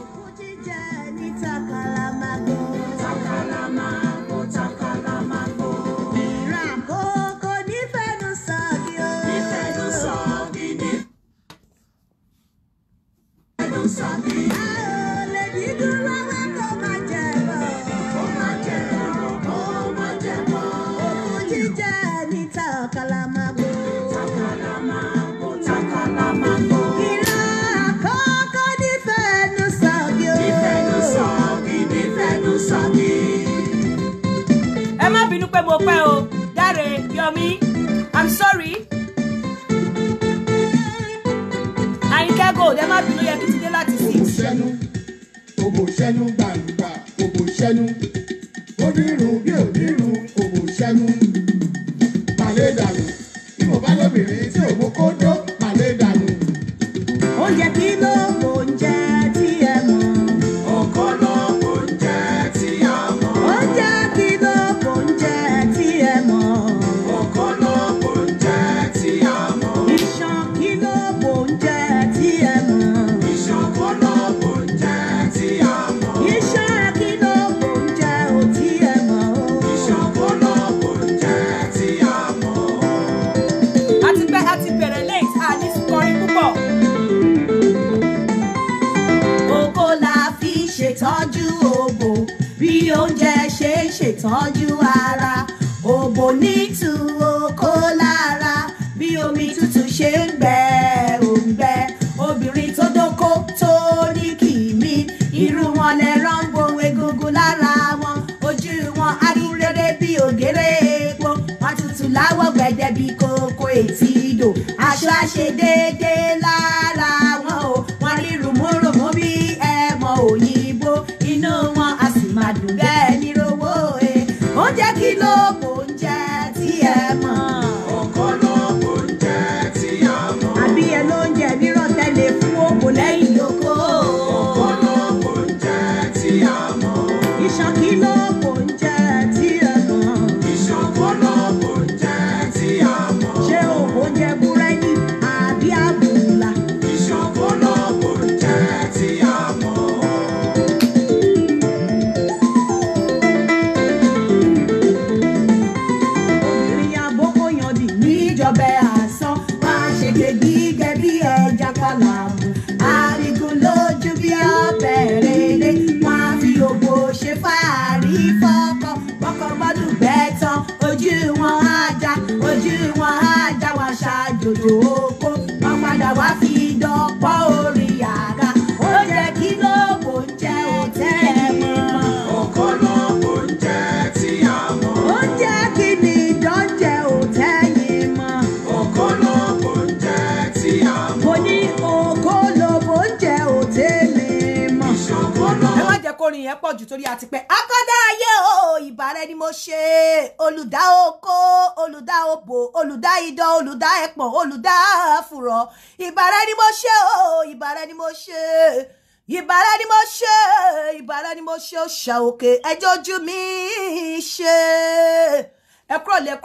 Ukutijani takala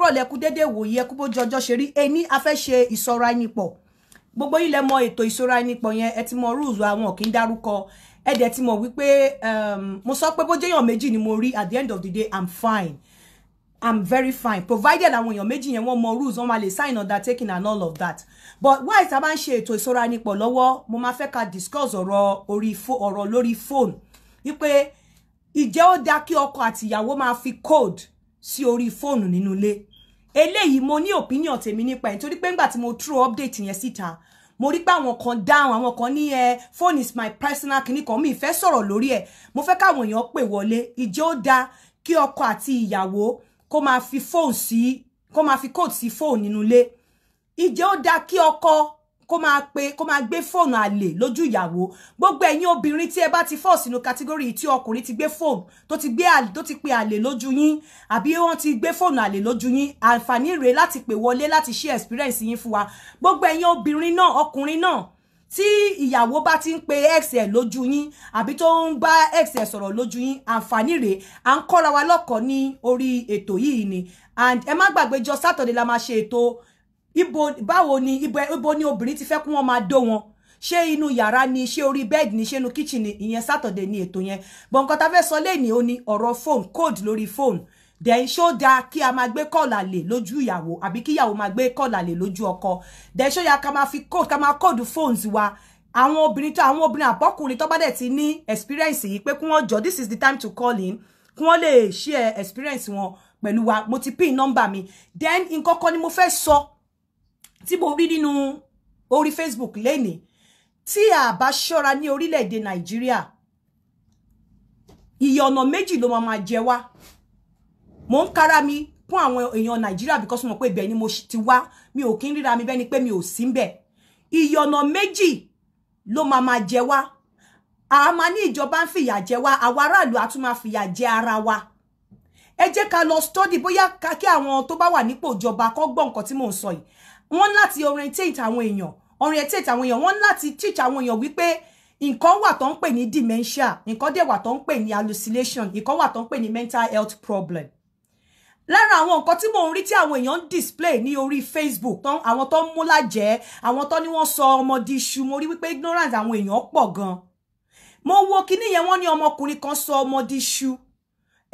kúrò lẹ́kú dédé wòye ẹkú bójú ọjọ́ ṣe rí ẹni a ṣe ìsọra ẹni pọ̀ gbogbo yín lẹ mọ̀ ètò ìsọra ẹni pọ̀ yẹn ẹ ti mọ̀ rules àwọn kì í dárúkọ ẹ dẹ̀ ti mọ̀ wípé um, mo sọ pé bójú èèyàn méjì ni mo rí at the end of the day i'm fine i'm very fine provided àwọn èèyàn méjì yẹn wọ́n mọ̀ rules wọ́n máa lè sign undertaking and all of that but why ta bá ń ṣe ètò ìsọra ẹni pọ̀ lọ́wọ́ mo máa fẹ́ ká discuss ọ̀rọ̀ ọ̀rọ̀ lórí phone wípé ìjẹ́ ó dáa kí ọkọ àtìyàwó máa fi code sí orí fóònù nínú ilé eléyìí mo ní opinion tèmi nípa ẹ̀ nítorí pé ńgbà tí mo true update yẹn síta mo rí pé àwọn kan dáhùn àwọn kan ní ẹ eh, phone is my personal kinní kan mi ìfẹ́ sọ̀rọ̀ lórí ẹ̀ mo fẹ́ káwọn èèyàn pè wọlé ìjẹ́ ó dáa kí ọkọ àti ìyàwó kó máa fi phone sí kó máa fi code sí phone nínú ilé ìjẹ́ ó dáa kí ọkọ kó máa pe kó máa gbé fóònù àlè lójú ìyàwó gbogbo ẹ̀yin obìnrin tí ẹ bá ti fọ́ sínú kátígórì tí ọkùnrin ti gbé fóònù tó ti gbé àlè tó ti pe àlè lójú yín àbí wọ́n ti gbé fóònù àlè lójú yín àǹfààní rèé láti pè wọlé láti ṣe experience yín fún wa gbogbo ẹ̀yin obìnrin náà ọkùnrin náà tí ìyàwó bá ti ń pe ex ẹ̀ lójú yín àbí tó ń bá ex ẹ̀ sọ̀rọ̀ lójú yín àǹfààní rèé à ń kọ́ra wa lọ́kọ̀ọ́ ní orí ètò yìí ni and ẹ má gbàgbé jọ Saturday la máa ṣe ètò ibo báwo ni ibo, ibo ni obìnrin ti fẹ́ kí wọ́n máa dó wọn ṣé inú yàrá ni ṣé orí bẹ́ẹ̀dì ni ṣé inú kíchìnì ìyẹn sátọ̀dẹ̀ ni ètò yẹn bọ̀ nǹkan tá fẹ́ sọ lẹ́ni ó ní ọ̀rọ̀ fóònù code lórí fóònù then ṣó dáa kí a máa gbé kọ́ọ̀lù àlè lójú ìyàwó àbí kí ìyàwó máa gbé kọ́ọ̀lù àlè lójú ọkọ then ṣó ya ká máa fi code ká máa code phones wa àwọn obìnrin tó àwọn obìnrin àbọ́kùnrin tó bá dẹ̀ ti ní experience yìí pé kí wọ́n jọ this is the time to call in kí wọ́n lè share experience wọn pẹ̀lú wa mo ti pin nọ́mbà mi then nǹkan kan ni mo fẹ́ sọ so, tí mo rí nínú orí Facebook lénìí tí a bá ṣọ́ra ní orílẹ̀-èdè Nàìjíríà ìyà ọ̀nà méjì ló máa jẹ wá mo ń kára mi fún àwọn èèyàn Nàìjíríà because mo mọ̀ pé ibẹ̀ ni mo ti wá mi ò kí ń ríra mi bẹ́ẹ̀ ni pé mi ò sí ń bẹ̀ ìyà ọ̀nà méjì ló máa jẹ wá a máa ní ìjọba ń fìyà jẹ wá àwa aráàlú a tún máa fìyà ara wa ẹ jẹ́ ká lọ study boya kí àwọn tó bá wà nípò ìjọba kó gbọ́ nǹkan tí mò ń sọ yìí wọ́n láti orientate àwọn èèyàn orientate àwọn èèyàn wọ́n láti teach àwọn èèyàn wípé nǹkan wà tó ń pè ní dementia nǹkan dẹ̀ wà tó ń pè ní hallucination nǹkan wà tó ń pè ní mental health problem lára àwọn nǹkan tí mò ń rí tí àwọn èèyàn ń display ní orí Facebook tán àwọn tó ń múlá jẹ àwọn tó ní wọ́n sọ ọmọ di iṣu mo rí wípé ignorance àwọn èèyàn pọ̀ gan mo wo kinní yẹn wọ́n ní ọmọkùnrin kan sọ ọmọ di iṣu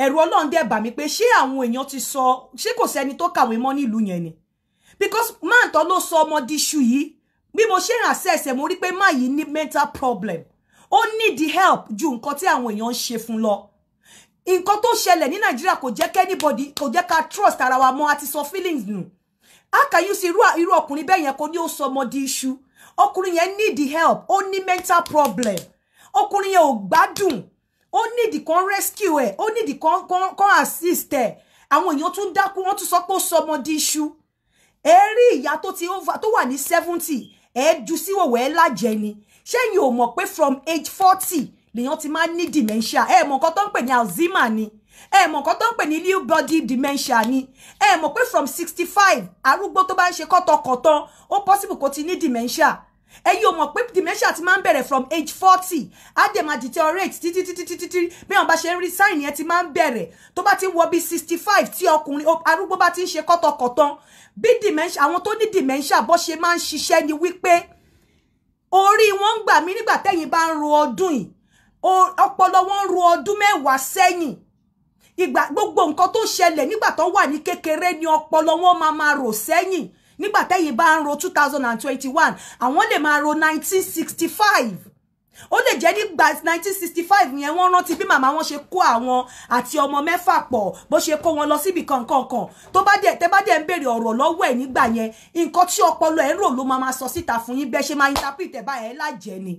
ẹ̀rù Ọlọ́run dẹ̀ bà mí pé ṣé àwọn èèyàn ti sọ ṣé kò sẹ́ni tó kàwé mọ́ nílùú yẹn ni because man tó ló so ọmọ di iṣu yìí bí mo ṣe ń access ẹ̀ mo rí pé má yìí ní mental problem ó need the help ju nǹkan tí àwọn èèyàn ń ṣe fún lọ nǹkan tó ṣẹlẹ̀ ní nàìjíríà kò jẹ́ kẹ́nibọ̀dì kò jẹ́ ká trust ara wa mọ́ àti sọ feelings nù akayu sí irú ọkùnrin bẹ́ẹ̀ yẹn kò ní ó sọ ọmọ di iṣu ọkùnrin yẹn need the help O ni mental problem ọkùnrin yẹn o gbádùn O need the con rescue ẹ̀ ó need kan assist ẹ̀ àwọn èèyàn tún dákú wọ́n tún sọ pé ó so ọmọ di ẹ rí ìyá tó ti over tó wà ní seventy ẹ ju síwòwò ẹ lájẹ ni ṣẹ́yìn ò mọ̀ pé from age forty lèèyàn ti máa ń ní dementia ẹ mọ̀ nǹkan to ń pè ní alzheimer ni ẹ mọ̀ nǹkan tó ń pè ní body dementia ni ẹ mọ̀ pé from sixty five arúgbó tó bá to ṣe kọ́tọkọ̀tàn ó possible kó ti ní dementia ẹ̀yin ò mọ̀ pé dementia ti máa ń bẹ̀rẹ̀ from age forty á dẹ̀ máa deteriorate títí títí títí títí bí wọn bá ṣe ń rí sign yẹn ti máa ń bẹ̀rẹ̀ tó bá ti wọ bí sixty five tí ọkùnrin arúgbó bá ti ń ṣe kọ́tọkọ̀tàn bí dementia àwọn tó ní dementia bó ṣe máa ń ṣiṣẹ́ ni wípé orí wọn ń gbà mí nígbà tẹ́yìn bá ń ro ọdún yìí ọpọlọ wọn ń ro ọdún mẹ́wàá sẹ́yìn ìgbà gbogbo nǹkan tó ṣẹlẹ̀ nígbà tó wà ní kékeré ni ọpọlọ wọn máa máa rò sẹ́yìn nígbà tẹ́yìn bá ń ro two and one àwọn lè máa ro 1965. sixty five ó lè jẹ́ nígbà nineteen sixty five yẹn wọ́n rántí bí màmá wọn ṣe kó àwọn àti ọmọ mẹ́fà pọ̀ bó ṣe kó wọn lọ síbi kankan kan tó bá dẹ̀ tẹ́ bá dẹ̀ ń béèrè ọ̀rọ̀ lọ́wọ́ ẹ̀ nígbà yẹn nǹkan tí ọpọlọ ẹ̀ ń rò ló máa sọ síta fún yín bẹ́ẹ̀ ṣe máa interpret ẹ̀ bá ẹ̀ lájẹ́ ni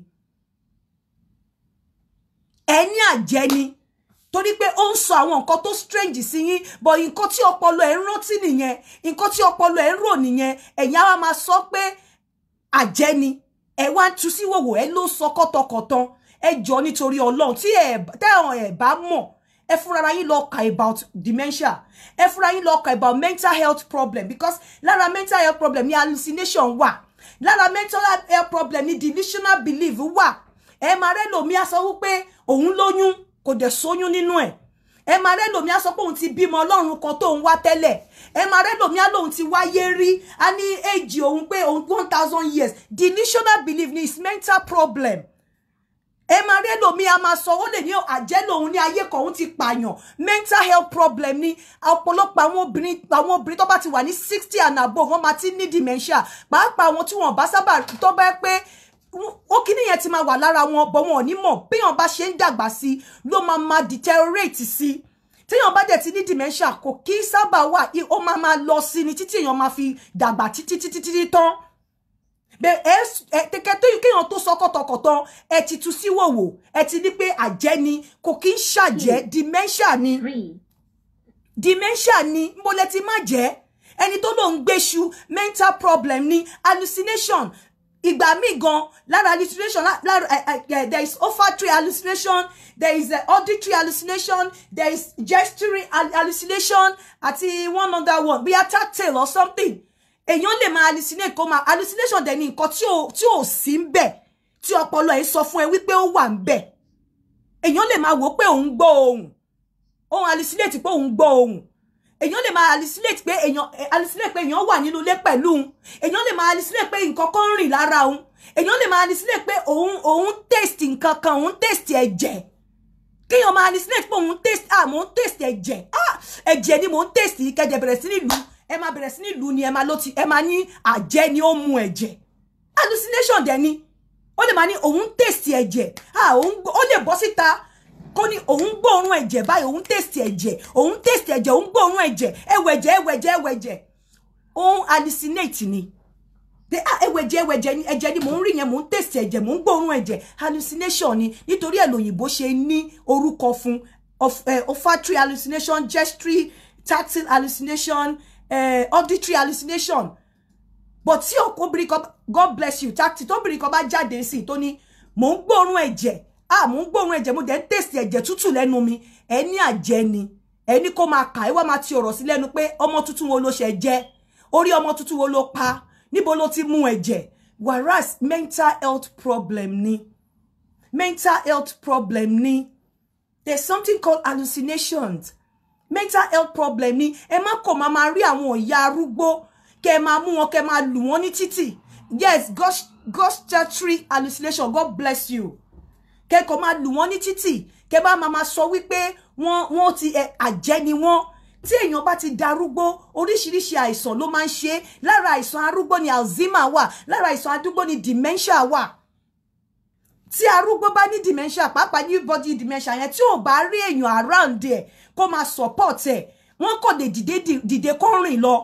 ẹ̀ ní àjẹ́ ni torí pé ó ń sọ àwọn nǹkan tó strange sí yín but nǹkan tí ọpọlọ ẹ̀ ń rántí nìyẹn nǹkan tí ọpọlọ ẹ̀ ń rò nìyẹn ẹ̀yin á wá máa sọ pé àjẹni ẹ wá tú sí wòwò ẹ ló sọ kọ́tọkọ̀tàn ẹ jọ nítorí ọlọ́run tí ẹ tẹ́hàn ẹ bá mọ̀ ẹ fúnra yín lọ kà about dementia ẹ fúnra yín lọ kà about mental health problem because lára mental health problem ni hallucination wà lára mental health problem ni delusional belief wà ẹ máa rẹ́ lòmí á sọ wípé òun lóyún kò dẹ̀ sóyún nínú ẹ̀ ẹ máa rẹ́ lòmí á sọ pé òun ti bímọ ọlọ́run kan tóun wá tẹ́lẹ̀ ẹ máa rẹ́ lòmí á lòun ti wáyé rí a ní èjì òun pé òun one thousand years delusional belief ni is mental problem ẹ máa rẹ́ lòmí a máa sọ ó lè ní àjẹ́ lòun ní ayé kan òun ti pààyàn mental health problem ni ọ̀pọ̀lọpọ̀ àwọn obìnrin àwọn obìnrin tó bá ti wà ní sixty and above wọ́n máa ti ní dementia pàápàá àwọn tí wọ́n bá sábà tó bá pé ó kíní yẹn ti máa wà lára wọn bọ́ wọn ò ní mọ̀ béèyàn bá ṣe ń dàgbà sí i ló máa máa deteriorate sí i téèyàn bá dẹ̀ ti ní dementia kò kí sábà wà ó máa máa lọ sí ni títí èèyàn máa fi dàgbà títí títí títí tán kẹ̀kẹ́ tó kéèyàn tó sọ kọ̀tọ̀kọ̀tọ̀ ẹ ti tu sí wòwò ẹ ti ní pé àjẹ́ ni kò kí ń ṣàjẹ́ dementia ni dementia ni mo lẹ ti má jẹ́ ẹni tó lóun gbéṣu mental problem ni hallucination ìgbà míì gan lára hallucination lára eh, eh, there is olfactory hallucination there is uh, auditory hallucination there is gesturing hallucination àti one under one bóyá tactile or something èèyàn lè máa hallucinate kó máa hallucination dẹ̀ ni nǹkan tí ò sí ń bẹ̀ tí ọpọlọ ẹ̀ sọ fún ẹ wípé ó wà ń bẹ̀ èèyàn lè máa wò pé òun gbọ́ ohùn òun hallucinate pé òun gbọ́ ohùn èèyàn lè máa hallucinate pé èèyàn eh, hallucinate pé èèyàn wà nínú ilé pẹ̀lú òun èèyàn lè máa hallucinate pé nǹkan kan ń rìn lára òun èèyàn lè máa hallucinate pé òun òun taste nǹkan kan òun taste ẹ̀jẹ̀ kéèyàn máa hallucinate pé òun taste ah mò ń taste ẹ̀jẹ̀ ah ẹ̀jẹ̀ ni mò ń taste kẹ̀jẹ̀ bẹ̀rẹ̀ sí ní lu ẹ máa bẹ̀rẹ̀ sí ní lu ni ẹ máa ló ti ẹ máa ní àjẹ́ ni ó mu ẹ̀jẹ̀ hallucination dẹ̀ ni ó lè máa ní òun taste ẹ̀jẹ̀ ah òun ó lè bọ́ síta kó ní òun gbóòórùn ẹ̀jẹ̀ báyìí òun tèsì ẹ̀jẹ̀ òun tèsì ẹ̀jẹ̀ òun gbóòórùn ẹ̀jẹ̀ ẹ̀wẹ̀jẹ̀ ẹ̀wẹ̀jẹ̀ ẹ̀wẹ̀jẹ̀ òun hallucinate ni pé ah ẹ̀wẹ̀jẹ̀ ẹ̀wẹ̀jẹ̀ ni ẹ̀jẹ̀ ni mò ń rí yẹn mò ń tèsì ẹ̀jẹ̀ mò ń gbóòórùn ẹ̀jẹ̀ hallucination ni nítorí ẹ̀ lòyìnbó ṣe ní orúkọ fún eh, olfactory hallucination gestry tactile hallucination uh, auditory hallucination but tí obìnrin kan god bless you tactile tóbìnrin kan bá jáde sí i tó ní mò ń gbóòórùn ẹ̀jẹ̀ ah mo ń gbóòórùn ẹ̀jẹ̀ mo dẹ̀ ń tèsì ẹ̀jẹ̀ tútù lẹ́nu mi ẹ ní àjẹ́ ni ẹ ní kó máa kà ẹ wá máa ti ọ̀rọ̀ sí lẹ́nu pé ọmọ tuntun wo ló ṣe jẹ orí ọmọ tuntun wo ló pa níbo ló ti mú ẹ̀jẹ̀ whereas mental health problem ni mental health problem ni there's something called hallucinations mental health problem ni ẹ má kò máa máa rí àwọn ìyá arúgbó kẹ máa mú wọn kẹ máa lù wọn ní títì yes gustatory hallucination god bless you kẹ́kọ̀ọ́ máa lù wọ́n ní títì kẹ́ bá máa máa sọ wípé wọ́n wọ́n ti àjẹ́ ni wọ́n tí èèyàn bá ti darúgbó oríṣiríṣi àìsàn ló máa ń ṣe lára àìsàn arúgbó ni alzheimer wà lára àìsàn arúgbó ni dementia wà tí arúgbó bá ní dementia pàápàá new body dementia yẹn tí ò bá rí èèyàn around ẹ kó máa support ẹ wọ́n kò dé dìde dìde kó rìn lọ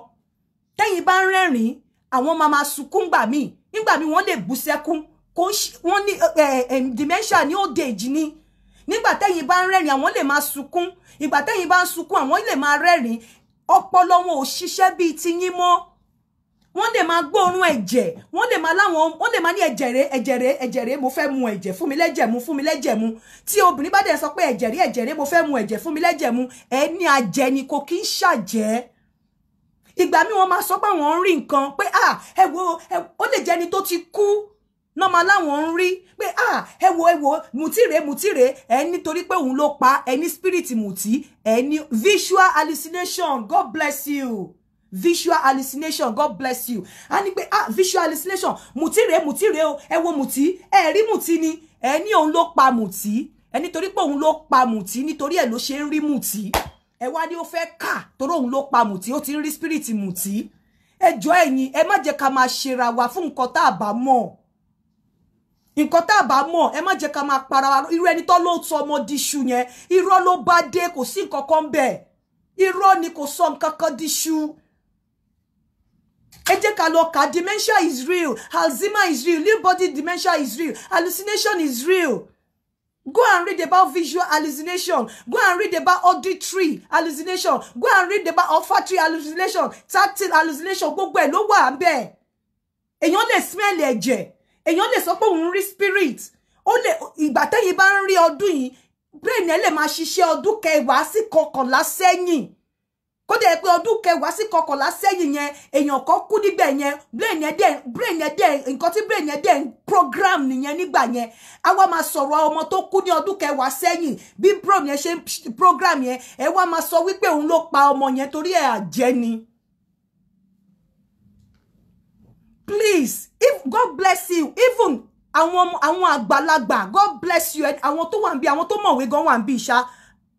tẹ́yin bá ń rẹ́rìn àwọn máa máa sunkún gbà míì nígbà míì wọ́n lè bú sẹ́kún kò wọ́n ní dementia ní old age ni nígbà tẹ́yìn bá ń rẹ́rìn àwọn lè máa sunkún ìgbà tẹ́yìn bá ń sunkún àwọn lè máa rẹ́rìn ọpọlọ wọn ò ṣiṣẹ́ bíi ti yín mọ́ wọ́n lè máa gbóòórùn ẹ̀jẹ̀ wọ́n lè máa láwọn wọ́n lè máa ní ẹ̀jẹ̀ rẹ ẹ̀jẹ̀ rẹ ẹ̀jẹ̀ rẹ mo fẹ́ mu ẹ̀jẹ̀ fún mi lẹ́jẹ̀ mu fún mi lẹ́jẹ̀ mu tí obìnrin bá dẹ̀ sọ pé ẹ̀jẹ̀ rẹ ẹ̀jẹ̀ rẹ mo fẹ́ mu ẹ̀jẹ̀ fún mi lẹ́jẹ̀ mu ẹni àjẹ́ ni kò kí ń ṣàjẹ́ ìgbà míì wọ́n máa sọ pé àwọn ń rí nǹkan pé ah ẹ wo ó lè jẹ́ ẹni tó ti kú nọ́mọ láwọn ń rí pé ah ẹ wo ẹ wo mùtírè mùtírè ẹ nítorí pé òun ló pa ẹ ní spirit mùtí ẹ visual hallucination God bless you visual hallucination god bless you a ní pé ah visual hallucination mùtí rèé mùtí rèé o ẹ wo mùtí ẹ rí mùtí ni ẹ ní òun ló pa mùtí ẹ nítorí pé òun ló pa mùtí nítorí ẹ ló ṣe ń rí mùtí ẹ wá ní ó fẹ́ kà torí òun ló pa mùtí ó ti ń rí spirit mùtí ẹ jọ ẹ má jẹ́ ká máa ṣera wa fún nǹkan tá a bá mọ̀ nǹkan tá a bá mọ̀ ẹ má jẹ́ ká máa para wa irú ẹni tó ló sọ ọmọ diṣu yẹn irọ́ ló bá dé kò sí nǹkan kan bẹ̀ irọ́ ni kò sọ nǹkan kan diṣu ẹ jẹ́ ká lọ kà dementia is real alzheimer is real lewy body dementia is real hallucination is real go and read about visual hallucination go and read about auditory hallucination go and read about olfactory hallucination tactile hallucination gbogbo ẹ̀ ló wà ń bẹ̀ èèyàn lè smell ẹ̀jẹ̀ èèyàn lè sọ pé òun rí spirit ó lè ìgbà tẹ́yìn bá ń rí ọdún yìí brain ẹ lè máa ṣiṣẹ́ ọdún kẹwàá sí kọkànlá sẹ́yìn kó dẹ̀ pé ọdún kẹwàá sí kọkànlá sẹ́yìn yẹn èèyàn kan kú nígbẹ̀ yẹn brain ẹ dẹ̀ brain ẹ dẹ̀ nǹkan tí brain ẹ dẹ̀ ń program nìyẹn nígbà yẹn a wá máa sọ̀rọ̀ ọmọ tó kú ní ọdún kẹwàá sẹ́yìn bí brain yẹn ṣe program yẹn ẹ wá máa sọ wípé òun ló pa ọmọ yẹn torí ẹ̀ àjẹ́ please if god bless you even àwọn àwọn àgbàlagbà god bless you àwọn tó wà ń bí àwọn tó mọ̀wé gan wà ń bí ṣá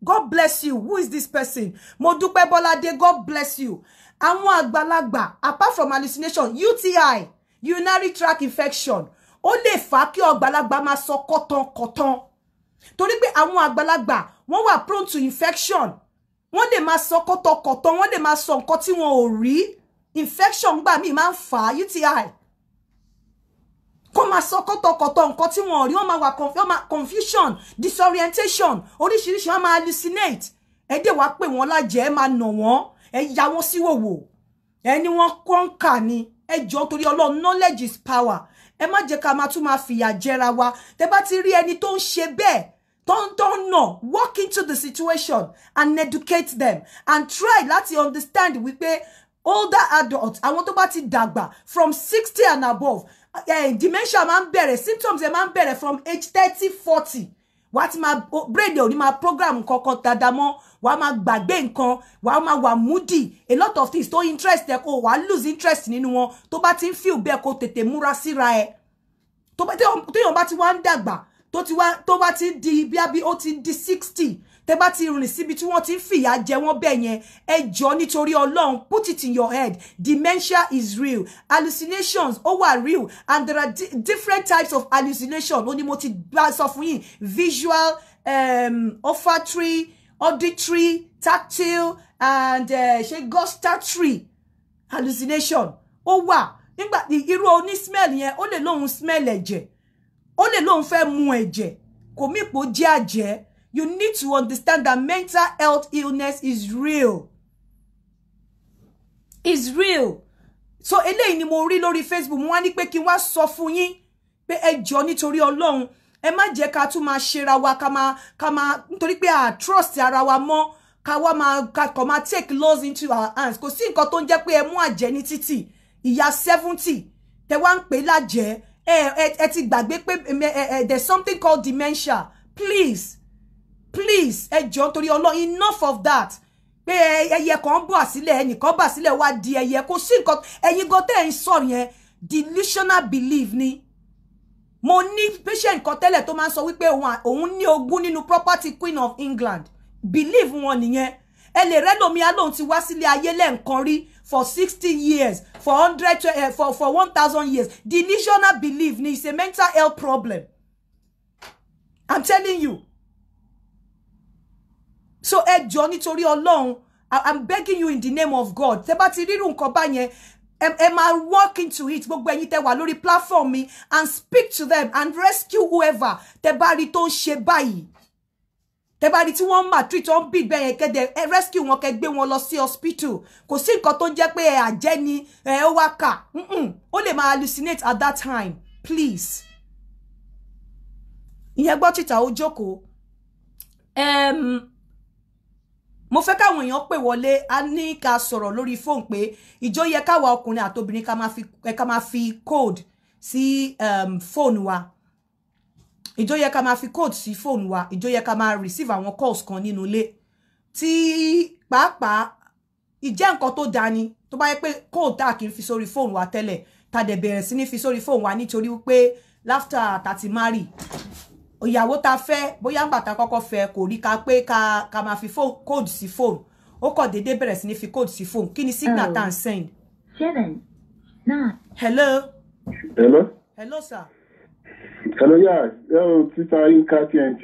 god bless you who is this person mo dúpẹ́ bọ́ládé god bless you àwọn àgbàlagbà apart from hallucination uti urinary tract infection ó lè fà kí ọgbàlagbà máa sọ kọ́tànkọ́tàn torí pé àwọn àgbàlagbà wọ́n wà prone to infection wọ́n lè máa sọ kọ́tànkọ́tàn wọ́n lè máa sọ nǹkan tí wọn ò rí infection gbà míì máa ń fà á UTI kó to sọ kọ́tọ̀kọ́tọ̀ nǹkan tí wọ́n rí wọ́n máa wà confusion disorientation oríṣiríṣi wọ́n máa hallucinate ẹ dé wàá pè wọ́n lájẹ́ ẹ máa nà wọ́n ya wọ́n sí wòwò ẹ ní wọ́n ni ẹ jọ torí ọlọ́run knowledge is power ẹ má jẹ́ ká máa tún máa fìyà jẹra wa tẹ bá ti rí ẹni tó ń ṣe bẹ́ẹ̀ don't know walk into the situation and educate them and try láti understand wípé older adults àwọn tó bá ti dàgbà from sixty and above eh, dementia máa ń bẹ̀rẹ̀ symptoms ẹ̀ máa ń bẹ̀rẹ̀ from age thirty forty wàá ti máa brain ò ní máa program kankan dáadáa mọ́ wàá máa gbàgbé nǹkan wàá máa wà moody a lot of things tó interest ẹ kó wàá lose interest nínú wọn tó bá ti ń feel bẹ́ẹ̀ kó tètè múra síra ẹ tó bá ti wá ń dàgbà tó bá ti di bí ó ti di sixty tẹ́ bá ti rìn síbi tí wọ́n ti ń fìyà jẹ wọ́n bẹ́ẹ̀ yẹn ẹ jọ̀ọ́ nítorí put it in your head dementia is real hallucinations ó wà real and there are different types of hallucination. ó ní mo ti gbà sọ fún visual um, olfactory auditory tactile and ṣe uh, gustatory hallucination ó wà nígbà irú oní smell yẹn ó lè lóun smell ẹ̀jẹ̀ ó lè lóun fẹ́ mu ẹ̀jẹ̀ kò mí pò jẹ́ àjẹ́ you need to understand that mental health illness is real is real so eléyìí ni mo rí lórí facebook mo wá ní pé kí n wá sọ fún yín pé ẹ jọ nítorí Ọlọ́run ẹ má jẹ́ ká tún máa ṣera wa ká máa ká máa a trust ara wa mo ká wá máa ká kọ̀ máa take laws into our hands kò sí nǹkan tó ń jẹ́ pé ẹ mú àjẹ́ ní títì ìyá seventy tẹ wá ń pè lájẹ́ ẹ ẹ ti gbàgbé pé there's something called dementia please please ẹ jọ̀ọ́ nítorí enough of that pé ẹyẹ kan bọ̀ sílẹ̀ ẹnìkan bà sílẹ̀ wá di ẹyẹ kò sí nǹkan ẹ̀yin gan tẹ́ ẹ̀ ń yẹn delusional belief ni mo ní patient kan tẹ́lẹ̀ tó máa ń sọ wípé òun ní ogún nínú property Queen of England belief wọn nìyẹn ẹ lè rẹ́ lómi alóhùn ti wá sílé ayé lẹ́ǹkan rí for sixty years for hundred uh, for for one thousand years delusional belief ni is a mental health problem i'm telling you so ẹ jọ nítorí Ọlọ́run i'm begging you in the name of God tẹ bá ti rírun nǹkan báyẹn ẹ máa walk into it gbogbo ẹ̀yin tẹ wà lórí platform mi and speak to them and rescue whoever tẹ bá rí tó ń ṣe báyìí tẹ bá rí tí wọ́n mà treat wọn bí bẹ́ẹ̀ yẹn kẹ́dẹ̀ ẹ rescue wọn kẹ́ gbé wọn lọ sí hospital kò sí nǹkan tó ń jẹ́ pé ẹ àjẹ́ ni ẹ ó wá kà ó lè máa hallucinate at that time please ìyẹn gbọ́ títà ó jókòó. Um, mo fẹ́ káwọn èèyàn pè wọlé a ní ká sọ̀rọ̀ lórí fóònù pé ìjọ yẹ káwa ọkùnrin àtobìnrin ká máa fi code sí um, fóònù wa ìjọ yẹ ká máa fi code sí fóònù wa ìjọ yẹ ká máa receive àwọn calls kan nínú ilé tí pàápàá ìjẹ́ nǹkan tó dáa ni tó bá yẹ pé code tá a kì í fi sórí fóònù wa tẹ́lẹ̀ tá a dẹ̀ bẹ̀rẹ̀ sí ní fi sórí fóònù wa nítorí wípé láftà tá ti marry ìyàwó ta fẹ́ bóyá ńgbà ta kọ́kọ́ fẹ́ kò rí ka pé ka ka máa fi phone code sí phone ó kọ̀ déédéé bẹ̀rẹ̀ sí ní fi code sí phone kí ni signal tá à ń send. hello. hello. hello sir. hello yà ẹ o títa yínká tnt.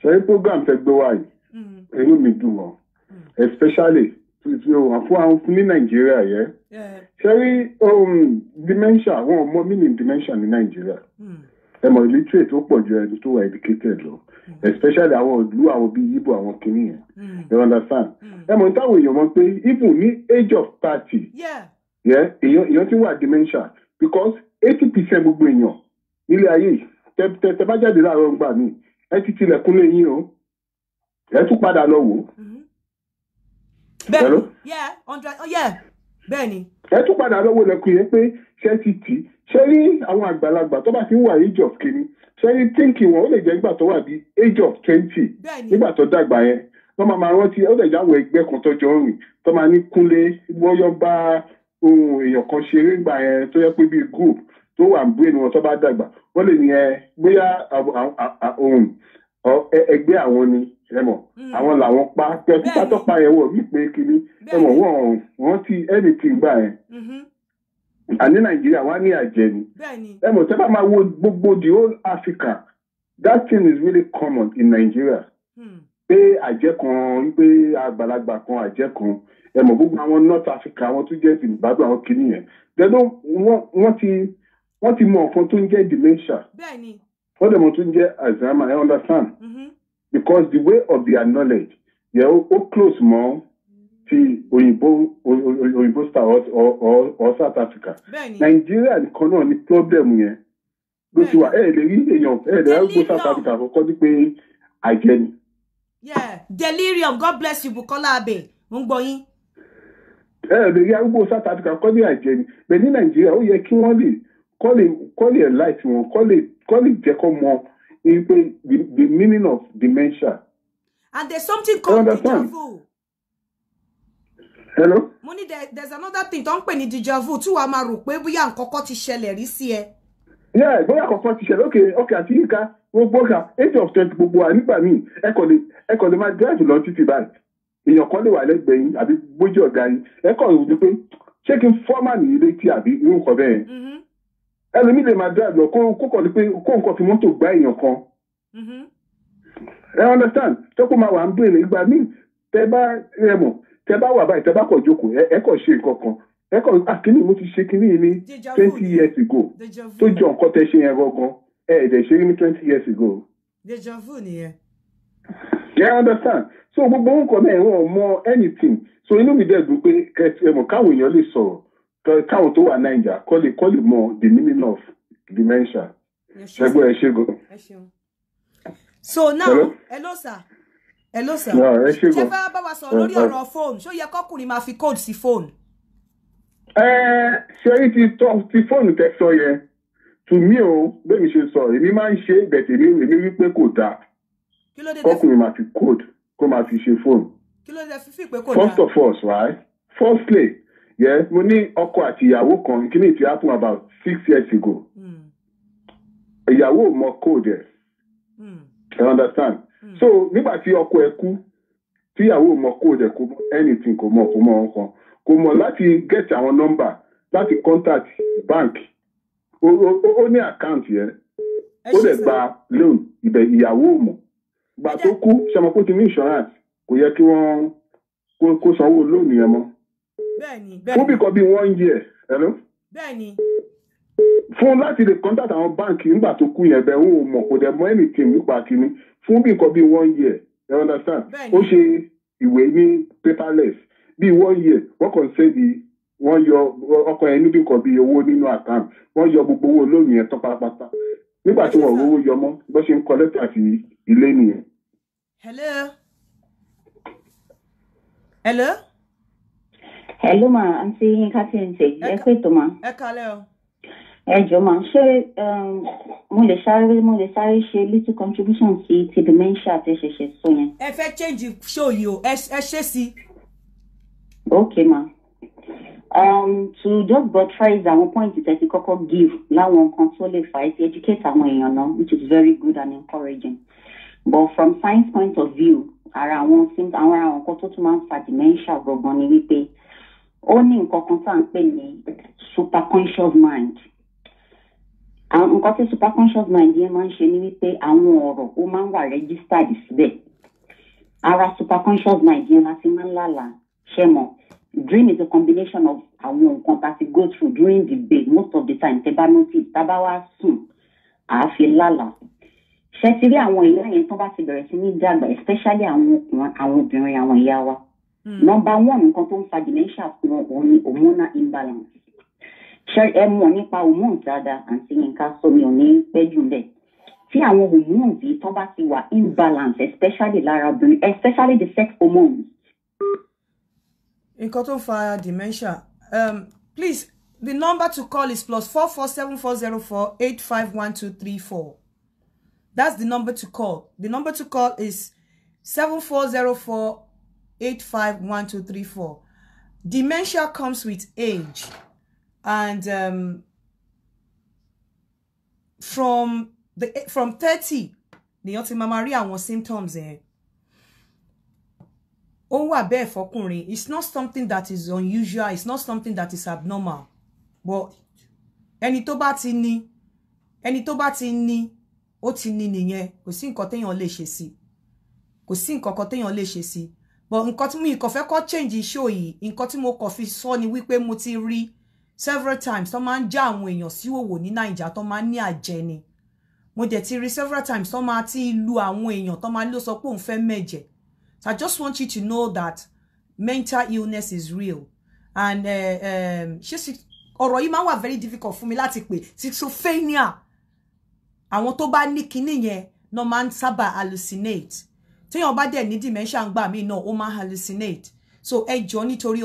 ṣe é program tẹ gbé wá yìí mm. inú mi dùn mọ́ mm. especially fún àwọn ní nàìjíríà yẹ ṣe rí um, dementia wọn ò mọ meaning dementia ní nàìjíríà. Mm ẹ mọ̀ illiterate ó pọ̀ ju ẹni tó wà educated lọ hmm. especially àwọn ìlú àwọn bíi Yíbò àwọn kìnnì yẹn hmm. you understand hmm. ẹ mọ̀ táwọn èèyàn mọ̀ pé even ní age of thirty èèyàn ti wà dementia because eighty percent gbogbo èèyàn nílé ayé tẹ bá jáde láàárọ̀ ńgbà míì ẹ ti tilẹ̀kùn lẹ́yìn o ẹ tún padà lọ wò ó. Oh, bẹ́ẹ̀ni ẹ tún padà lọ wò lẹ̀kùn yẹn pé ṣé ti tì í ṣé rí àwọn àgbàlagbà tó bá ti ń wà age of kìíní ṣé rí tíǹkì wọn ó lè jẹ́ nígbà tó wà bí age of twenty nígbà tó dàgbà yẹn wọ́n máa máa rántí ó lè jáwọ́ ẹgbẹ́ kan tó jọ ń rìn tó máa ní kúnlé wọ́yọ́ bá ohun um, èèyàn kan ṣeré gbà yẹn tó yẹ pé bíi group tó wà ń brain wọn tó bá dàgbà wọ́n lè ní um, ẹ bóyá ohun ẹgbẹ́ àwọn ni ẹmọ hmm. àwọn làwọn pa pẹ̀lú pátọ́pá yẹn wọ̀ wípé kínní ẹmọ wọn ò rántí anything gbà yẹn. Mm-hmm àní nàìjíríà wá ní àjẹ́ ni ẹ mọ̀ sábà máa wo gbogbo the whole Africa that thing is really common in Nigeria hmm. pé àjẹ́ kan pé àgbàlagbà kan àjẹ́ kan ẹ mọ̀ gbogbo àwọn North Africa àwọn tó jẹ́ Zimbabwe àwọn kìíní yẹn dẹ́nu wọ́n ti wọ́n ti mọ nǹkan tó ń jẹ́ dementia wọ́n dẹ̀ mọ̀ tó ń jẹ́ Alzheimer I understand mm-hmm. because the way of their knowledge yẹ ó close mọ́ ti òyìnbó òyìnbó star or or or South Africa Nàìjíríà nìkan náà ni problem yẹn ló ti wà ẹ lè rí èèyàn ẹ lè rí South Africa kọ́kọ́ ní pé àjẹni. delirium God bless you Bukola Abe ń gbọ́ yín. ẹ lè rí arúgbó South Africa kọ́ ní àjẹni bẹ́ẹ̀ ní Nàìjíríà ó yẹ kí wọ́n lè kọ́ lè kọ́ lè light wọn kọ́ lè kọ́ lè jẹ́ kọ́ mọ pé the meaning of dementia. and there's something called deja vu hello. mo ní there's another thing tó ń pè ní deja vu tí wàá máa rò pé bóyá nǹkan kan ti ṣẹlẹ̀ rí sí ẹ. yẹ bóyá kankan ti ṣẹlẹ̀ okay okay àti yíká gbogbo ọ̀sà age of twenty gbogbo wa nígbà míì ẹ kò lè ẹ kò lè máa drive lọ títí báyìí èèyàn kan lè wà lẹ́gbẹ̀ẹ́ yín àbí bójú ọ̀gá yín ẹ kò rò pé ṣé kí n fọ́ọ̀mà nìyí létí àbí irú nǹkan bẹ́ẹ̀ mm-hmm. ẹlòmíì lè máa drive lọ kó kọ̀ ní pé kó nǹkan fi mọ́tò gbá èèyàn kan mm-hmm. ẹ understand tó kó máa wà ń bèrè ìgbà míì tẹ bá rẹ mọ̀ tẹ bá wà báyìí tẹ bá kọ̀ jókòó ẹ kọ̀ ṣe nǹkan kan ẹ kọ̀ àkínní ah, mo ti ṣe kínní yìí ní twenty years ago tó jọ nǹkan tẹ ṣe yẹn gangan ẹ ẹ dẹ̀ ṣe ní twenty years ago. deja vu nìyẹn. yeah I understand so gbogbo nǹkan náà wọn mọ anything so inú mi dẹ̀ dùn pé ẹmọ káwọn èèyàn lè sọ̀rọ̀ káwọn tó wà naija kọ́ lè kọ́ lè mọ the meaning of dementia. ẹgbẹ́ ẹ ṣe gan. so now hello, hello sir hello sir ṣé fẹ́ bá wa sọ̀rọ̀ lórí ọ̀rọ̀ fóònù ṣó yẹ kọ́kùnrin máa fi code sí fóònù. ẹ ṣe é ti fóònù tẹ sọ yẹn tùmí o bẹ́ẹ̀ni ṣe sọ èmi máa ń ṣe bẹ̀tẹ̀ mi èmi wí pé kò dáa kọkùnrin máa fi code kó máa fi ṣe fóònù. kí ló dé fífi pé kò dáa. first of all right firstly yes mo ní ọkọ àti ìyàwó kan kíní ti happen about six years ago hmm. ìyàwó mọ code ẹ hmm. you understand Hmm. so nígbà tí ọkọ ẹ kú tíyàwó mọ kó dẹ kó mọ anything kò mọ kò mọ nǹkan kò mọ láti get àwọn nọ́mbà láti contact bank ó ní àkáǹtì yẹn ó dẹ̀ gba loan ibẹ̀ ìyàwó mọ̀ gbà tó kú ṣọmọ kó ti ní insurance kò yẹ kí wọ́n kó sanwó loan yẹn mọ́. bẹ́ẹ̀ni bẹ́ẹ̀ni fún bíkọ bíi one year. Hello? bẹ́ẹ̀ni fún láti lè contact àwọn báǹkì nígbà tó kú yẹn bẹ́ẹ̀ ó mọ̀ kò dẹ̀ mọ anything nípa kínní fún bí nǹkan bí one year you understand ó ṣe ìwé ní paperless bí one year wọ́n kàn ṣe di wọ́n yọ ọkọ yẹn níbi nǹkan bí owó nínú account wọ́n yọ gbogbo owó lónìí yẹn tán pátápátá nígbà tí wọ́n rówó yọ mọ́ bó ṣe ń kọ lẹ́tà sí ilé nìyẹn. hello hello. hello ma aunty yín ká ti ń ṣe ẹ pé tó ma. ẹ kalẹ́ o ẹjọ máa ṣe um, mo lè sáré mo lè sáré ṣe little contribution sí ti dementia tẹ ṣẹ̀ṣẹ̀ sọ yẹn. ẹ fẹ́ change show yìí o ẹ ṣe sí. okay ma um, to just buttress àwọn point tẹ ti kọ́kọ́ give láwọn nǹkan tó lè fà ti educate àwọn èèyàn náà which is very good and encouraging but from science point of view ara àwọn àwọn ara àwọn nǹkan tó tún máa ń fa dementia gbọ̀ngàn ni wípé ó ní nǹkan kan tá à ń pè ní superconscious mind nǹkan tí superconscious mind yẹn máa ń ṣe ni wípé àwọn ọ̀rọ̀ ó máa ń wà registered síbẹ̀ ara superconscious mind yẹn láti máa ń lálàá ṣe mọ́ dream is a combination of àwọn nǹkan tá a ti go through during the day most of the time tẹ bá notice tá a bá wá sùn à á fi lálàá ṣe ti rí àwọn ìyá yẹn tó bá ti bẹ̀rẹ̀ sí ní dàgbà especially àwọn ọkùnrin àwọn obìnrin àwọn ìyá wa hmm. number one nǹkan tó ń fa dementia fún wọn òun ni hormonal imbalance ṣe ẹ mọ̀ nípa hormone dáadáa àǹtí yínká sọ mi ò ní pẹ́ jù lẹ̀ tí àwọn hormone yìí tán bá ti wà imbalance especially lára obìnrin especially the sex hormones. nǹkan tó fa dementia um, please the number to call is plus four four seven four zero four eight five one two three four that's the number to call the number to call is seven four zero four eight five one two three four dementia comes with age and um, from the from thirty nìyẹn ti máa rí àwọn symptoms yẹn ó wà bẹ́ẹ̀ fọkùnrin it's not something that is unusual it's not something that is abnormal but ẹni tó bá ti ní ẹni tó bá ti ní ó ti ní nìyẹn kò sí nǹkan téèyàn lè ṣe sí kò sí nǹkan kan téèyàn lè ṣe sí but nǹkan tí mo ìkọ̀fẹ́ kọ́ change iṣẹ́ òyì nǹkan tí mo kọ̀ fi sọ ni wípé mo ti rí several times tó máa ń já àwọn èèyàn síwòwò ní nàìjà tó máa ń ní àjẹni mo dẹ̀ ti rí several times tó máa ti lu àwọn èèyàn tó máa ló sọ pé òun fẹ́ mẹ̀jẹ̀ so i just want you to know that mental illness is real and eh, ṣé ọ̀rọ̀ yìí máa wà very difficult fún mi láti pè schizophrenia àwọn tó ba ní kinní yẹn náà máa ń sábà hallucinate téèyàn bá dẹ̀ ní dementia ń gbà mí náà ó hallucinate so ẹ jọ nítorí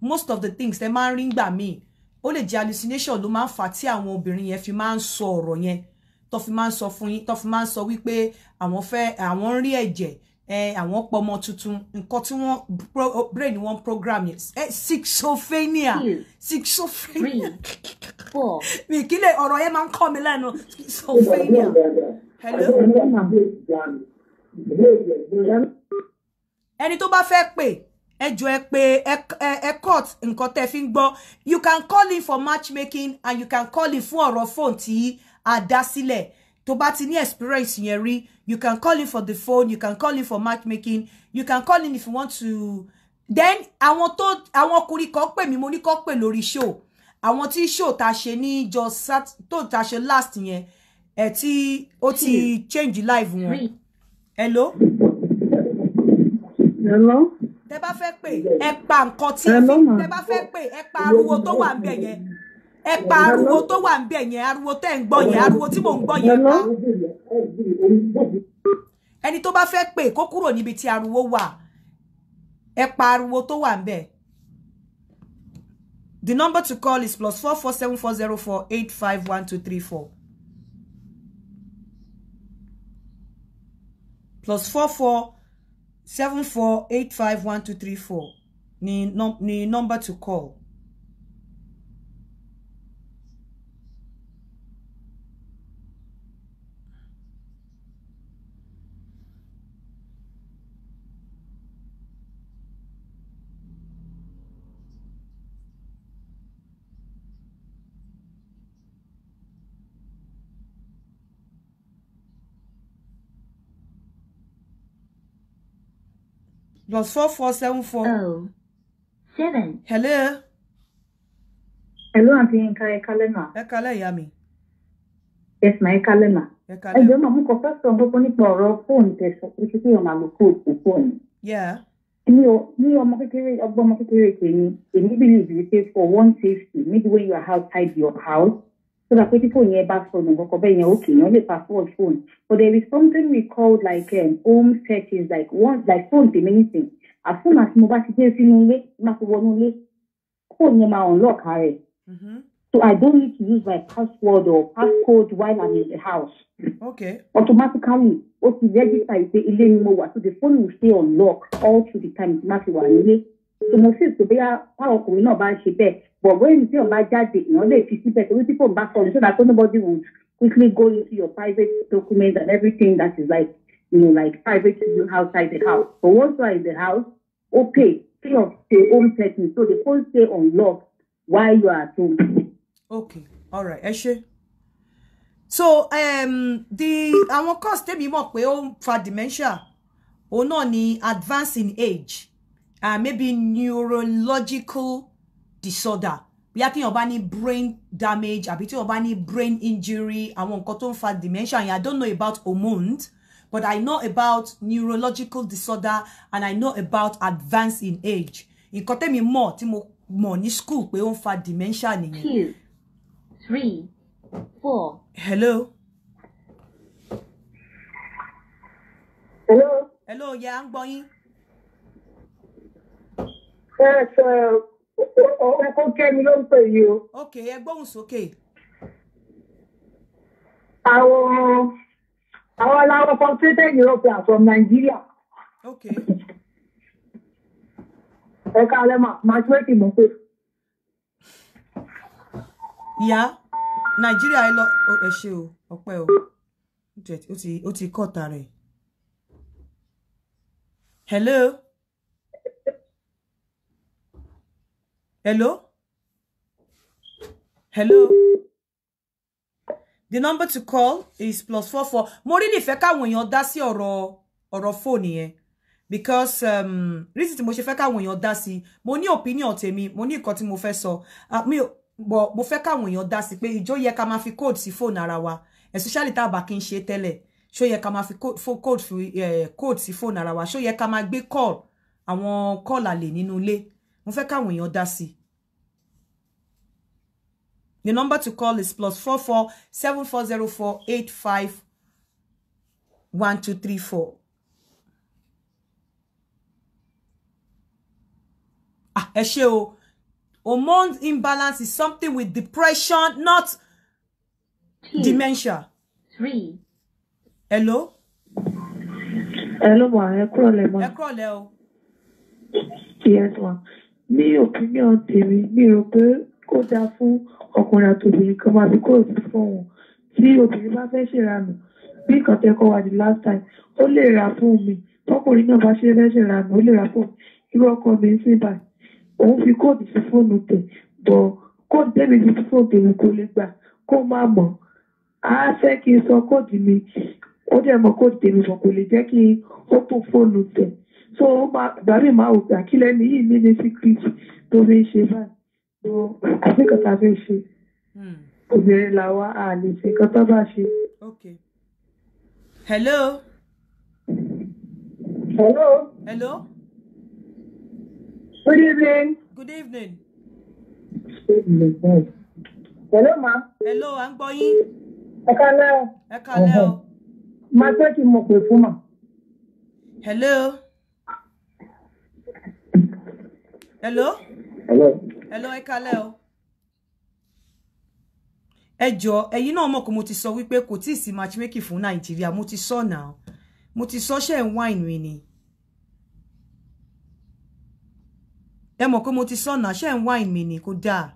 most of the things they máa ń rí ń ó lè jẹ́ hallucination ló máa ń fà tí àwọn obìnrin yẹn fi máa ń sọ ọ̀rọ̀ yẹn tó fi máa ń sọ fún yín tó fi máa ń sọ wípé àwọn fẹ́ àwọn ń rí ẹ̀jẹ̀ àwọn pọmọ tuntun nǹkan tí wọ́n brain wọn program yẹn schizophrenia schizophrenia hmm. mi kí lè ọ̀rọ̀ yẹn máa ń kọ́ mi lẹ́nu schizophrenia hello. ẹni tó bá fẹ́ pè ẹjọ ẹ pé ẹ court nǹkan tẹ́ fi ń gbọ́ you can call in for matchmaking and you can call in fún ọ̀rọ̀ phone tí a dá sílẹ̀ tó bá ti ní experience yẹn rí you can call in for the phone you can call in for matchmaking you can call in if you want to then àwọn tó àwọn ọkùnrin kan pè mí mo ní kó pè lórí show àwọn tí show ta ṣe ní jọ sat tó ta ṣe last yẹn ẹ tí ó ti change life wọn hello hello tẹ bá fẹ́ pè ẹ pa nǹkan tí ẹ fi tẹ bá fẹ́ pè ẹ pa ariwo tó wà ń bẹ̀ yẹn ẹ pa ariwo tó wà ń bẹ̀ yẹn ariwo tẹ́ ń gbọ́ yẹn ariwo tí mò ń gbọ́ yẹn pa ẹni tó bá fẹ́ pè kó kúrò níbi tí ariwo wà ẹ pa ariwo tó wà ń bẹ̀. The number to call is plus four four seven four zero four eight five one two three four. Plus four four seven four eight five one two three four ni number to call. Plus four four seven four. Oh. Seven. Hello. Hello, Auntie Nka Ekalema. Ekale Yami. Yes, ma Ekalema. Ekalema. Ẹjọ́ màmú kọ pásítọ̀ gbogbo nípa ọ̀rọ̀ fóònù tẹ̀sán títí phone. Yeah. àlòkù òkú fóònù. Ní ọmọ kékeré ọgbọ́n ọmọ kékeré tèmi, èmi bìlì ìbìlì pé for one safety, midway your house, hide your house so that pé tí fóònù yẹn bá sọnù kọkọ bẹ́ẹ̀ yẹn òkè yẹn lè pa fọ́ọ̀d but there is something we call like um, home settings, like one like phone many nìsín as soon as mobile bá ti dé sínú ilé má unlock rẹ̀ eh? mm-hmm. so I don't need to use my password or passcode while I'm in the house. okay. automatically ó ti register ìpè ilé ni mo so the phone will stay unlocked all through the time tí má so most of the bóyá táwọn ọkùnrin náà bá ń ṣe bẹ́ẹ̀ bọ̀bọ̀ èyí tí ò bá you know lè fi síbẹ̀ torí tí kò bá sọnù so that nobody would quickly go into your private documents and everything that is like you know like private to you outside the house but once you are in the house okay stay of stay home setting so the phone stay on lock while you are at home. okay all right ẹ so um, the àwọn cause tèmi mọ̀ pé ó ń fa dementia òun náà ni advance in age uh, maybe neurological disorder bóyá téèyàn bá ní brain damage àbí téèyàn bá ní brain injury àwọn nǹkan tó ń fa dementia yẹn i don't know about hormones but i know about neurological disorder and i know about advance in age nǹkan tẹ́mi mọ̀ tí mo mọ̀ ní school pé ó ń fa dementia nìyẹn. two three four. hello. hello. hello yẹ à ń gbọ́ yín. ẹ ẹ sọ ẹ Ọkọ Kẹ́mi ló ń pè yí o. Ok, ẹ gbóhùn sókè. Àwọn àwọn aláwọ̀ frustrated Europeans from Nigeria. Ok. Ẹ káalẹ́ mà, màá tí wéèkì mọ̀ pé. Ìyá Nàìjíríà ẹ lọ ẹ ṣe o, ọpẹ́ o. Ó ti kọ́ta rẹ̀. Hello. Hello? Hello? The number to call is plus four four. Mo ni feka káwọn èèyàn dá sí ọ̀rọ̀ ọ̀rọ̀ fóònù because um, reason to mo ṣe fẹ́ káwọn èèyàn mo ni opinion tèmi mo ni nǹkan tí mo fẹ́ sọ ah, mi bo mo fẹ́ káwọn èèyàn dá ijo pé ìjọ fi code sí fóònù ara especially tá a bá tele. n ṣe tẹ́lẹ̀ ṣó yẹ ká máa fi eh, code sí fóònù ara wa ṣó yẹ ká máa gbé call àwọn call àlè nínú mo fẹ́ káwọn èèyàn dá sí the number to call is plus four four seven four zero four eight five one two three four. ah ẹ ṣé o hormone imbalance is something with depression not Two, dementia. Three. hello. hello ma ẹ kúrọ̀lẹ́ ma. ẹ kúrọ̀lẹ́ o. yes ma ní opinion tèmi mi rò pé kò dáa fún ọkùnrin àti obìnrin kan máa fi kúrò sí fóun tí obìnrin bá fẹ́ ṣèrànù bí nǹkan tẹ́ kọ́ wa the last time ó lè ra fún mi tọkùnrin náà bá ṣe fẹ́ ṣèrànù ó lè ra fún mi irú ọkọ mi ń sìn báyìí òun fi kóòdù sí fóònù tẹ̀ bọ̀ kóòdù tẹ́mi fi fóònù tèmi kò lè gbà kó má mọ̀ á fẹ́ kí n sọ kóòdù mi ó dẹ̀ mọ̀ kóòdù tèmi bọ̀ kò lè jẹ́ kí n ó pò fóònù tẹ̀ so gbàrí máa wò pé àkílẹ̀ ni yìí ní ní secret tó fi ń ṣe báyìí tó àfikàn tá a fi ń ṣe hmm. obìnrin làwa a lè ṣe nǹkan tó bá ṣe. okay hello. hello. hello. good evening. good evening. hello ma. hello à ń gbọ́ yín. ẹ kálẹ́ o. ẹ kálẹ́ o. máa jẹ́ kí n mọ̀ pé fún ma. hello. hello? hello. hello. hello ẹ kalẹ́ o. ẹ jọ ẹ̀yin náà mọ̀ pé mo ti sọ wípé kò tí ì sí matchmaking fún nàìjíríà mo ti sọ náà mo ti sọ ṣe ń wáìnì mi ni. ẹ mọ̀ pé mo ti sọ náà ṣe ń wáìnì mi ni kò dáa.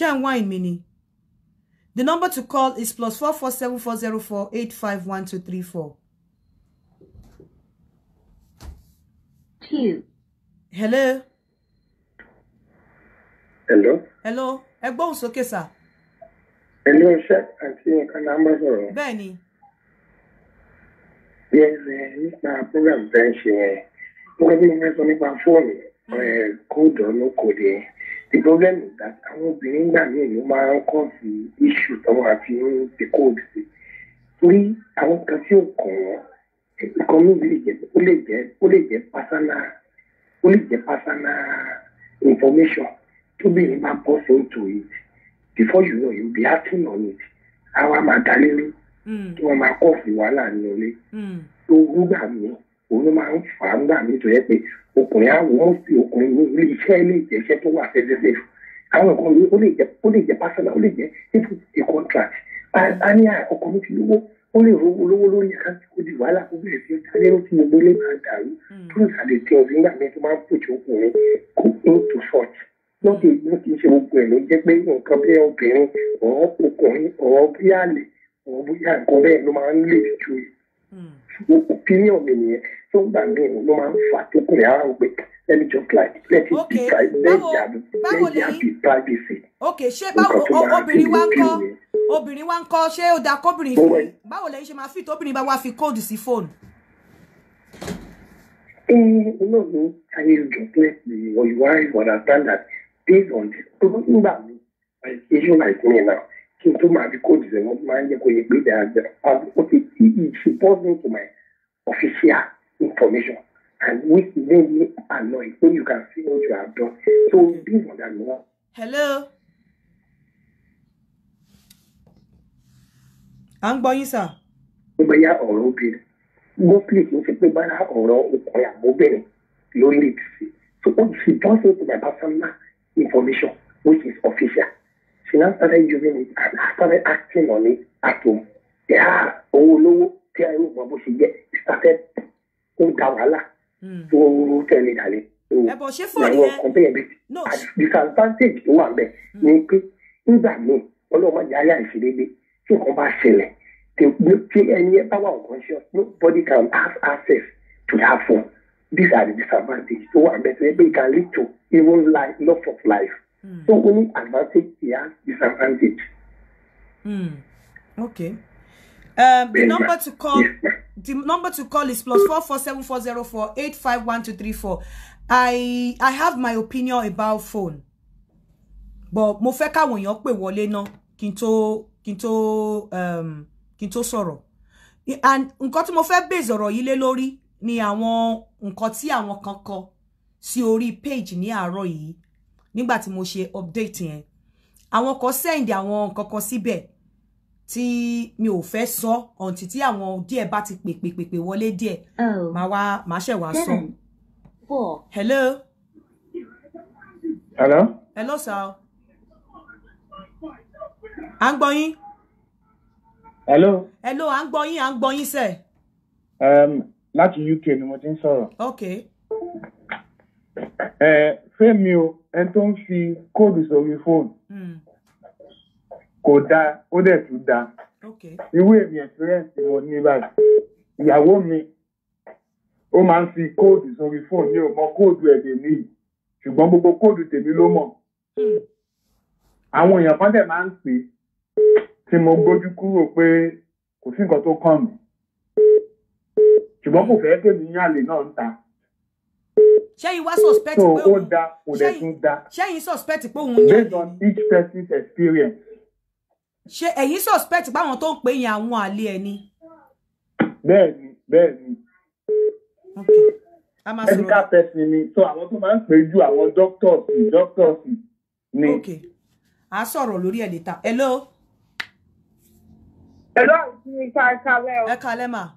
ṣé ń wá ìmì the number to call is plus four four seven four zero four eight five one two three four. two. hello. hello. hello ẹ gbóhùn sókè sá. hello ṣe àti nǹkan náà ń bá sọ̀rọ̀. bẹ́ẹ̀ni. bí ẹ ṣe nípa program tẹ́ ń ṣe yẹn nígbà tí mo fẹ́ sọ nípa fóònù kóòdù ọ̀nà kò dé the problem is that àwọn obìnrin gbà míì ló máa ń kọ́ sí issue táwọn àfi ń ṣe kóòdù sí torí àwọn kan tí ò kàn wọ́n nǹkan mi lè jẹ́ ó lè jẹ́ ó lè jẹ́ personal ó lè jẹ́ personal information tóbìnrin bá bọ́ sí into it before you know you be acting on it àwa máa dalérú hmm. kí wọ́n máa kọ́ sí wàhálà nílé tó hmm. rúgbà míì òun ló máa ń fà á ńgbà mí tó pé ọkùnrin àwọn ọmọ ọkùnrin ní ilé iṣẹ́ ilé ìjẹsẹ tó wà fẹsẹsẹ àwọn nǹkan yìí lè jẹ ó lè jẹ pásánà ó lè jẹ even a contract a ní ọkùnrin ti lówó ó lè rówó lówó lórí àkáǹtì kó di wàhálà kó bẹ̀rẹ̀ sí ọjà lérò tí gbogbo ilé máa dàrú hmm. tó ń sàlẹ̀ tí ọ̀sìn nígbà mi tó máa ń pòjì ọkùnrin kó tó tó sọ̀tì lóde ìlú kì í ṣe gbogbo ẹ̀ ló jẹ́ pé nǹkan bí obìnrin ọ̀ọ́ ọkùnrin ọ̀ọ́ bí àlè ọ̀ọ́ bí bẹ́ẹ̀ ló máa ń lè ju opinion mi nìyẹn tó gbà mí ló máa ń fà tó ara ń pè let me just like let it okay. ok ṣé báwo obìnrin wa ń kọ́ obìnrin wa ń kọ́ ṣé ó dáa kóbìnrin fi báwo lẹ́yìn ṣe máa fi tóbìnrin bá wá fi kóòdù sí fóònù. Eh, you know, no, I will just let the wife understand based on this, because in that, an issue like me now, kí n tó máa fi kóòdù rẹ̀ wọ́n máa ń yẹ kó yẹ pé my official information and which made annoyed so you can see what you have done so based on that one. hello. à ń gbọ́ yín sà. ó bẹ yá please mo fi pé bára ọ̀rọ̀ ọkùnrin àbóbìnrin ló lè tì sí so she pours into my personal information which is official. She now started using it and started acting on it at home. Yeah, owó lówó tí a yóò mọ bó ṣe jẹ́ started ó da wàhálà tó tẹ̀lé dàlẹ́. Ẹ̀bọ̀ ṣé fóònù yẹn? Ẹ̀wọ̀n kan bẹ́ẹ̀ bí. Disadvantage tó wà ń bẹ̀ ni pé nígbà míì ọlọ́mọ jẹ́ ayé àìṣedéédé tí nǹkan bá ṣẹlẹ̀ tí ẹni ẹ bá wà unconscious nobody can have access to that phone. These are the disadvantages tó wà ń tó yẹ pé it can lead to even life, loss of life. Mm. So only advantage here has disadvantage. Hmm. Okay. Um, the number to call yes, the number to call is plus four four seven four zero four eight five one two three four. I I have my opinion about phone. But mo fẹ́ káwọn èèyàn pè wọlé náà kí n tó um kí n And nǹkan tí mo fẹ́ base ọ̀rọ̀ yìí lé lórí ni àwọn nǹkan tí àwọn kan kọ sí orí page ni àárọ̀ yìí nígbà tí mo ṣe update yẹn àwọn kan send àwọn nǹkan kan síbẹ̀ tí mi ò fẹ́ sọ ọ̀ǹtí tí àwọn díẹ̀ bá ti pè pè pè pè wọlé díẹ̀ oh. máa wá máa ṣẹ̀ wá sọ. hello. hello. hello sir. à ń gbọ́ yín. hello. hello à ń gbọ́ yín à ń gbọ́ yín sẹ̀. Um, láti UK ni mo ti ń sọ̀rọ̀. ok. ẹ eh, fẹ́ mi o ẹni tó ń fi kóòdù sórí fóònù hmm. kò dáa ó dẹ̀ tún dáa irú èmi experience mo ní báyìí ìyàwó mi ó máa ń fi kóòdù sórí fóònù mi ò mọ kóòdù ẹ̀dẹ̀ mi ṣùgbọ́n gbogbo kóòdù tèmi ló mọ̀ hmm. àwọn èèyàn kan dẹ̀ máa ń pè tí mo gbójú kúrò pé kò sí nǹkan tó kàn mí ṣùgbọ́n kò fẹ́ kémi yàn lè náà ń ta ṣẹ́yìn wá suspect pé òun ó da kò dẹ̀ tún da ṣẹ́yìn suspect pé òun yàn based on each person's experience. ṣe ẹ̀yin suspect báwọn tó ń pè yín àwọn àlè ẹ̀ ni. bẹ́ẹ̀ni bẹ́ẹ̀ni. okay a máa sọ̀rọ̀ medical person ni so àwọn tó máa ń pè ju àwọn doctors ni doctors ni. okay a sọ̀rọ̀ lórí ẹ̀ later hello. hello àti ìka ẹ̀ka lẹ́ o. ẹ̀ka lẹ́ máa.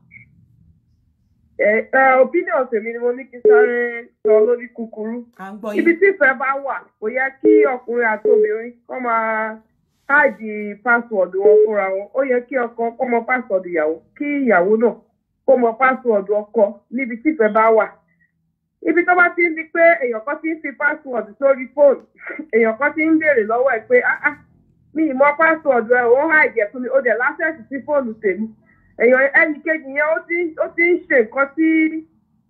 opinion tèmi ni mo ní kí sáré sọ lórí ibi tí ìfẹ́ bá wà kò yẹ kí ọkùnrin àti obìnrin kọ́ máa káàdì pásíwọ̀dù wọn fúnra wọn ó yẹ kí ọkọ kọ́ mọ pásíwọ̀dù ìyàwó kí ìyàwó náà kó mọ pásíwọ̀dù ọkọ níbi tí ìfẹ́ bá wà ibi tó bá ti ń di pé èèyàn kan ti ń fi pásíwọ̀dù sórí fóònù èèyàn kan ti ń béèrè lọ́wọ́ pé mi ì èèyàn ẹnì kejì yẹn ó ti ó ti ń ṣe nǹkan tí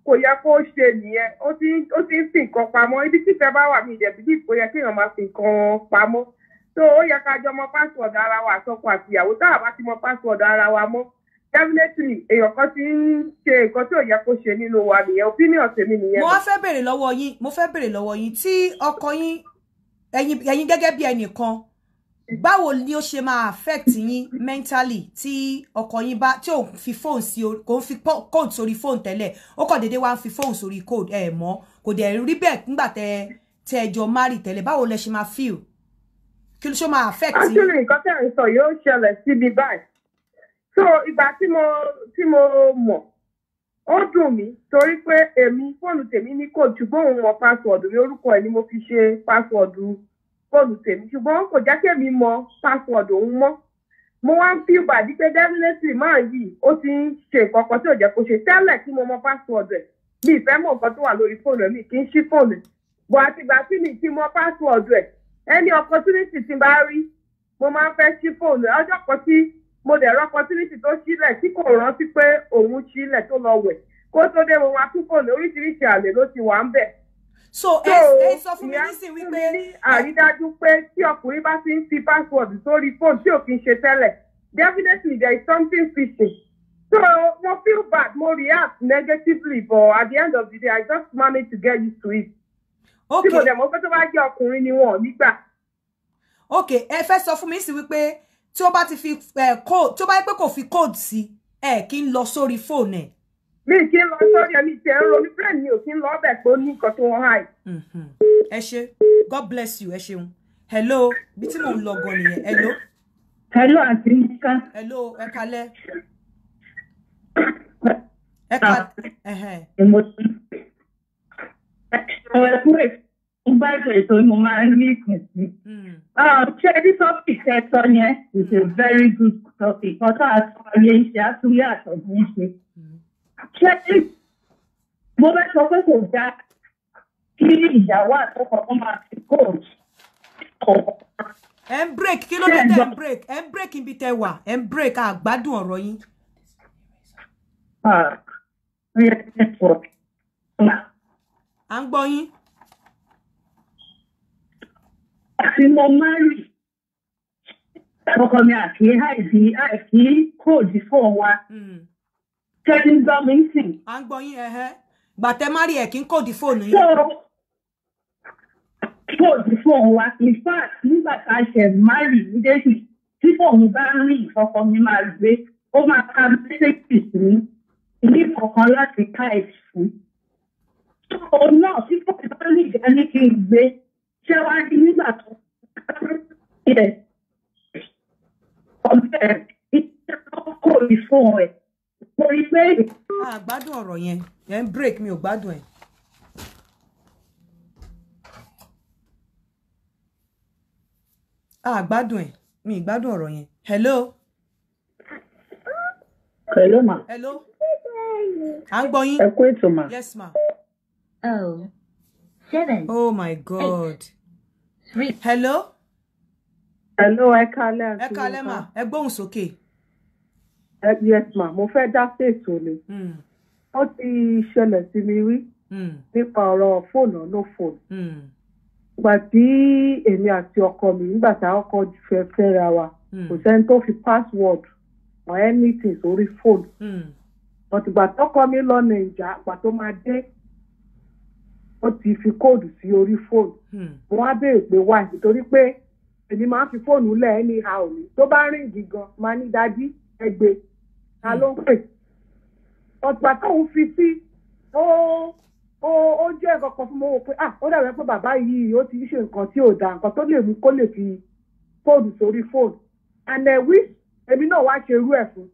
kò yẹ kó ṣe nìyẹn ó ti ó ti ń fi nǹkan pamọ́ ibi tí ìfẹ́ bá wà mí ìdẹ̀bí bí kò yẹ kéèyàn máa fi nǹkan pamọ́ so ó yẹ ká jọ mọ pásíwọ̀dù ara wa àtọkọ àtìyàwó tá a bá ti mọ pásíwọ̀dù ara wa mọ́ definitely èèyàn kan ti ń ṣe nǹkan tí ò yẹ kó ṣe nínú wa nìyẹn opinion tèmi nìyẹn. mo wá fẹ́ béèrè lọ́wọ́ yín mo fẹ́ béèrè lọ́wọ́ yín tí ọkọ yín ẹ̀yin gẹ́gẹ́ bí ẹnìkan báwo ni ó ṣe máa affect yín mentally tí ọkọ yín bá tí ò ń fi phone sí kò ń fi code sórí phone tẹ́lẹ̀ ó kàn déédéé wá ń fi phone sórí code ẹ̀ mọ́ kò dẹ̀ rí bẹ́ẹ̀ nígbà tẹ tẹ ẹjọ́ mari tẹ́lẹ̀ báwo lẹ ṣe máa feel kí ló ṣe máa affect yín. actually nǹkan tẹ̀ ń sọ yóò ṣẹlẹ̀ síbi báyìí so ìgbà tí mo tí mo mọ̀ ó dùn mí torí pé èmi fóònù tèmi ní code ṣùgbọ́n òun mọ password mi orúkọ ẹ̀ ni mo fi ṣe password fóònù tèmi ṣùgbọ́n kò já kẹ́mi mọ password òun mọ́ mo wá ń feel bad pé definitely máa yìí ó ti ń ṣe nǹkan kan tí ò jẹ́ kó ṣe tẹ́lẹ̀ kí mo mọ password rẹ̀ mi ìfẹ́ mọ̀ nǹkan tó wà lórí fóònù rẹ̀ mi kì í ṣí fóònù bọ̀ àtìgbà tí mi ti mọ password rẹ̀ any opportunity tí n bá rí mo máa ń fẹ́ ṣí fóònù ọjọ́ kan tí mo dẹ̀ rọ́ opportunity tó sílẹ̀ tí kò rántí pé òun sílẹ̀ tó lọ wẹ̀ kó tó dé mo wá tún fóònù oríṣiríṣi àlè ló ti wà ń bẹ̀ so ẹ ẹ sọ fún mi nísìn wípé. ìyá fún mi ní àrídájú pé tí ọkùnrin bá ti ń fi password sórí fóònù tí òfin ṣe tẹ́lẹ̀ definitely there is something fishy. so mo feel bad mo react negatively but at the end of the day i just manage to get used to it. ok tí mo dẹ̀ mọ̀ pé tó bá jẹ́ ọkùnrin ni wọ́n nígbà. ok ẹ fẹ́ sọ fún mi sí wípé tí ó bá ti fi code tí ó bá yẹ pé kò fi code sí ẹ kí n lọ sórí fóònù ẹ̀ mi kì í lọ sórí ẹni tí ń ronú brain mi ò kí ń lọ ọbẹ̀ pé ó ní nǹkan tí wọ́n hide. Mm-hmm. ẹ ṣe god bless you ẹ ṣeun hello bí tí mò ń lọ gan nìyẹn hello. hello àti nǹka. hello ẹ kalẹ̀. ẹ ah. ka ọ̀rọ̀ ẹ kúrò ìgbà ètò ètò mo máa ń mm. ah, rí ìkùn sí. ṣé ẹbí topic ẹ sọ yẹn is a very good topic ọ̀tọ̀ àtọ̀ ayé ń ṣe àtúnyẹ̀ àtọ̀gbọ́n ṣe. Mm ṣé mo fẹ́ sọ pé kò dáa kí ìyàwó àtọkọ kan máa fi gold kọ̀ọ̀kan. ẹ break kí ló dé tẹ ń break ẹ break ibi tẹ wà ẹ break àgbádùn ọ̀rọ̀ yín. Ah, à ń gbọ́ yín. àti mo máa ń rí ọkọ mi àti àìsí àìsí kóòdù fún wa. Hmm kẹ́kí ń gbá mi sìn. à ń gbọ́ yín ẹ̀hẹ́ gbàtẹ́ mari ẹ̀ kí ń kò dí fóònù yín. kò dí fóònù wa in fact nígbà tá a ṣe mari nídéjì tí fóònù bá ń rìn ọkọ mi máa gbé ó máa ka mẹ́sẹ̀gì sí mi ní kọ̀ọ̀kan láti ká ẹ̀ fún. so náà tí fóònù bá rìn ìjà ní kí n gbé ṣé wàá di nígbà tó ká ọ̀bẹ ìṣẹ́ ọkọ̀ ìfọ̀n ẹ̀ mo rí pé. a gbádùn ọ̀rọ̀ yẹn ẹ̀ break mi ò gbádùn ẹ̀. a gbádùn ẹ̀ mi gbádùn ọ̀rọ̀ yẹn hello. hello ma. hello. à ń gbọ́ yín. ẹ kú ètò ma. yes ma. oh seven. oh my god. Eight, three. hello. hello ẹ kalẹ́. ẹ kalẹ́ ma ẹ gbóhùn sókè. Okay. Eh, yes ma mo fẹ dá fètò ni hmm. ó ti ṣẹlẹ̀ sí mi rí hmm. nípa ọ̀rọ̀ fóònù ọ̀nà fóònù hmm. ìgbà tí èmi àti ọkọ mi nígbà a fẹ́ fẹ́ra wa kò sẹ́ni fi password or anything sórí fóònù ọ̀tìgbà tọkọ mi lọ nàìjà àgbà tó máa dé ó ti fi kóòdù sí orí fóònù wọn á béèrè pé nítorí pé èmi máa anyhow mi tó bá rìn gígan máa ní ta ló ń pè ọgbà tóun fi sí ó ó ó jẹ́ nǹkan kan fún mi ó pé ah ó dàbí pé bàbá yìí ó ti ṣe nǹkan tí ò da nǹkan tó lè mú kó lè fi fóònù sórí fóònù and then we èmi náà wá ṣe irú ẹ̀ fún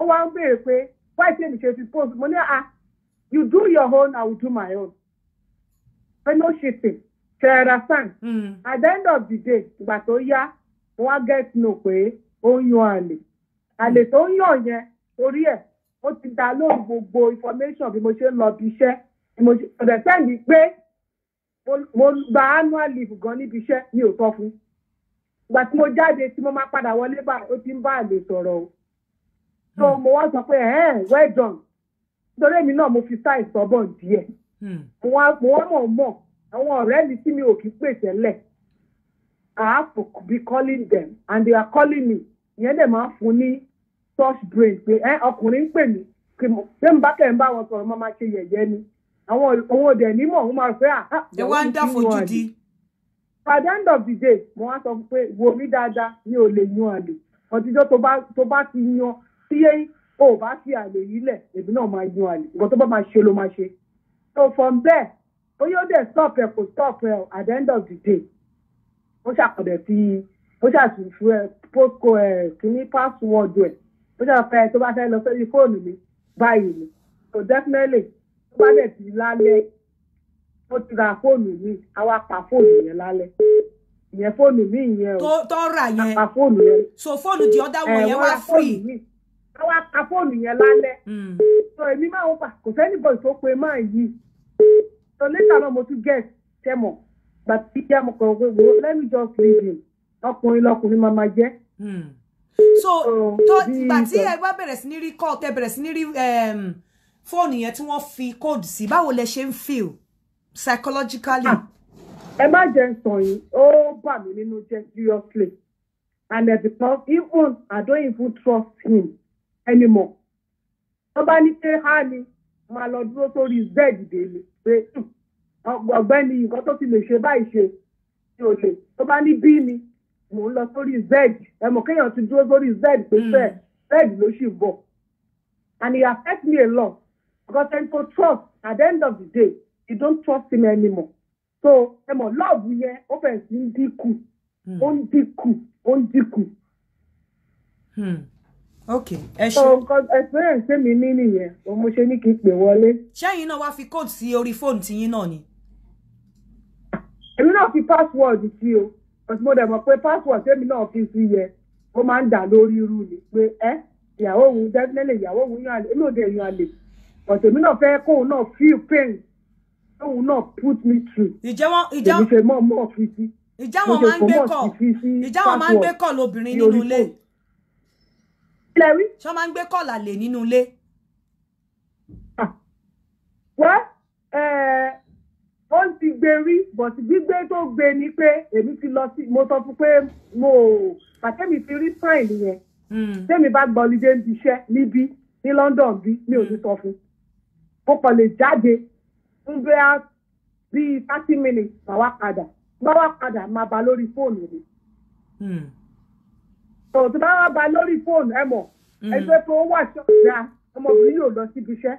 ó wá ń béèrè pé why ṣe mi ṣe fi fóònù mo ní ah you do your own i will do my own fellowshipping tẹ̀ra fan hmm. at the end of the day ìgbà tó yá wọ́n á get to know pé ó ń yan àlè àlè tó ń yàn yẹn orí ẹ̀ ó ti dá lórí gbogbo information bí mo ṣe ń lọ bí iṣẹ́ ọ̀dẹ̀ sẹ́ni pé mo gba annual leave gan níbi iṣẹ́ mi ò tọ́ fún ìgbà tí mo jáde tí mo máa padà wọlé bá ó ti ń bá àlè sọ̀rọ̀ o so hmm. mo wá sọ pé ẹ̀ well done nítorí èmi náà mo fi sáì sọ́bọ̀ díẹ̀ hmm. mo wá mọ̀ mọ̀ àwọn ọ̀rẹ́ mi tí mi ò kí pè tẹ́lẹ̀ I have to be calling them and they are calling me ìyẹn dẹ̀ máa ń fún ní touch brain pé ẹ ọkùnrin ń pè mí kí mo ṣé n bá kẹ́ ń bá wọn sọ̀rọ̀ máa ṣe yẹ̀yẹ́ ni àwọn òun òdẹ̀ nímọ̀ òun máa fẹ́ à. ẹ wá ń dáfojú di. by the end of the day mo wá sọ pé wo mi dáadáa mi ò lè yan àlè ọtíjọ́ tó bá ti yan tí o bá fi àlè yìí lẹ̀ èmi náà máa yan àlè ìwọ tó bá máa ṣe ló máa ṣe. so from there ó yóò dẹ̀ stop ẹ̀ kò stop ẹ̀ at the end of the day ó ṣàkọ̀dẹ̀ fi ó ṣàṣì fún ẹ pókó ẹ kíní pásíwọ́ọ̀dù ẹ ó ṣàfẹ́ tó bá fẹ́ lọ sórí fóònù mi báyìí ni so definitely tó bá dẹ̀ ti lálẹ́ ó ti ra fóònù mi á wá pa fóònù yẹn lálẹ́ ìyẹn fóònù mi yẹn o tó rà yẹn pa fóònù yẹn so fóònù di ọ̀dà wọn yẹn wá free á wá pa fóònù yẹn lálẹ́ hmm. so èmi máa ń pa kò sẹ́ni bọ̀ tó pe máa yí so later náà mo tún get tẹ́mọ̀ gbàtí jẹ́ mo kàn wọ́n let me just leave him ọkùnrin lọkùnrin máa máa jẹ́. Hmm. so tó gbà tí ẹ bá bẹ̀rẹ̀ sí ní rí call tẹ bẹ̀rẹ̀ sí ní rí fóònù yẹn tí wọ́n fi code sí báwo lẹ ṣe ń feel psychologically. Ah, ẹ má jẹ́ ń sàn yín ó bà mí nínú jẹ́ seriously and uh, because even I don't even trust him anymore. wọ́n bá ní pé á ni máa lọ dúró sórí z dé mi pé hmm, ọ̀gbẹ́ni nǹkan tó ti lè ṣe báyìí ṣe mi ò lè tó bá ní bí mi mò ń lọ sórí z ẹ mọ̀ kéèyàn ti dúró sórí z pé fẹ́ hmm. z ló sì bọ̀ and it affect me a lot because I go trust at the end of the day you don't trust him anymore so ẹ mọ̀ love yẹn ó bẹ̀rẹ̀ sí ń dínkù hmm. ó ń dínkù ó ń dínkù. Hmm. ok ẹ ṣe. so nǹkan experience mi ní nìyẹn òun mo ṣe ní kí n pè wọlé. ṣẹ́yìn náà wá fi code sí orí fóònù tiyín náà ni. èmi náà fi password sí o but mo dẹ̀ mọ̀ pé password tèmi náà fi sí yẹ ó máa ń dà lórí irú ni pé ẹ ìyàwó òun definitely ìyàwó òun yàn àlè èmi ò dé èèyàn àlè but èmi náà fẹ́ kóun náà feel pain kóun náà put me through èmi ṣe mọ́ mọ́ fi sí ìjà wọn máa ń gbé kọ ìjà wọn máa ń gbé kọ lóbìnrin nínú ilé ṣọ máa ń gbé kọ làlè nínú ilé. wá ó ń ti gbé rí bọ̀tí gbígbé tó gbé ni pé èmi ti lọ sí mo sọ fún pé mo pàtẹ́mi ti rí sign yẹn hmm. tẹ́mi bá gba olùdé ń diṣẹ́ níbí ní London bí mi ò ní hmm. sọ fún mo kàn lè jáde ń bẹ́ẹ̀ bíi thirty minutes máa wá padà máa wá padà máa bá lórí fóònù mi. tòun ti máa wá bá lórí fóònù ẹ mọ̀ hmm. ẹgbẹ́ tó wà ṣọ́ọ̀dá ọmọbìnrin yóò lọ síbi iṣẹ́.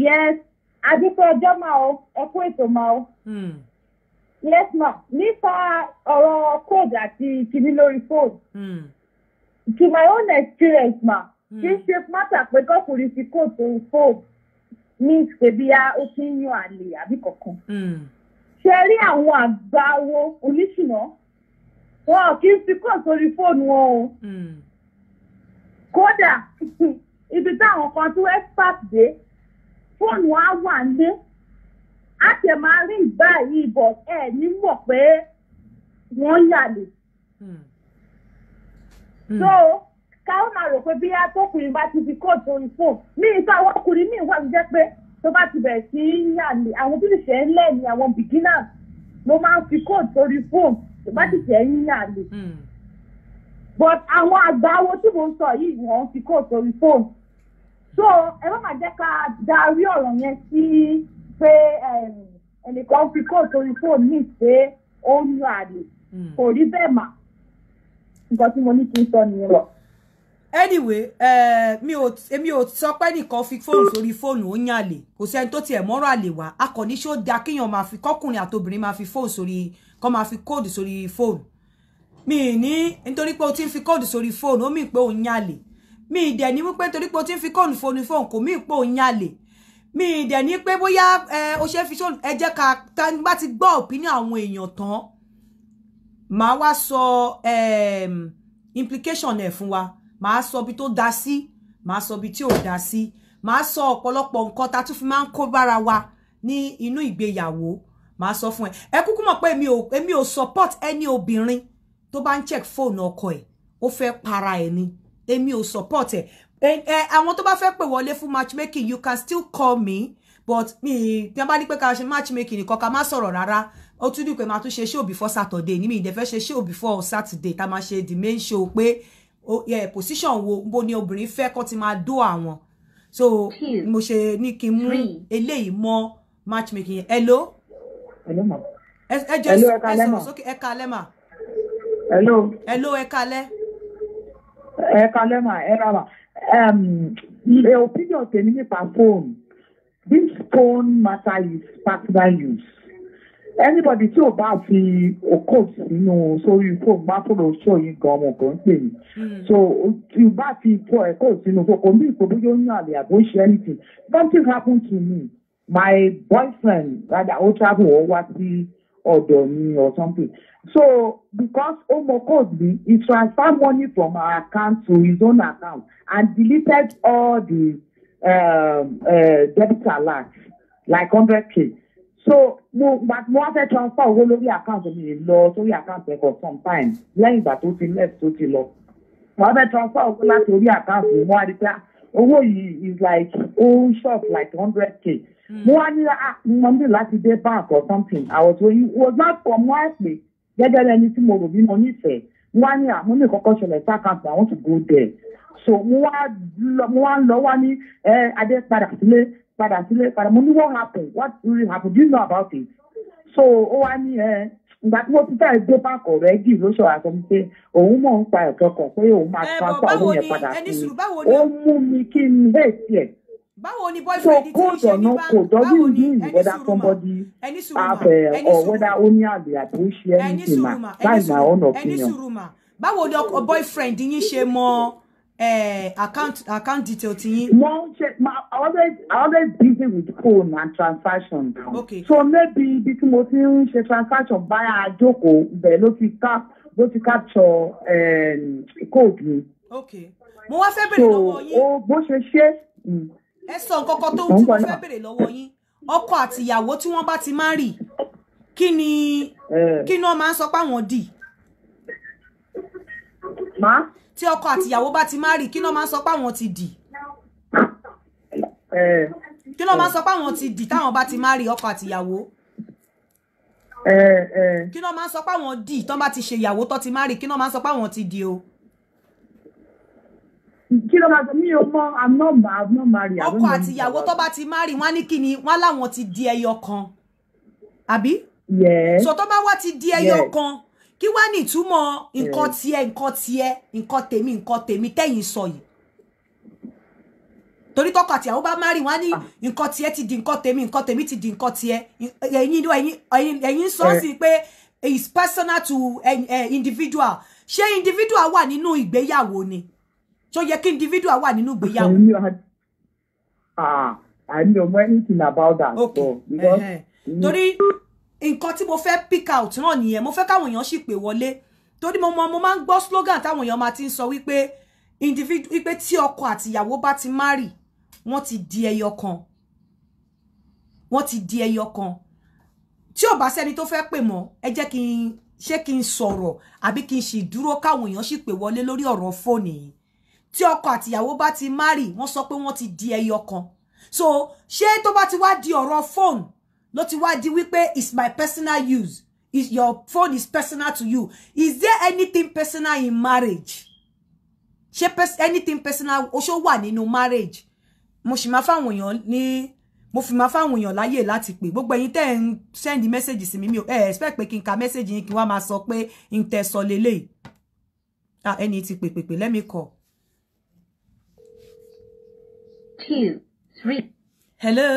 yes àdúpọ̀ ọjọ́ máa ọ ẹkú ètò máa ọ. Hmm. yes ma nípa ọ̀rọ̀ code àti kìíní lórí phone. Hmm. to my own experience ma hmm. kì í ṣe mátà pé kọkùnrin fi code sórí phone means pé bíyá ó ti ń yan àlè àbí kankan. ṣe rí àwọn àgbà wo wọn kì í fi code sórí fóònù wọn o. kódà ibi táwọn kan tún expert dé fóònù á wà ní á tẹ̀ máa rí ìgbà yìí bọ̀ ẹ̀ ní mọ̀ pé wọ́n yàlè. Hmm. so ká ó máa rò pé bí atókùnrin bá ti fi kóòtù orí fóònù ní ìfẹ́ àwọn ọkùnrin míì wà ló jẹ́ pé tó bá ti bẹ̀rẹ̀ sí í yàlè àwọn tó ti ṣẹ̀ ń lẹ̀ ní àwọn beginners ló máa ń fi kóòtù orí fóònù tó bá ti ṣẹ̀ ń yàlè. Hmm. but àwọn àgbà wo tí mo ń sọ yìí wọ́n fi kóòtù orí fóònù so ẹ má máa jẹ́ ká darí ọ̀rọ̀ yẹn sí pé ẹnìkan fi kóòtù orí fóònù ní ìpè ó ń lo àlè hmm. kò rí bẹ́ẹ̀ mà nǹkan tí mo ní kí n sọ nìyẹn lọ. anyway eh, mi ò èmi ò sọ pé nìkan fi fóònù sórí fóònù ó yàn àlè kò sí ẹni tó tiẹ̀ mọ́rọ̀ àlè wá akọni ṣó da kéèyàn máa fi kọ́kùnrin àtobìnrin máa fi fóònù sórí kọ́ máa fi kóòdù sórí fóònù mi ní nítorí pé o ti ń fi kóòdù sórí fóònù ó mì pé òun yàn àlè mi de ní wípé torí pé o ti ń fi kóònù foni fóònù kò mí ìpò mi ìdẹ̀ ní pé bóyá o ṣe fi ṣóònù ẹ jẹ́ ka ta ba ti gbọ́ opinion àwọn èèyàn tán màá wá sọ implication ẹ̀ fún wa màá sọ ibi tó dá sí màá sọ ibi tí ò dá sí màá sọ ọ̀pọ̀lọpọ̀ nǹkan ta tún fi máa ń kó bára wa ní inú ìgbéyàwó màá sọ e ẹ ẹ kúkú mọ̀ pé èmi ò support ẹni obìnrin tó bá ń check fóònù ọkọ ẹ̀ ó fẹ́ para e ni èmi ò support ẹ̀ ẹ àwọn tó bá fẹ́ pè wọlé matchmaking you can still call me but mi bí wọ́n bá ní pé ká ṣe matchmaking nìkan ká má sọ̀rọ̀ rárá ó tún dùn pé máa tún ṣe show before Saturday ní mi ìdẹ́fẹ́ ṣe show before Saturday tá máa ṣe the main show pé oh, yeah, position wo bó ni obìnrin fẹ́ kó ti máa dó àwọn so Two, mo ṣe ní kí n mú eléyìí matchmaking hello. hello ma. ẹ jẹ́ ẹ sọ̀rọ̀ sókè ẹ kalẹ́ ma. hello. hello ẹ kalẹ́ ẹ kalẹ́ mà ẹ rà mà ẹ opinion tèmi nípa phone this phone matter is personal use anybody tí o bá fi okó sínú sórí phone bá fòrò ṣó yín gan ọmọ kan pè mí hmm. so tí o bá fi kó ẹkọ sínú kókó mi kò bójú ó yàn àlè àbó ṣe anything something happen to me my boyfriend rather ó travel ó wá sí ọ̀dọ̀ mi or something. So because Omokozbi, he transfer money from our account to his own account and deleted all the um, uh, debit alert, like hundred k So mo but mo wá fẹ́ transfer owó lórí account mi lọ sórí account ẹ̀kọ́ sometime lẹ́yìn ìgbà tó ti left tó ti lọ. Mo wá fẹ́ transfer owó láti orí account mi, mo wá rí pé ah, owó yìí is like ó ń short like hundred k Mm. mo wá ní ah, mo ní láti dé bank or something àwọn tó yí was not for mo á pè gẹ́gẹ́ bí ẹni tí mo rò bí mo nífẹ̀ẹ́ mo wá ní àmú ah, ní kọ́kọ́ ṣẹlẹ̀ sí àkàǹtì àwọn tó go there so mo wá ń lọ wá ní eh, adé padà sílé padà sílé padà mo ní what happen what really happen do you know about it so ó wá ní eh, ìgbà tí wọ́n ti fẹ́ gbé báàkì ọ̀rẹ́ jì ló sọ àtọ́ mi pé òun mọ̀ ń pa ẹ̀kọ́ kan pé òun máa eh, transfer owó yẹn padà sí mi ó mú mi kí n hate ẹ̀ báwo ni boyfriend ti ń ṣe ní báńkì báwo ni ẹni sùúrù mà ẹni sùúrù mà ẹni sùúrù mà ẹni ah, sùúrù mà ẹni sùúrù mà báwo ni ọkọ boyfriend yín ṣe mọ eh, account account detail ti yín. mo ń ṣe ma always always busy with phone and transaction. okay so maybe ibi tí mo ti ń ṣe transaction báyà àjókòó bẹ́ẹ̀ ló ti cap ló ti capture eh, code mi. okay mo wá fẹ́ bèrè lọ́wọ́ yín. so bó ṣe ṣe. Hmm ẹ sọ nǹkan kan tó ń fẹ́ béèrè lọ́wọ́ yín ọkọ àti ìyàwó tí wọ́n bá ti má rì kí ni kí ni wọ́n máa ń sọ pé àwọn dì. tí ọkọ àti ìyàwó bá ti má rì kí ni wọ́n máa ń sọ pé àwọn ti dì. kí ni wọ́n máa ń sọ pé àwọn ti dì táwọn bá ti má rì ọkọ àti ìyàwó. kí ni wọ́n máa ń sọ pé dì tán bá ti ṣèyàwó tán ti má rì kí ni wọ́n máa ń sọ pé ti dì o kí ló máa sọ mí o mọ i'm not i'm not married. ọkọ àti ìyàwó tó bá ti marry wọn á ní kíni wọn láwọn ti di ẹyọ kan àbí. yes so tó bá wá ti di ẹyọ kan kí wá ní ìtumọ̀ nǹkan tiẹ̀ nǹkan tiẹ̀ nǹkan tèmi nǹkan tèmi tẹ̀yìn sọ yìí torí tọkọ àti àwọn bá márì wá ní ah. nǹkan tiẹ̀ ti di nǹkan tèmi nǹkan tèmi ti di nǹkan tiẹ̀ ẹ̀yin ẹ̀yin ẹ̀yin sọ eh. sí pé is personal to uh, uh, individual ṣé individual wà nínú ìgbéyàwó ni tó yẹ kí individual wà nínú ìgbéyàwó. Ah, I know anything about that. Okay. Torí nǹkan tí mo fẹ́ pick out náà nìyẹn mo fẹ́ káwọn èèyàn sì pè wọlé torí mo mọ mo máa ń gbọ́ slogan táwọn èèyàn máa ti ń sọ wípé individual wípé tí ọkọ àtìyàwó bá ti marry wọ́n ti di ẹyọ kan wọ́n ti di ẹyọ kan tí ò bá sẹ́ni tó fẹ́ pè mọ́ ẹ jẹ́ kí n ṣé kí n sọ̀rọ̀ àbí kí n sì dúró káwọn èèyàn sì pè wọlé lórí ọ̀rọ̀ fóònù yìí tí ọkọ àtìyàwó bá ti marry wọ́n sọ pé wọ́n ti di ẹyọ kan so ṣé tó bá ti wá di ọ̀rọ̀ phone ló ti wá di wípé it's my personal use is your phone is personal to you is there anything personal in marriage ṣé pers anything personal ó ṣó wà nínú marriage mo sì máa fáwọn èèyàn ní mo fi máa fáwọn èèyàn láyè láti pè gbogbo ẹ̀yin tẹ́ ń send message sí mi mi ò ẹ expect pé kí n ka message yín kí n wá máa sọ pé n tẹ sọ lélẹ̀ ah ẹni tí pèpèpè let me call two, three. Hello.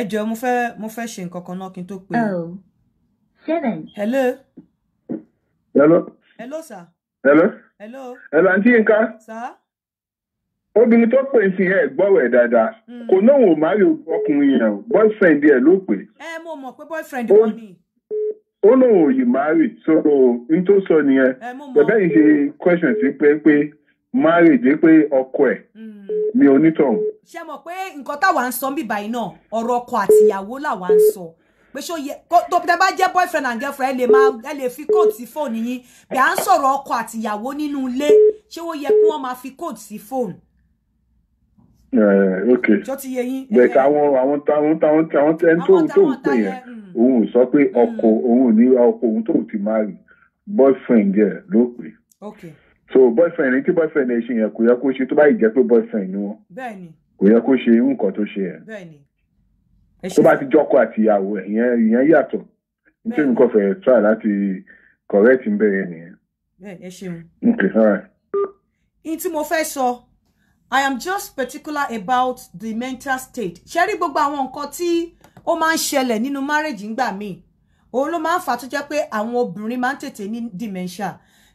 ẹ jọ̀ọ́ mo fẹ́ mo fẹ́ ṣe nǹkan kan náà kí n tó pè. oh seven. hello. hello. hello sir. hello. hello. hello àǹtí Yínká. sir. obìnrin tó pè sí ẹ gbọ́wọ̀ ẹ̀ dáadáa hmm. kò náà wò má rí ọkùnrin yẹn o boyfriend ẹ ló pè. ẹ eh, mo mọ̀ pé boyfriend wọn ni. ó oyi yìí marry so nítorí sọ nìyẹn bẹ̀bẹ̀ yìí ṣe question sí pé pé ọkọ ẹ̀ ni hmm. onítọ̀hún. mọ̀ pé nǹkan táwa ń sọ bíbá ati náà ọ̀rọ̀ wa àtìyàwó ń sọ tó te bá jẹ́ boyfriend and girlfriend ẹ lè fi code sí phone yín bí à ń sọ̀rọ̀ ọkọ àtìyàwó nínú ilé ṣé ó yẹ kí wọ́n máa fi code sí phone Eh, ok bẹ́ẹ̀ táwọn eh, eh. àwọn táwọn táwọn táwọn ẹni tóun tóun pè yẹn hmm. òun sọ pé hmm. ọkọ òun ní ọkọ òun tóun ti máa rí boyfriend yẹn ló pè so boyfriend ní tí boyfriend yẹn ṣe yẹn kò yẹ kó ṣe tó bá yìí jẹ́ pé boyfriend ni wọn kò yẹ kó ṣe nǹkan tó ṣe yẹn tó bá ti jọkọ àti ìyàwó ẹ̀ ìyẹn yàtọ̀ nítorí nǹkan fẹẹ try láti correct ń bẹ̀rẹ̀ nìyẹn. ẹ ṣeun. ok all right. n tí mo fẹ́ sọ. So I am just particular about the mental state ṣe rí gbogbo àwọn nǹkan tí ó máa ń ṣẹlẹ̀ nínú marriage ńgbà míì òun ló máa ń fà tó jẹ́ pé àwọn obìnrin máa ń tètè ní dementia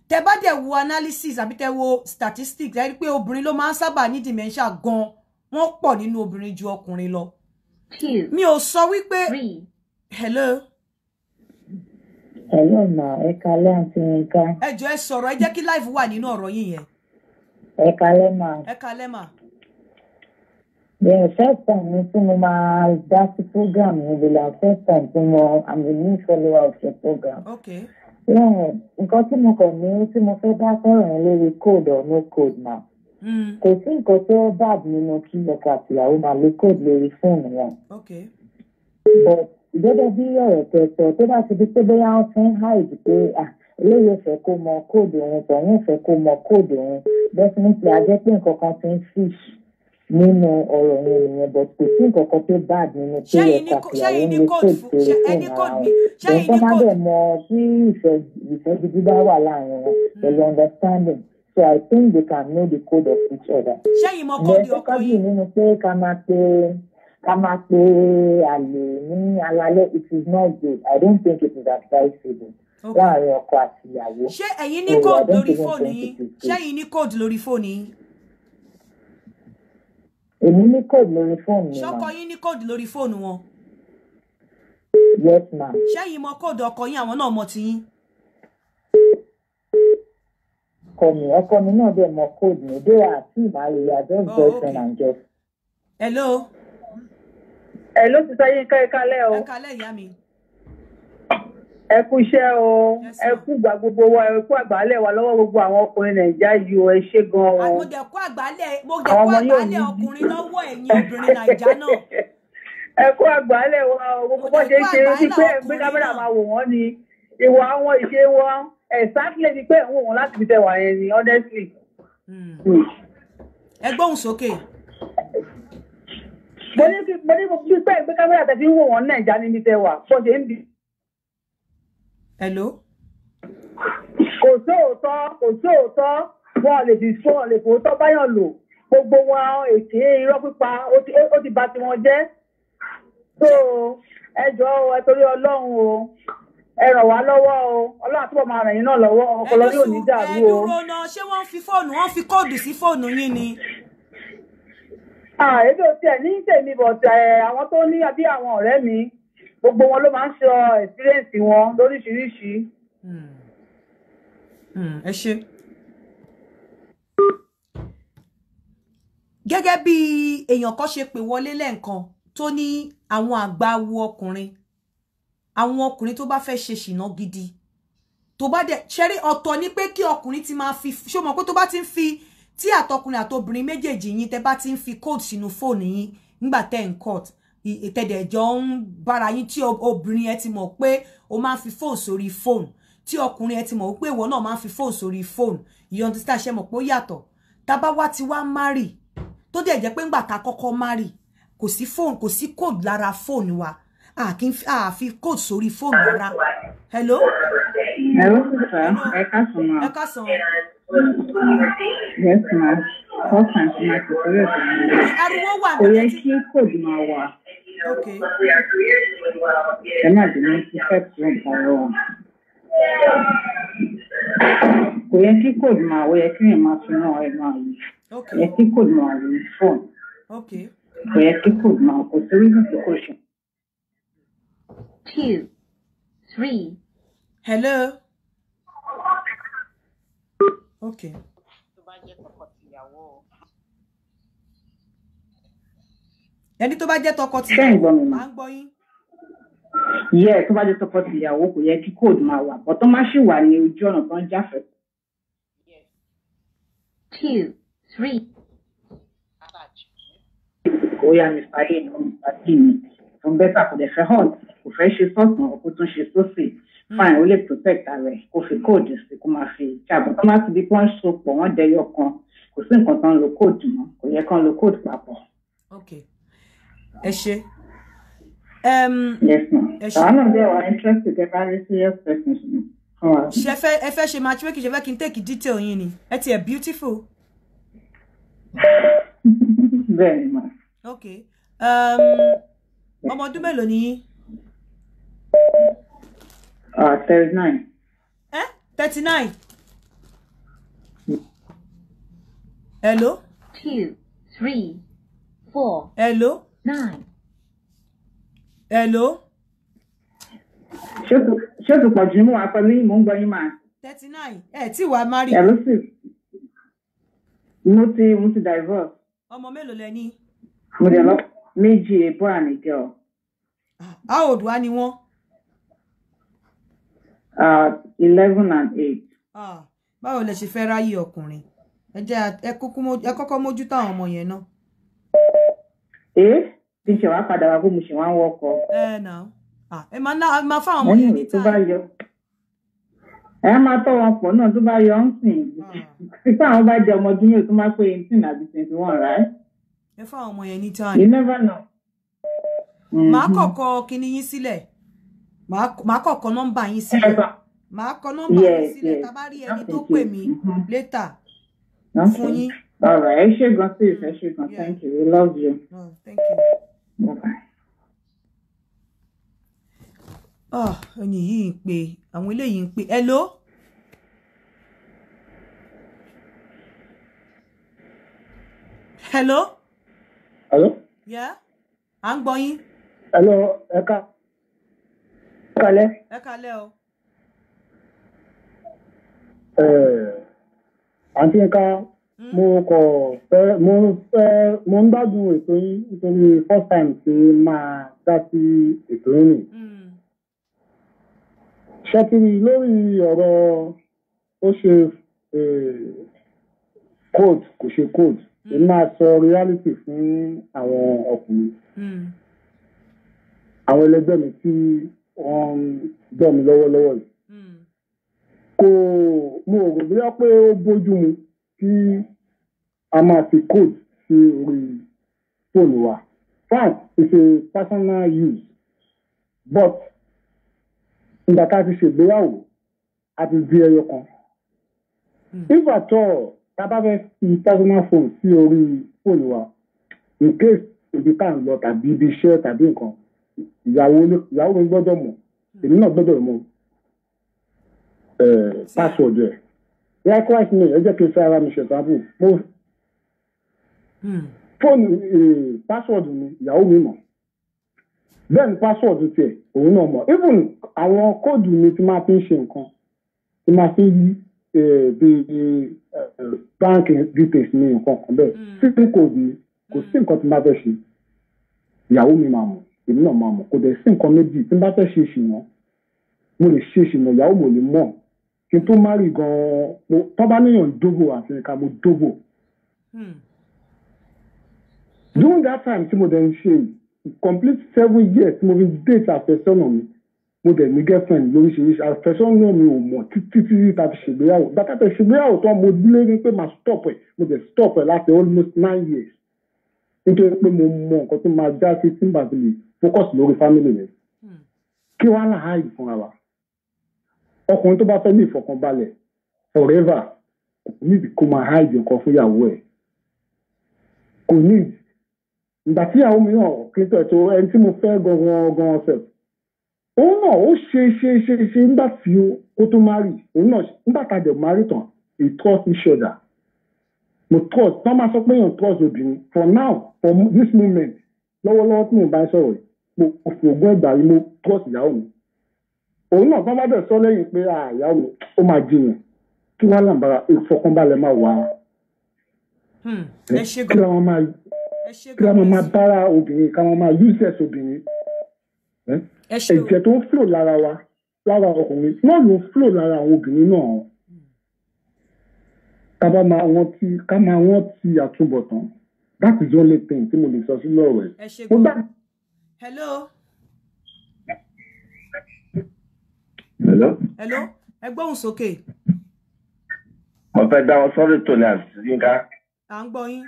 tẹ bá dẹ̀ wo analysis àbí tẹ wo statistics ẹ rí pé obìnrin ló máa ń sábà ní dementia gan wọ́n pọ̀ nínú obìnrin ju ọkùnrin lọ mi ò sọ wípé hello. hello ma ẹ kalẹ́ àti nǹkan. ẹ jọ ẹ sọ̀rọ̀ ẹ jẹ́ kí life wà nínú ọ̀rọ̀ yìí yẹn ẹ kalẹ́ mà. ẹ kalẹ́ mà. Yeah, first time ni tí mo máa dá sí program yẹn bí la first time tí mo I'm the new follower of your program. Okay. Yeah, nǹkan tí mo kàn ní tí mo fẹ́ bá sọ̀rọ̀ yẹn lórí code or no code náà hmm. kò sí nǹkan tó bad nínú kí ọkọ àtìyàwó máa lo code lórí fóònù wọn. but gẹ́gẹ́ bí ọ̀rọ̀ tẹ̀sọ̀ tó bá ti di pé bóyá wọ́n fẹ́ hide pé ah, eléyìí ò fẹ́ kó mọ kóòdù òun tọ̀hún ò fẹ́ kó mọ kóòdù òun definitely a jẹ́ pé nǹkan kan ti ń fish nínú ọ̀rọ̀ yẹn nìyẹn but kò sí nǹkan kan tó bad nínú pé ẹ̀ka ìyàwó ń lo code tó lè fún ara wọn ṣùgbọ́n tó má bẹ̀ mọ tí ìfẹ́ gidi bá wà láàrin wọn pẹ̀lú hmm. understanding so i think they can know the code of each other. ṣé ìmọ̀ kóòdù ọkọ yìí nínú pé ká máa pe ká máa pe àlè ní alalẹ́ it is not good i don't think it is advisable láàrin ọkọ àti ìyàwó. ṣé ẹ̀yin ní kóòdù lórí fóònù yín ṣé ẹ̀yin ní kóòdù lórí fóònù yín. èmi ní kóòdù lórí fóònù mi. ṣọkọ yín ní kóòdù lórí fóònù wọn. yes ma. ṣé ẹ̀yin mọ kóòdù ọkọ yín àwọn náà mọ tiyín. ọkọ mi ọkọ mi náà dẹ̀ mọ kóòdù mi dé àti ìmàlè àjọ boyfriend and girl. hello. hello sísá yín ká ẹ kálẹ́ o. ẹ kálẹ́ ìyá mi ẹ kú iṣẹ́ o ẹ kú gbà gbogbo wa ẹ kú àgbálẹ̀ wa lọ́wọ́ gbogbo àwọn ọkùnrin nàìjíríà yìí o ẹ ṣe gan o. Ah, mo dẹ̀ kó àgbálẹ̀ mo dẹ̀ kó àgbálẹ̀ ọkùnrin lọ́wọ́ ẹ̀yin obìnrin nàìjíríà náà. ẹ kú àgbálẹ̀ wa o gbogbo bó ṣe ṣe é pé ẹ gbé kámẹ́rà máa wò wọ́n ni ìwà wọn ìṣe wọn exactly ni pé òun òun láti fi tẹ wà yẹn ni honestly. Hmm. ẹ gbóhùn sókè. mo ní pé gbé kámẹ́rà tẹ̀ fi ń wò wọ́n nàìjíríà níbi tẹ hello. kò sóòótọ́ kò sóòótọ́ wọn lè fi sún wọn lè fòótọ́ báyọ̀ lò gbogbo wọn èké irọ́ pípa ó ti bà tiwọn jẹ́ tó ẹ jọ ẹ torí ọlọ́run o ẹ ràn wá lọ́wọ́ o ọlọ́run àtúbọ̀ máa ràn yín náà lọ́wọ́ ọpọlọ yóò ní dàrú o. ẹ dúró ṣé wọ́n fi fóònù wọ́n fi kóòdù sí fóònù yín ni èmi ò tiẹ̀ ní tèmi bọ̀ àwọn tó ní àbí àwọn ọ̀rẹ́ mi gbogbo wọn ló máa ń sọ uh, experience wọn lóríṣiríṣi. Hmm. Hmm, ẹ ṣe. gẹ́gẹ́ bí èèyàn kan ṣe pè wọlé lẹ́ǹkan tó ní àwọn àgbà wo ọkùnrin àwọn ọkùnrin tó bá fẹ́ ṣe ṣìnà gidi tó bá dẹ̀ ṣẹ́rí ọ̀tọ̀ ni pé kí ọkùnrin ti máa fi ṣé mọ̀ pé tó bá ti ń fi tí àtọkùnrin àtobìnrin méjèèjì yín tẹ́ bá ti ń fi code sínú fóònù yín nígbà tẹ́ ń court ìtẹ̀dẹ̀jọ ń bára yín tí obìnrin ẹ ti mọ̀ pé o máa ń fi fóònù sórí fóònù tí ọkùnrin ẹ ti mọ̀ pé ìwọ náà máa ń fi fóònù sórí fóònù you understand ṣe mọ̀ pé ó yàtọ̀ tábá wá ti wá márì tó dẹ̀ jẹ́ pé ńgbà tá a kọ́kọ́ márì kò sí fóònù kò sí kóòdù lára fóònù wa a kì í sórí fóònù rárá. hello. hello sọ ẹ ká sàn máa. ẹ ká sàn. yes ma four times ma kò sórí ẹ̀sán mi. ariwo wà níbi tí. kí kóòdù máa wà know, okay. what we are creating with well is. Ẹ má bínú sí fẹ́ẹ̀tì rẹ̀ ìtara wọn. Kò yẹ kí kò dùn àwọ̀ yẹ kí èèyàn máa tún náà ẹ̀ máa yí. Yẹ kí kò dùn àwọ̀ yìí fọ́ọ̀nù. Two, three. Hello. Okay. ẹni tó bá jẹ́ tọkọ tìyàwó máa ń gbọ́ yín. yẹ tó bá jẹ́ tọkọ tìyàwó kò yẹ kí kóòdù máa wà bọ́tọ́ má ṣì wà ní ojú ọ̀nà tó ń jáfẹ́. two three. ó mi fàáyé náà mi fàáyé mi fún bẹ́tà kò lè fẹ́ hàn kò fẹ́ ṣe sọ́sàn ọkọ tó ṣe sósì hmm. fine ó lè protect ara ẹ̀ kó fi kóòdù sí kó máa fi jábọ̀ tó má ti di pé so pọ̀ wọ́n dẹyọ kan kò sí nǹkan tó ń lo kóòdù mọ́ kò yẹ kán lo kóòdù papọ̀. okay ẹ ṣe. àwọn náà bẹ́ẹ̀ wà interested ẹ bá rí serious person ṣe fẹ́ ẹ fẹ́ ṣe matchmaking ṣe fẹ́ kí n take detail yín ni ẹ ti ẹ̀ beautiful. bẹ́ẹ̀ni ma. ok ọmọ ọdún mélòó ni yín. Ah, thirty nine. ẹ thirty nine. hello. two three four. hello nine. hello. ṣé o ti pọ̀ jù mú wa pẹ̀lú ìmọ̀ ń gbọ́ yín máa. thirty nine ẹ tí wàá má rí. ẹ̀rọ sì mo ti mo ti divorce. ọmọ mélòó lẹ ní. mo dẹ̀ lọ méjì èbó ànìkẹ́ ọ. how old wa ni wọ́n. Ah, eleven and eight. Ah, báwo lẹ ṣe fẹ́ ráyè ọkùnrin ẹ jẹ́ ẹ kọ́kọ́ mójú táwọn ọmọ yẹn náà ẹ bí ṣe wá padà wá pé mo ṣe wá ń wọkọ. ẹ nà ẹ máa ná máa fáwọn ọmọ yẹn ní táyà. ẹ máa tọ́ wọn pọ̀ náà tó bá yọ ń sìn hmm. fífà àwọn bá jẹ ọmọ ọdún yóò tó máa pé eighteen àbí twenty one right. ẹ fáwọn ọmọ yẹn ní táyà. you never know. màá mm-hmm. kọ̀kọ́ kinní yín sílẹ̀ màá kọ̀kọ́ nọ́mbà yín sílẹ̀ màá kọ nọ́mbà yín sílẹ̀ tá a bá rí ẹni tó pè mí mm-hmm. létà fún yín. All right. Ẹ ṣé gan sis, ẹ mm. ṣé gan. Thank you. We love you. Oh, thank you. Bye bye. Oh, ah, ẹni yìí ń pe àwọn eléyìí ń pe hello. hello. hello. yeah à ń hello Eka. Eka le. Eka le kalẹ́ o. Uh, ń ká mo kọ̀ fẹ́ mo fẹ́ mo ń gbádùn ètò yín nítorí first time tí máa dá sí ètò yín nì. Hmm. ṣẹ́kiri lórí ọ̀rọ̀ ó ṣe code kò ṣe code hmm. èmi máa sọ reality fún àwọn ọkùnrin hmm. àwọn ẹlẹgbẹ́ mi tí wọ́n ń dọ̀ mí lọ́wọ́lọ́wọ́ yìí kò mo rò bóyá pé ó bójú mu kí a máa fi code sí orí fóònù wa fact is a personal use but ìgbà tá a ti ṣègbéyàwó a ti di ẹyọ kan hmm. if at all tá a bá fẹ́ fi personal phone sí orí fóònù wa in case ibi tá à ń lọ tàbí ibi iṣẹ́ tàbí nǹkan ìyàwó ìyàwó mi gbọ́dọ̀ mọ̀ èmi náà gbọ́dọ̀ mọ̀ eh, password rẹ̀ likewise mi ẹ jẹ́ kí n fẹ́ ara mi ṣe example fóònù hmm. pásọ̀dù eh, mi ìyàwó mi mọ̀ bẹ́ẹ̀ ni pásọ̀dù tiẹ̀ òun náà mọ̀ even àwọn kóòdù mi ti máa fi ń ṣe nǹkan ti máa fi yí eh, bíi eh, báńkì details mi nǹkan kan bẹ́ẹ̀ hmm. sípin kóòdù mi kò sí hmm. nǹkan tí n bá fẹ́ ṣe ìyàwó mi máa mọ̀ èmi náà máa mọ̀ kò dẹ̀ sí nǹkan méjì tí n bá fẹ́ ṣe ìṣìnà mo lè ṣe ìṣìnà ìyàwó mi ò lè mọ̀ kí n tó má rí gan-an tó níyàn dóbò àti ẹ̀ka mo dóbò during that time tí mo dẹ̀ ń complete seven years mo fi date àfẹ́sọ́nà mi mo dẹ̀ ní girlfriend lóríṣiríṣi àfẹ́sọ́nà mi ò mọ̀ títí títí ta fi ṣègbéyàwó bàtà tẹ ṣègbéyàwó tán mo dúlé ní pé màá stop ẹ̀ mo dẹ̀ stop ẹ̀ láti almost nine years nítorí pé mo mọ nǹkan tó máa já sí tí n bá ti lè focus lórí family mi hmm. kí wàá là áyì fúnra wa ọkùnrin tó bá fẹ́ ní ìfọ̀kànbalẹ̀ forever kò ní ìdí kó máa áyì nǹkan fún ìyàwó ẹ̀ kò ní ìdí ìgbà tí àwọn mìíràn kì í tẹ̀tọ́ ẹni tí mo fẹ́ gangan gangan ọ̀sẹ̀ òun náà ó ṣe ṣe ṣe ṣe nígbà tí ó tó má rì òun náà nígbà tá a jẹ̀ má rì tán he trust each other mo trust tán máa sọ pé èèyàn trust obìnrin for now for this moment lọ́wọ́lọ́wọ́ tí mo bá ń sọ̀rọ̀ mo fi ògùn ẹ̀gbà yìí mo trust ìyàwó mi òun náà tán bá bẹ̀ sọ lẹ́yìn pé ah, ìyàwó mi ó máa jiyàn kí wọ́n làǹbára ìfọkànbalẹ̀ máa wà á. Hmm, ẹ ṣe gan-an kí a máa máa bára obìnrin ká máa máa useless obìnrin ẹ̀jẹ̀ tó ń flow lára wa lára ọkùnrin náà ló ń flow lára àwọn obìnrin náà ká bá máa wọ́n ti ká máa wọ́n ti àtúbọ̀tán that is only thing tí mo lè sọ sí lọ́rọ̀ ẹ̀. hello. hello. hello ẹ gbóhùn sókè. mo fẹ́ dá wọn sọ́rọ̀ tó ní àti yínká. à ń gbọ́ yín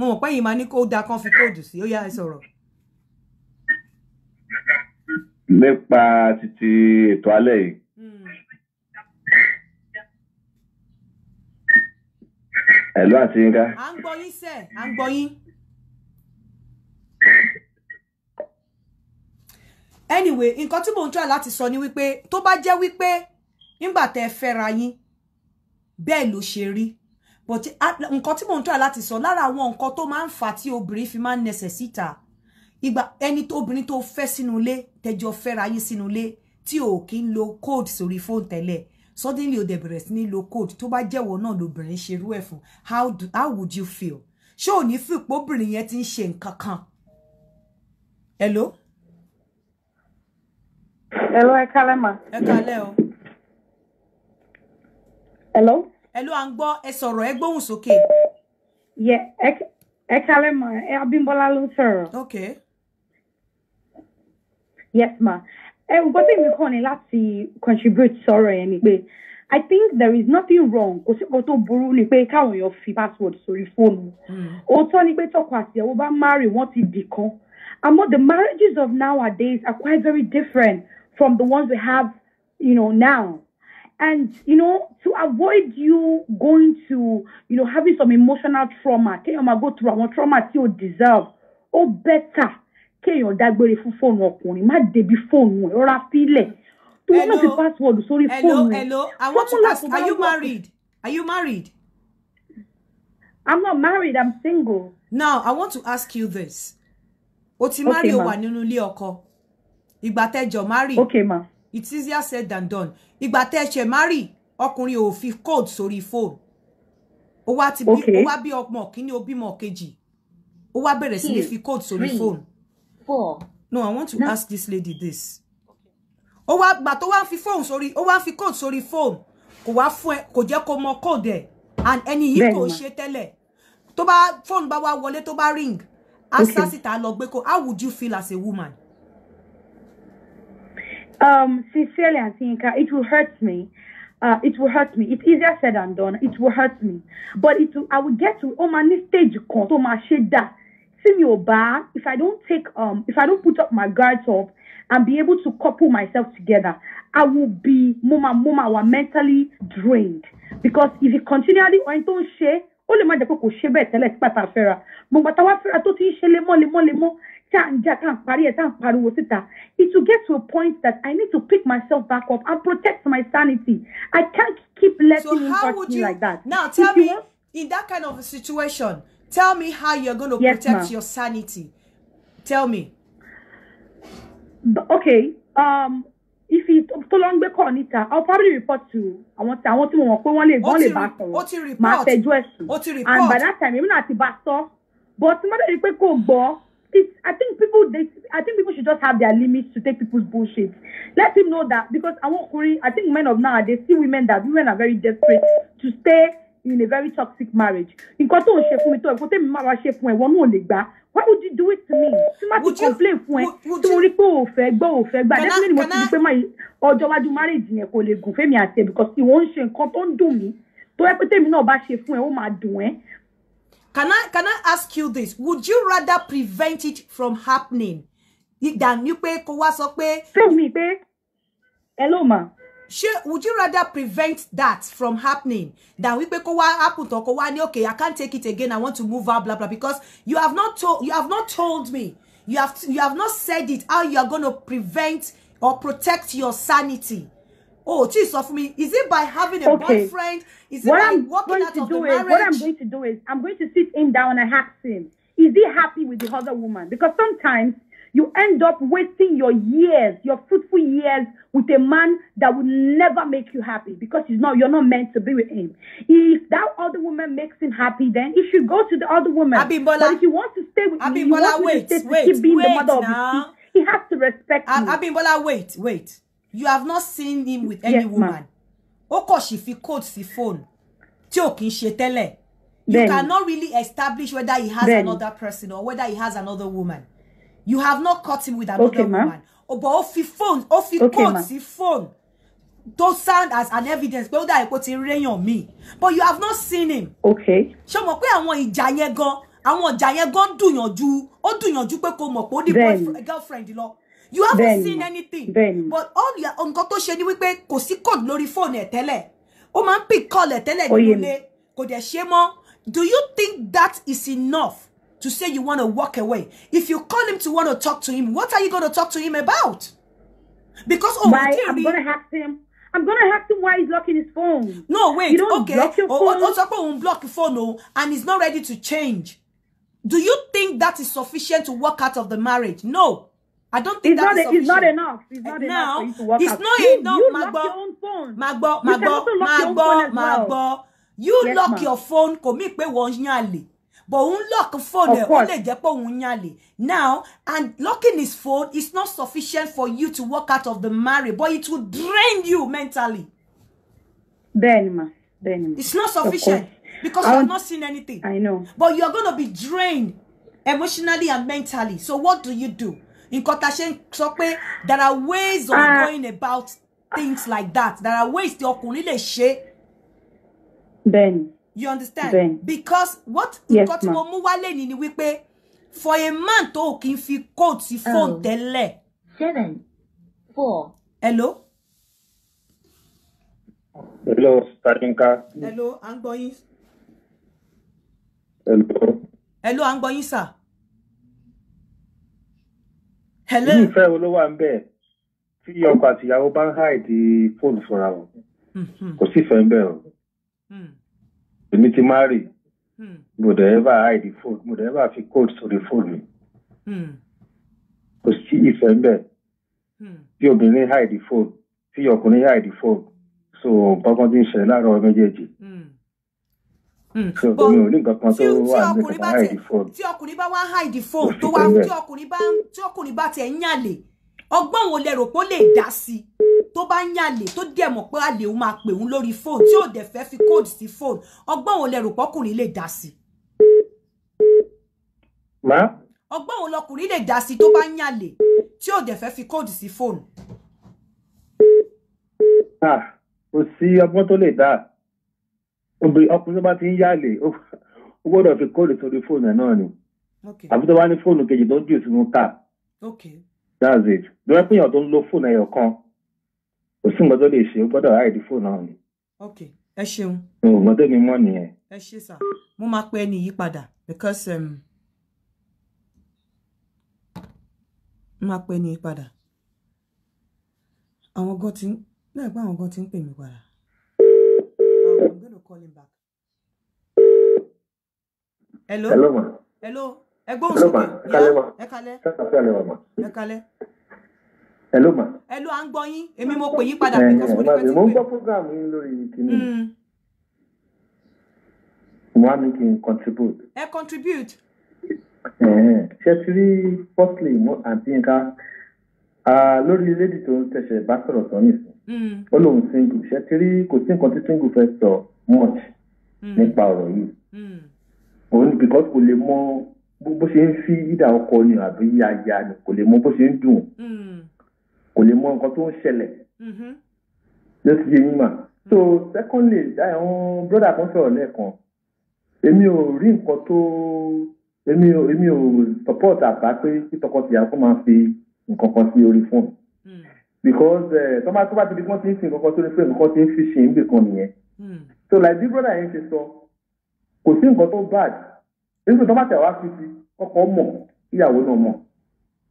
mo mọ̀ pé yìí máa ní kó dáa kán fi kóòdù sí ó yá ẹ sọ̀rọ̀. nípa títí ètò alẹ́ yìí. ẹ̀lú àti yínká. à ń gbọ́ yín sẹ́ẹ̀ à ń gbọ́ yín. anyway nǹkan tí mò ń try láti sọ ni wípé tó bá jẹ́ wípé nígbà tẹ́ fẹ́ra yín bẹ́ẹ̀ ló ṣe rí but nǹkan tí mò ń tọ́ láti sọ lára àwọn nǹkan tó máa ń fà tí obìnrin fi máa ń nẹsẹ̀ síta ìgbà ẹni tó obìnrin tó fẹ́ sínú ilé tẹjọ fẹ́ra yín sínú ilé tí ò kí ń lo code sórí fóònù tẹ́lẹ̀ suddenly o dẹ̀ bẹ̀rẹ̀ sí ní lo code tó bá jẹ́wọ́ náà lobìnrin ṣerú ẹ̀ fún how how would you feel ṣé ò ní fìpó obìnrin yẹn ti ń ṣe nǹkan kan. hello. hello ẹ kálẹ́ mà. ẹ o. hello ẹ ló à ń gbọ́ ẹ sọ̀rọ̀ ẹ gbóhùn sókè. yẹ ẹ kálẹ̀ mọ́ ẹ Abímbọ́lá ló sọ̀rọ̀. okay. yes ma ẹ ò gbọ́ tèmi kàn ní láti contribute sọ̀rọ̀ yẹn ni pé i think there is nothing wrong kò sí nǹkan tó burú ni pé káwọn èèyàn fi password sórí fóònù hmm. òótọ́ ni pé tọkọ àtìyàwó bá marry wọ́n ti dì kan àmọ́ the marriages of nowadays are quite very different from the ones we have you know, now and you know to avoid you going to you know having some emotional trauma kéèyàn máa go through àwọn trauma tí o deserve ó better kéèyàn dágbére fún fóònù ọkùnrin má débi fóònù ẹ rọra fílẹ̀ tó wọn náà fi password sórí fóònù ẹ. hello hello i want to ask are you married are you married. i'm not married i'm single. now i want to ask you this o ti marry o wà nínú ilé ọkọ ìgbà tẹjọ marry. okay ma. Am it's easier said than done ìgbà tẹ́ ẹ ṣe mari ọkùnrin ò fi code sórí phone ó wá ti bí ó wá bí ọmọ kìíní ó bímọ kejì ó wá bẹ̀rẹ̀ sí ní hmm. fi code sórí hmm. phone no i want to no. ask this lady this ó wá gbà tó wá fi phone sórí ó wá fi code sórí phone kò wá fún ẹ kò jẹ́ kó mọ code ẹ̀ and ẹni yìí kò ṣe tẹ́lẹ̀ To bá phone bá wá wọlé tó bá ring asásìta lọ gbé kó how would you feel as a woman. Um, sincerely, Antinka, it will hurt me. Uh, it will hurt me. It's easier said than done. It will hurt me. But it will, I will get to, Oh my, ní stage kan tó máa ṣe dà. Tí mi if I don't take, um, if I don't put up my guards up and be able to couple myself together, I will be, mo máa, mo mentally drained. Because if you continually or tó share, ṣe, ó lè má jẹ́ pé kò ṣe bẹ́ẹ̀ tẹ́lẹ̀ tí pàtàkì fẹ́ra. Mo gbàtà wá fẹ́ra tó ti ń ṣe lemọ́lemọ́lemọ́ it will get to a point that I need to pick myself back up and protect my sanity I can't keep letting so him hurt me like that. now tell if me want, in that kind of a situation tell me how you're going to yes, protect your sanity tell me. But, okay um, if he tó long, ń gbé kọ I'll probably report to àwọn tí àwọn tí mo mọ̀ pé wọ́n lè wọ́n lè bá sọ̀rọ̀ màá tẹjọ́ ẹ̀sùn and by that time èmi náà ti bá sọ but mọ́tò yìí pé kò gbọ́ it's I think people they I think people should just have their limits to take people's bullshit. Let him know that because I won't worry. I think men of now they see women that women are very desperate to stay in a very toxic marriage. In kato on ṣe fún mi tó ẹ̀kọ́ tèmi máa wá ṣe fún ẹ̀ wọ́n náà why would you do it to me? tí má ti complain fún ẹ tí mo rí pé ò fẹ́ gbọ́ ò fẹ́ gbà definitely ni mo ti rí pé ọjọ́ iwájú marriage yẹn kò lè gùn fẹ́mi àti ẹ̀ because ìwọ ń ṣe nǹkan tó ń dùn mí tó yẹ pé tèmi náà bá ṣe fún ẹ ó máa dùn ẹ́ Can I can I ask you this? Would you rather prevent it from happening than you pé kó wá sọ pé Tell me pé Hello ma. Ṣé would you rather prevent that from happening than wípé kó wá happen to kó wá ní okay I can't take it again I want to move out blah blah because you have not told you have not told me you have you have not said it how you are going to prevent or protect your sanity Oh, tí sọ fún mi, is it by having a okay. boyfriend? Is it what by I'm walking out of the marriage? what I'm going to do is, I'm going to sit him down and ask him, is he happy with the other woman? Because sometimes you end up wasting your years, your fruitful years, with a man that will never make you happy because he's not, you're not meant to be with him. If that other woman makes him happy, then he should go to the other woman. Abimbola, but if he wants to stay with Abimbola, me, he wants wait, to stay wait, to keep being wait the mother now. of his kids, he has to respect Ab- me. Abimbola, wait, wait you have not seen him with any yes, woman ó kọ̀ sì fi code sí phone tí ò kì í ṣe tẹ́lẹ̀ you cannot really establish whether he has Bẹ́ẹ̀ni. another person or whether he has another woman you have not caught him with another okay, woman o but ó fi phone ó fi okay, code sí phone to sound as an evidence pé ó dà epo ti réyàn mi but you have not seen him. okay. ṣé o mọ̀ pé àwọn ìjà yẹn gan àwọn ìjà yẹn gan dùnyànjú ó dùnyànjú pé kò mọ̀ pé ó ní girlfriend lọ you haven't seen anything ben. but all your nǹkan tó ṣe ni wípé kò sí code lórí phone ẹ̀ tẹ́lẹ̀ ó máa pick call ẹ̀ tẹ́lẹ̀ nínú ilé kò dẹ̀ ṣe do you think that is enough to say you want to walk away if you call him to want to talk to him what are you going to talk to him about because oh Why, I'm gonna hack him I'm going to ask him why he's locking his phone. No, wait, you don't okay. Block your oh, oh, phone. Oh, oh, block your phone, oh, and he's not ready to change. Do you think that is sufficient to walk out of the marriage? No. I don't think it's that not, sufficient. It's not enough. It's not now, enough it's Not you, enough. You Magbo, lock your own phone. Magbo, Magbo, can also lock Magbo, your own phone as Magbo. Well. You yes, lock your phone. Kò mí pé wọ́n But unlock phone only ó lè jẹ́ Now, and locking his phone is not sufficient for you to walk out of the marriage, but it will drain you mentally. Then, ma, Then, ma. It's not sufficient because you have not seen anything. I know. But you are going to be drained emotionally and mentally. So what do you do? nǹkan tá ṣe ń sọ pé there are ways of ah. going about things like that there are ways tí ọkùnrin lè ṣe. bẹ́ẹ̀ni. you understand. bẹ́ẹ̀ni because what nǹkan tí mo mú wálé ni ni wípé for a man tó kì í fi coat sí phone oh. tẹ́lẹ̀. seven four. hello. hello Tarinka. hello à ń gbọ́ yín. hello. hello à ń gbọ́ yín sir hello. irú ìfẹ́ wo ló wà ń bẹ̀ tí ọkọ àtìyàwó bá ń háìdì fóònù fúnra wọn hmm, hmm. kò sí ìfẹ́ ń bẹ̀ o hmm. èmi ti máa rì mo dẹ̀ ẹ́bà háìdì fóònù mo dẹ̀ ẹ́bà fi kóòdù sórí fóònù kò sí ìfẹ́ ń bẹ̀ tí obìnrin háìdì fóònù tí ọkùnrin háìdì fóònù so bọ́gbọ́n ti ń ṣẹlẹ̀ láàárọ̀ méjèèjì. Hmm. tí ọkùnrin bá wá hide phone tó wá tí ọkùnrin bá tí ọkùnrin bá tiẹ̀ ń yàlè ọgbọ́n wo lẹ rò pé ó lè dá sí i tó bá ń yàlè tó dẹ̀ mọ̀ pé àlè òun máa pè òun lórí phone tí ò dẹ̀ fẹ́ fi code sí phone ọgbọ́n wo lẹ rò pé ọkùnrin lè dá sí i. ọgbọ́n wo lọkùnrin lè dá sí i tó bá ń yàlè tí ò dẹ̀ fẹ́ fi code sí phone. Ah, kò sí ọgbọ́n tó lè dá a ọkùnrin tó bá ti ń yálè ó gbọ́dọ̀ fi kóòdù sórí fóònù ẹ̀ náà ni àbí tó bá ní fóònù kejì tó jù sínú ká that's it pé èèyàn tó ń lo fóònù kan kò sí lè ṣe ó gbọ́dọ̀ ráìdì fóònù náà ni. ẹ ṣeun. mọ́ nìyẹn. ẹ ṣe sà mo máa because máa ti ń pè calling back. hello hello ma hello ẹ gbóhùn Hello. ẹ kalẹ ma ẹ kalẹ. hello ma. hello à ń gbọ́ yín èmi mo pè yín padà bí kò ma. pẹ́ ti pè. mo ń gbọ́ program yín lórí kìnnì. Hmm. mo wá ní kí n contribute. ẹ contribute. ṣé ti rí firstly mo àti nǹkan lórí lady tó ń tẹ̀sẹ̀ bá sọ̀rọ̀ sọ nìsín hmm. ó lóun single ṣé ti rí kò sí nǹkan tí single fẹ́ sọ. So much hmm. nípa ọ̀rọ̀ yìí hmm. òun because kò lè mọ bó ṣe ń fi ìdá ọkọ ni àbí aya ni kò lè mọ bó ṣe ń dùn hmm. kò lè mọ nǹkan tó ń ṣẹlẹ̀ ló mm-hmm. ti yé yín mà so secondly àwọn brother kan sọ̀rọ̀ lẹ́ẹ̀kan èmi ò rí nǹkan tó èmi ò èmi ò support àbá pé kí tọkọtìyàwó máa fi nǹkan kan sí orí fóònù because eh, tọ́ba tó bá ti di kí wọ́n ti ń sin kankan tó ní pé nǹkan ti ń fi ṣe níbì nìyẹn hmm. so like bí brother yẹn ṣe sọ kò sí nǹkan tó bad nígbà tọ́ba tẹ̀ wá fi ti ọkọ mọ̀ ìyàwó náà mọ̀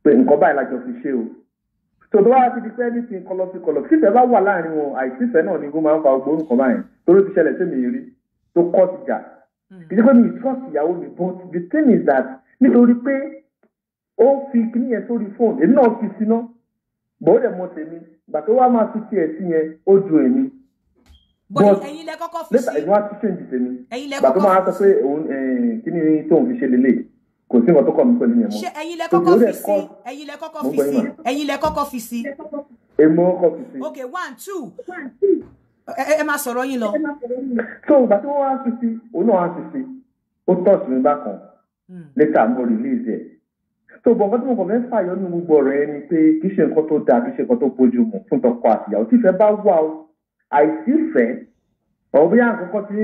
pé nǹkan báyìí la jọ fi ṣe o so tó bá ti di pé ní ti kọlọfí kọlọfí fífẹ́ bá wà láàrin wọn àìsífẹ́ náà ni kó máa ń fa gbogbo nǹkan báyìí torí ti ṣẹlẹ̀ sẹ́mi rí tó kọ́ ti jà hmm. kìí pé mi trust ìyàwó but the thing is that nítorí pé ó fi kíní yẹn sórí fóònù èmi náà fi síná bòódẹ̀ mọ tèmi ìgbà tó wá máa fi tiẹ̀ sí yẹn ó ju èmi but later èmi wá ti change tèmi ìgbà tó máa sọ pé òun eh, kí ni tóun fi ṣe lélẹ̀ kò sí nǹkan tó kọ̀ mí pẹ̀lú yẹn mọ́. ṣé ẹ̀yin lẹ kọ́kọ́ fi sí ẹ̀yin lẹ kọ́kọ́ fi sí ẹ̀yin lẹ kọ́kọ́ fi sí. èmo kọ́kọ́ fi sí. ok one two ẹ máa sọ̀rọ̀ yín lọ. so ìgbà tí wọ́n wá fi sí òun náà wá fi sí ó tọ̀ sí mi bákan hmm. later mo release ẹ̀ so bọ̀ nǹkan tí mo kàn nínú gbogbo ọ̀rọ̀ yẹn ni pé kì í ṣe nǹkan tó dáa kì í ṣe nǹkan tó bójú mu fún tọkọ àtìyàwó tí ìfẹ́ bá wà o àìsí ìfẹ́ ọ̀rọ̀ bóyá nǹkan kan tí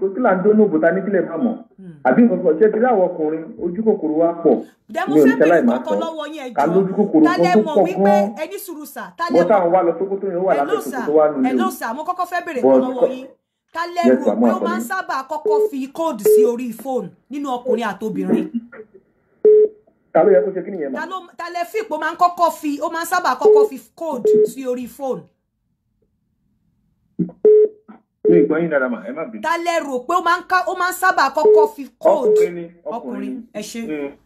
kò sí là ń dóná òbòtá ní kílẹ̀ máa mọ̀ hmm. àbí nǹkan kan ṣé ti láwọ ọkùnrin ojú kòkòrò wa pọ̀ mi ò ní tẹ́lá ìmọ̀ àtọ̀ ká lójú kòkòrò kan tó pọ̀ gan wọ́n táwọn wá lọ sókótó yẹn wà lábẹ́ sókótó wà nílé o. ẹ̀lọ́ mo kọ́kọ́ fẹ́ bèrè kan lọ́wọ́ yín ká lẹ́rù pé ó máa ń sábà kọ́kọ́ fi kóòdù sí orí fóònù nínú ọkùnrin àtobìnrin ta ló yẹ kó ṣe kí nìyẹn mà. ta lẹ fi ipò máa ń kọ́kọ́ fi ó máa ń sábà kọ́kọ́ fi code sí orí fóònù. mi ì gbọ́ yín dára mà ẹ má bínú. ta lẹ rò pé ó máa ń sábà kọ́kọ́ fi code ọkùnrin ẹ ṣe.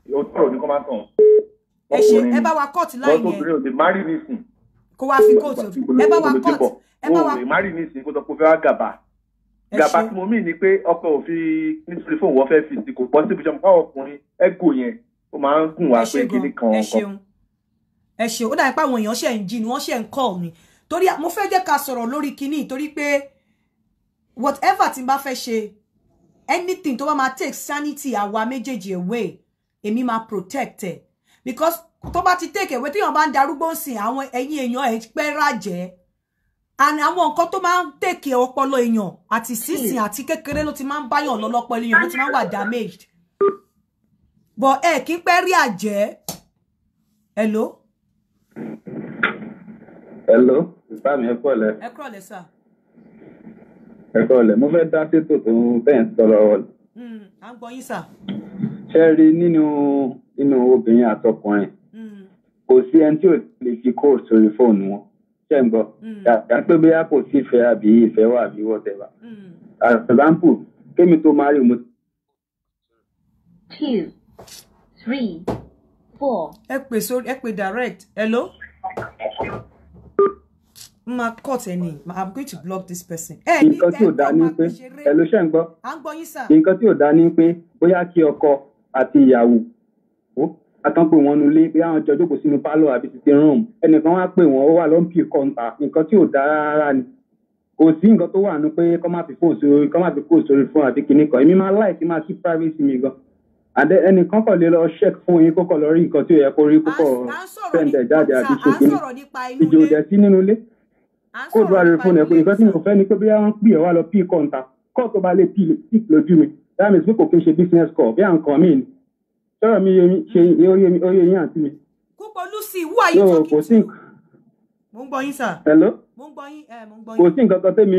òtún mm, ọ̀rọ̀ ni kò máa kàn. ẹ ṣe ẹ bá wa court láì yẹn. ọkùnrin ò lè má rí nísìn. kó wá fi code ẹ bá wa court ẹ bá wa. o lè má rí kó sọ pé fẹ́ wá gàbà gàbà tí mo mí ni pé ọkọ òfin nítorí fóun wọ́n fẹ́ fi sí kò síbi jọmọ́ ọkùnrin ẹ̀gò yẹn ó máa ń kùn wá pé kinní kan ọkọ. ẹ ṣeun ó dàbí pé àwọn èèyàn ṣe ń jí ni wọ́n ṣe ń kọ́ mi torí mo fẹ́ jẹ́ ká sọ̀rọ̀ lórí kinní torí pé whatever tí n bá fẹ́ ṣe anything tó bá máa take sanity àwa méjèèjì away èmi máa protect ẹ̀ because tó bá ti take away téèyàn bá ń darúgbó sìn àwọn ẹ̀yìn èèyàn ẹ̀ pẹ́ ràjẹ́ and àwọn nǹkan tó máa ń tèkè ọpọlọ èèyàn àti sísìn hmm. àti kékeré ló ti máa ń báyàn lọlọpọ èèyàn ló ti máa ń wà damaged bọ̀ ẹ kí pẹ́ rí àjẹ́ hello. hello ìbá mi ẹ kúrọ̀lẹ́. ẹ kúrọ̀lẹ́ sà. ẹ kúrọ̀lẹ́ mo fẹ́ dá sétò tó bẹ́ẹ̀ ń sọ lọ́wọ́. Hmm, à ń gbọ́ yín sà. ṣe rí nínú nínú obìnrin àtọkùnrin hmm. kò sí ẹni tí ò lè fi kóòtù sórí fóònù wọn ṣe ń gbọ́ yàtọ̀ hmm. pé bóyá kò sí ìfẹ́ àbí ìfẹ́ wà àbí whatever. as example kémi tó máa rí mo. two three four. ẹ pè sórí ẹ pè direct hello. n ma cut ẹni i'm going to block this person. ẹ ní nǹkan tí ò dá ní pé ẹ ló ṣe ń gbọ́. à ń gbọ́ yín sà. nǹkan tí ò dá ní pé bóyá kí ọkọ àti ìyàwó àtànpè wọn nulẹ bí àwọn jọ jókòó sínú pálọ àbí títí rúm ẹnìkan wá pè wọn ó wà lọ́npì kọ́ńtà nǹkan tí ò dáa rárá ni kò sí nǹkan tó wà ní pé kọ́ máa fi fóònù sórí kọ́ máa fi fóònù sórí fún àti kìnnìkan èmi máa láì sí máa sí privacy mi gan àdé ẹnìkan kàn lè lọ check fún yín kókò lọ rí nǹkan tí ó yẹ kó rí kókò fẹ́ǹdẹ̀ jáde àti ṣèkí ìjì òdẹ sí nínú ilé kó dúró àrẹ fún ẹ pé nǹkan tí mo fẹ́ ni pé bí wọ́n pè ẹ́ wá lọ pí kọ́ńtà kọ́ tó bá lè pí lójú mi dáàmì sí kò kí n ṣe business call bí à ń kàn mí ni sọ̀rọ̀ mi ṣe oyè mi yín àti mi. kókò lucy who are you talking to. mo ń gbọ́ yín sà. hello. mo ń gbọ́ yín mo ń gbọ́ yín. kò sí nǹkan kan tẹ́mi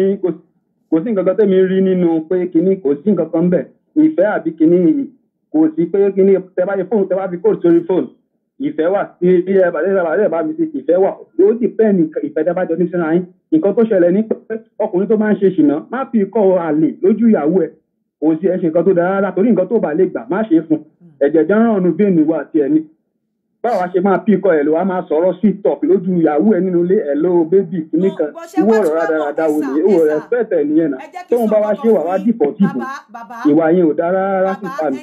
kò sí nǹkan kan tẹ́mi rí nínú pé kinní kò sí nǹkan kan bẹ̀ ìfẹ́ àbí kinní kò sí pé kí ni tẹ bá ṣe fóònù tẹ bá fi kóòtù sórí fóònù ìfẹ́ wà sí bí ẹ bá lẹ́sẹ̀ bá lẹ́sẹ̀ bá mi sí ìfẹ́ wà ó sì pẹ́ ní ìfẹ́ tẹ́ bá jọ ní sinra yín nǹkan tó ṣẹlẹ̀ ní pé ọkùnrin tó máa ń ṣe ṣìnà má fi kọ́ àlè lójú ìyàwó ẹ̀ kò sí ẹ̀ ṣe nǹkan tó dára rárá torí nǹkan tó bá lè gbà má ṣe é fún hmm. ẹ̀jẹ̀ jẹ́ ràn ọ́nù bẹ́ẹ̀ ni wà tiẹ̀ ni báwo a ṣe máa pí ikọ ẹ ló wá máa sọ̀rọ̀ sí tọp lójú ìyàwó ẹ nínú ilé ẹ ló bébì kìíní kan ìwọ ọ̀rọ̀ rádaràda wò ní ìwọ rẹ fẹtẹ nìyẹn náà tóun bá wá ṣe wà wá dìpọ dìbò ìwà yẹn ò dára rárá fún fami.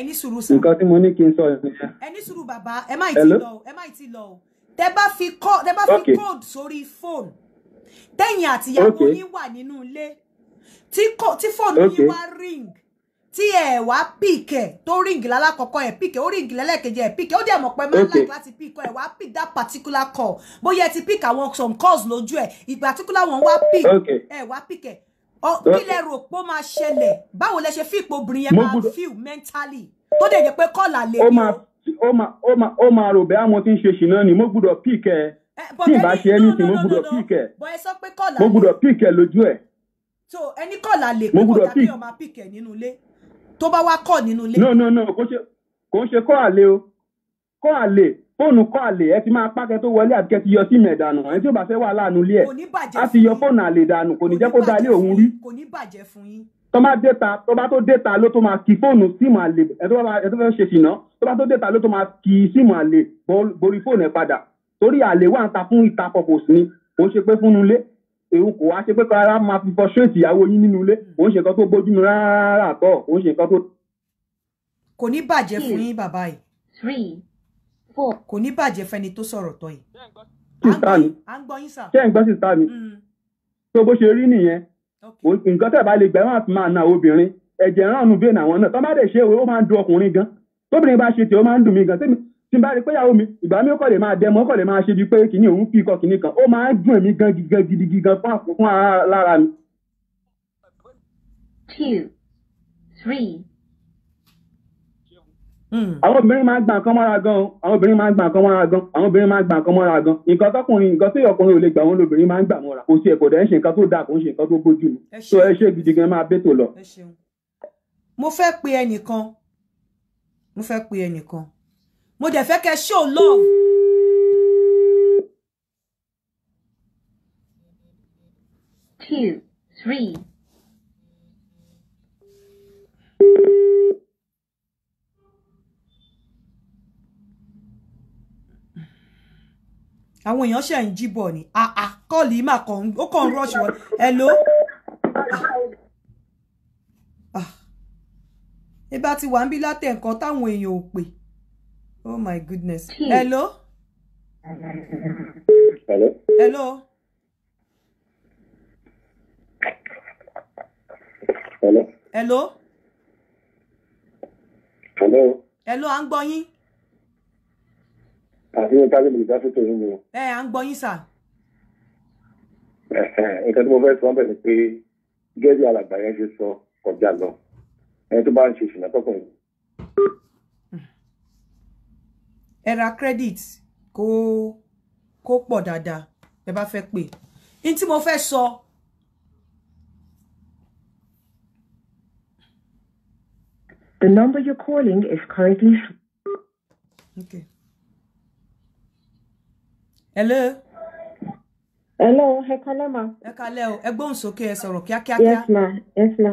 ẹni nǹkan tí mo ní kí n sọ nìyẹn. ẹni sùúrù bàbá ẹ má ì tí lọ ẹ má ì tí lọ tẹ bá fi code sórí fóònù tẹ̀yin àtìyàwó yín wà nínú ilé tí fóònù yín wá ring tí ẹ wá píkẹ tó ríǹgì lálákọ̀ọ́kọ́ ẹ píkẹ ó ríǹgì lẹ́lẹ́kejì ẹ píkẹ ó dẹ̀ mọ̀ pé máa ń láì láti píkọ ẹ wá pík that particular call bóyá ẹ ti pík àwọn some calls lójú ẹ ìgbà particular wọn wá pík ẹ wá píkẹ kí lẹ rò pé ó máa ṣẹlẹ̀ báwo lẹ ṣe fi ipò obìnrin yẹn máa feel mentally tó dẹ̀ jẹ́ pé call àlè ni ó máa rò bẹ́ẹ̀ àwọn tí ń ṣe ṣìnà ni mo gbúdọ̀ pík ẹ eh, tí ì bá ṣe anything mo gbúdọ̀ pík ẹ mo gbúdọ̀ pík ẹ lójú ẹ. so ẹni kọ́ọ̀là lè pé kò dàbí ọmọ pík ẹ nínú ilé tó bá wá kọ̀ nínú ilé. no no no kò ṣe kò ṣe kọ́ àlè o kọ́ àlè fóònù kọ́ àlè ẹ ti máa pákẹ́ tó wọlé àti kẹ́tì yọ síìmù ẹ̀ dànù ẹ tí ò bá fẹ́ wà láàánú ilé ẹ̀ á ti yọ fóònù àlè dànù kò ní jẹ́ kó da ilé òun rí. kò ní bàjẹ́ fún yín. tó bá déta tó bá tó déta ló tó máa kí fóònù síìmù àlè ẹ tó fẹ́ ṣe ṣìnà tó tó déta ló tó máa kí síìmù àlè borí fóònù ẹ padà torí àlè wà ń ta fún ìtakọ̀ kò sí ni kò ń ṣe pé fúnnu lé èrò kò wá ṣe pé kára máa fi frustrate ìyàwó yín nínú ilé òun ṣe nǹkan tó bójúmu rárá àtọ òun ṣe nǹkan tó. kò ní bàjẹ́ fún yín bàbá yìí. three four. kò ní bàjẹ́ fẹ́ni tó sọ̀rọ̀ tọ́ yìí. sísá mi ṣé ń gbọ́ sísá mi tó mm. bó ṣe rí nìyẹn nǹkan tẹ̀ bá lè gbẹ́ wọn máa na obìnrin ẹ̀jẹ̀ ránnu bẹ́ẹ̀ náà náà tọ́ bá dẹ̀ ṣe ó máa ń dùn ọkùnrin gan tóbìnrin bá ṣe tiẹ̀ ó máa ń dùn mí gan tẹ́mi tí n bá rí pé ìyàwó mi ìgbà mi kò lè máa dẹmọ kò lè máa ṣe bíi pé kìnìún òun fi kọ kìnìún kan ó máa ń dùn mí gan gan gidi gan fún fún ara lára mi. two three. Hmm. àwọn obìnrin máa ń gba nǹkan mọ́ra gan àwọn obìnrin máa ń gba nǹkan mọ́ra gan àwọn obìnrin máa ń gba nǹkan mọ́ra gan nǹkan tọkùnrin nǹkan tí ọkùnrin ò lè gbà wọn lóbìnrin máa ń gbà mọ́ra kò sí ẹ̀kọ́ dẹ̀ ń ṣe nǹkan tó dáa kò ń ṣe nǹkan tó bójú mu tó ẹ ṣe gidi gan máa bẹ́tò lọ. mo fẹ́ pe ẹnìkan mo fẹ́ pe ẹnìkan mo dẹ̀ fẹ́ kẹ́ show love. two three. àwọn èèyàn ṣe ń jíbọ̀ ni àà kọ́ọ̀lì mà kàn ó kàn rush wọn hello. Ah. Ah. ẹ bá ti wà ń bí látẹ̀ nǹkan táwọn èèyàn ò pè. Oh my goodness. Hello? Hello? Hello? Hello? Hello? Hello? Hello, à ń Àti ní tábìlì mi dá ni. Ẹ à ń gbọ́ yín sà. Nǹkan tí mo fẹ́ sọ bẹ́ẹ̀ ni pé gẹ́gẹ́ bí alàgbà yẹn ṣe sọ kọjá lọ. Ẹni tó bá ń ṣe ìṣìnà tọkùnrin ẹ credit kó kó pọ̀ dáadáa ẹ bá fẹ́ pè ní tí mo fẹ́ sọ The number you're calling is currently. Okay. Hello. Hello, ẹ kálẹ́ ma. Ẹ kálẹ́ o, ẹ gbóhùn sókè ẹ sọ̀rọ̀ kíákíá. Yes ma, yes ma.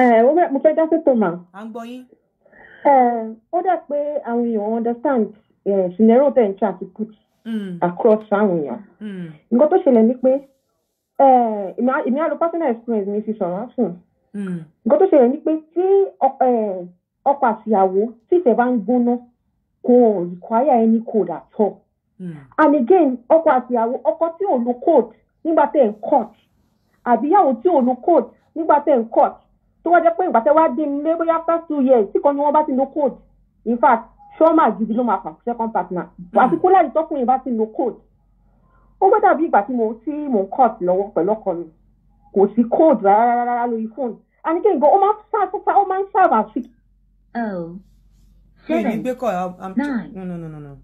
Ẹ mo fẹ́ dá sètò ma. À ń gbọ́ yín. Ẹ ó dà pé àwọn understand scenario bẹ́ẹ̀ ń try put across fáwọn èèyàn. nǹkan tó ṣẹlẹ̀ ni pé èmi á lo personal experience mi fi sọ̀rọ̀ fún un. nǹkan tó ṣẹlẹ̀ ni pé tí ọkọ àtìyàwó tí ìfẹ́ bá ń gbóná kò require any code at all. and again ọkọ àtìyàwó ọkọ tí ò lo code nígbà tẹ̀ ń court àbíyàwó tí ò lo code nígbà tẹ̀ ń court tó wá jẹ́ pé ìgbà tẹ̀ wá dín ní lé bóyá after two years tí kan ni wọ́n bá ti lo code in fact trauma gidi ló máa fà fún second partner particularly hmm. tọkùnrin bá ti lo code ó gbọ́dọ̀ bí ìgbà tí mo tí mò ń cut lọ́wọ́ pẹ̀lú ọkọ mi kò sí code rárá rárá lórí fóònù àní kí n gan ó máa ń sá fúnpa ó máa ń sá àbá sí. Oh. mi ní gbé kọ am no no no no no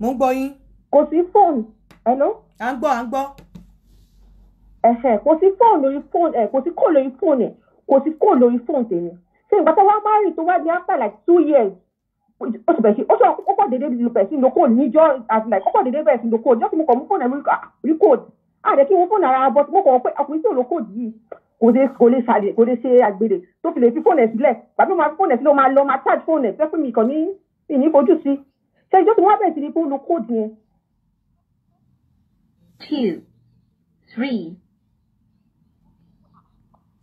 mo ń gbọ́ yín. kò sí fóònù hello. à ń gbọ́ à ń gbọ́. ẹ̀hẹ̀ kò sí fóònù lórí fóònù ẹ̀ kò sí kóòlù lórí fóònù ẹ̀ kò sí kóòlù lórí fóònù tèmi ṣé ìgbà tó wá márì tó wá di after like two years ó ti bẹ̀rẹ̀ sí ó sọ ó kọ̀ déédéé lu bẹ̀rẹ̀ sí lóko níjọ́ as like ó kọ̀ déédéé bẹ̀rẹ̀ sí lóko jọ́sí mo kọ̀ mú fóònù ẹ̀mí ah, rí code àdé kí wọ́n fóònù ara bọ́ mo kọ̀ wọ́n pé ọkùnrin tó lóko yìí kò lè kò lè ṣàlè kò lè ṣe àgbèrè tó fi lè fi fóònù ẹ̀ sílẹ̀ gbàgbé máa fi fóònù ẹ̀ sílẹ̀ ó máa lọ máa charge fóònù ẹ̀ fẹ́ fún mi kàn ní ìní fojú sí ṣe ìjọ́sí mo wá bẹ̀rẹ̀ sí ní kó lo two three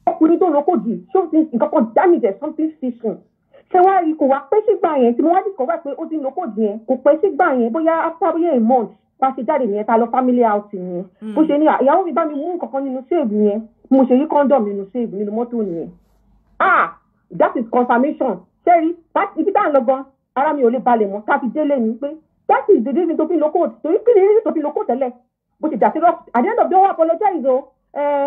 ọkùnrin tó lóko dì something nǹkan kan damage something station ṣé wá rí wá pẹ́ sígbà yẹn tí mo wá dìkọ̀ wá pé ó ti lóko dì yẹn kò pẹ́ sígbà yẹn bóyá after bóyá a month bá ṣe jáde nìyẹn ta lọ family outing yẹn hmm. bó ṣe ní ìyàwó mi bá mi mú nǹkan kan nínú ṣéèbù yẹn mo ṣe yí condom nínú ṣéèbù nínú mọ́tò nìyẹn ah that is confirmation ṣẹ́rí ibi tá à ń lọ gan ara mi ò lè balẹ̀ mọ́ ká fi délé mi pé that is the reason tó fi lóko torí kí ni reason tó fi lóko tẹ́lẹ̀ bó ṣe jà sí rọ́ọ̀kì at the end of the day ó apologize o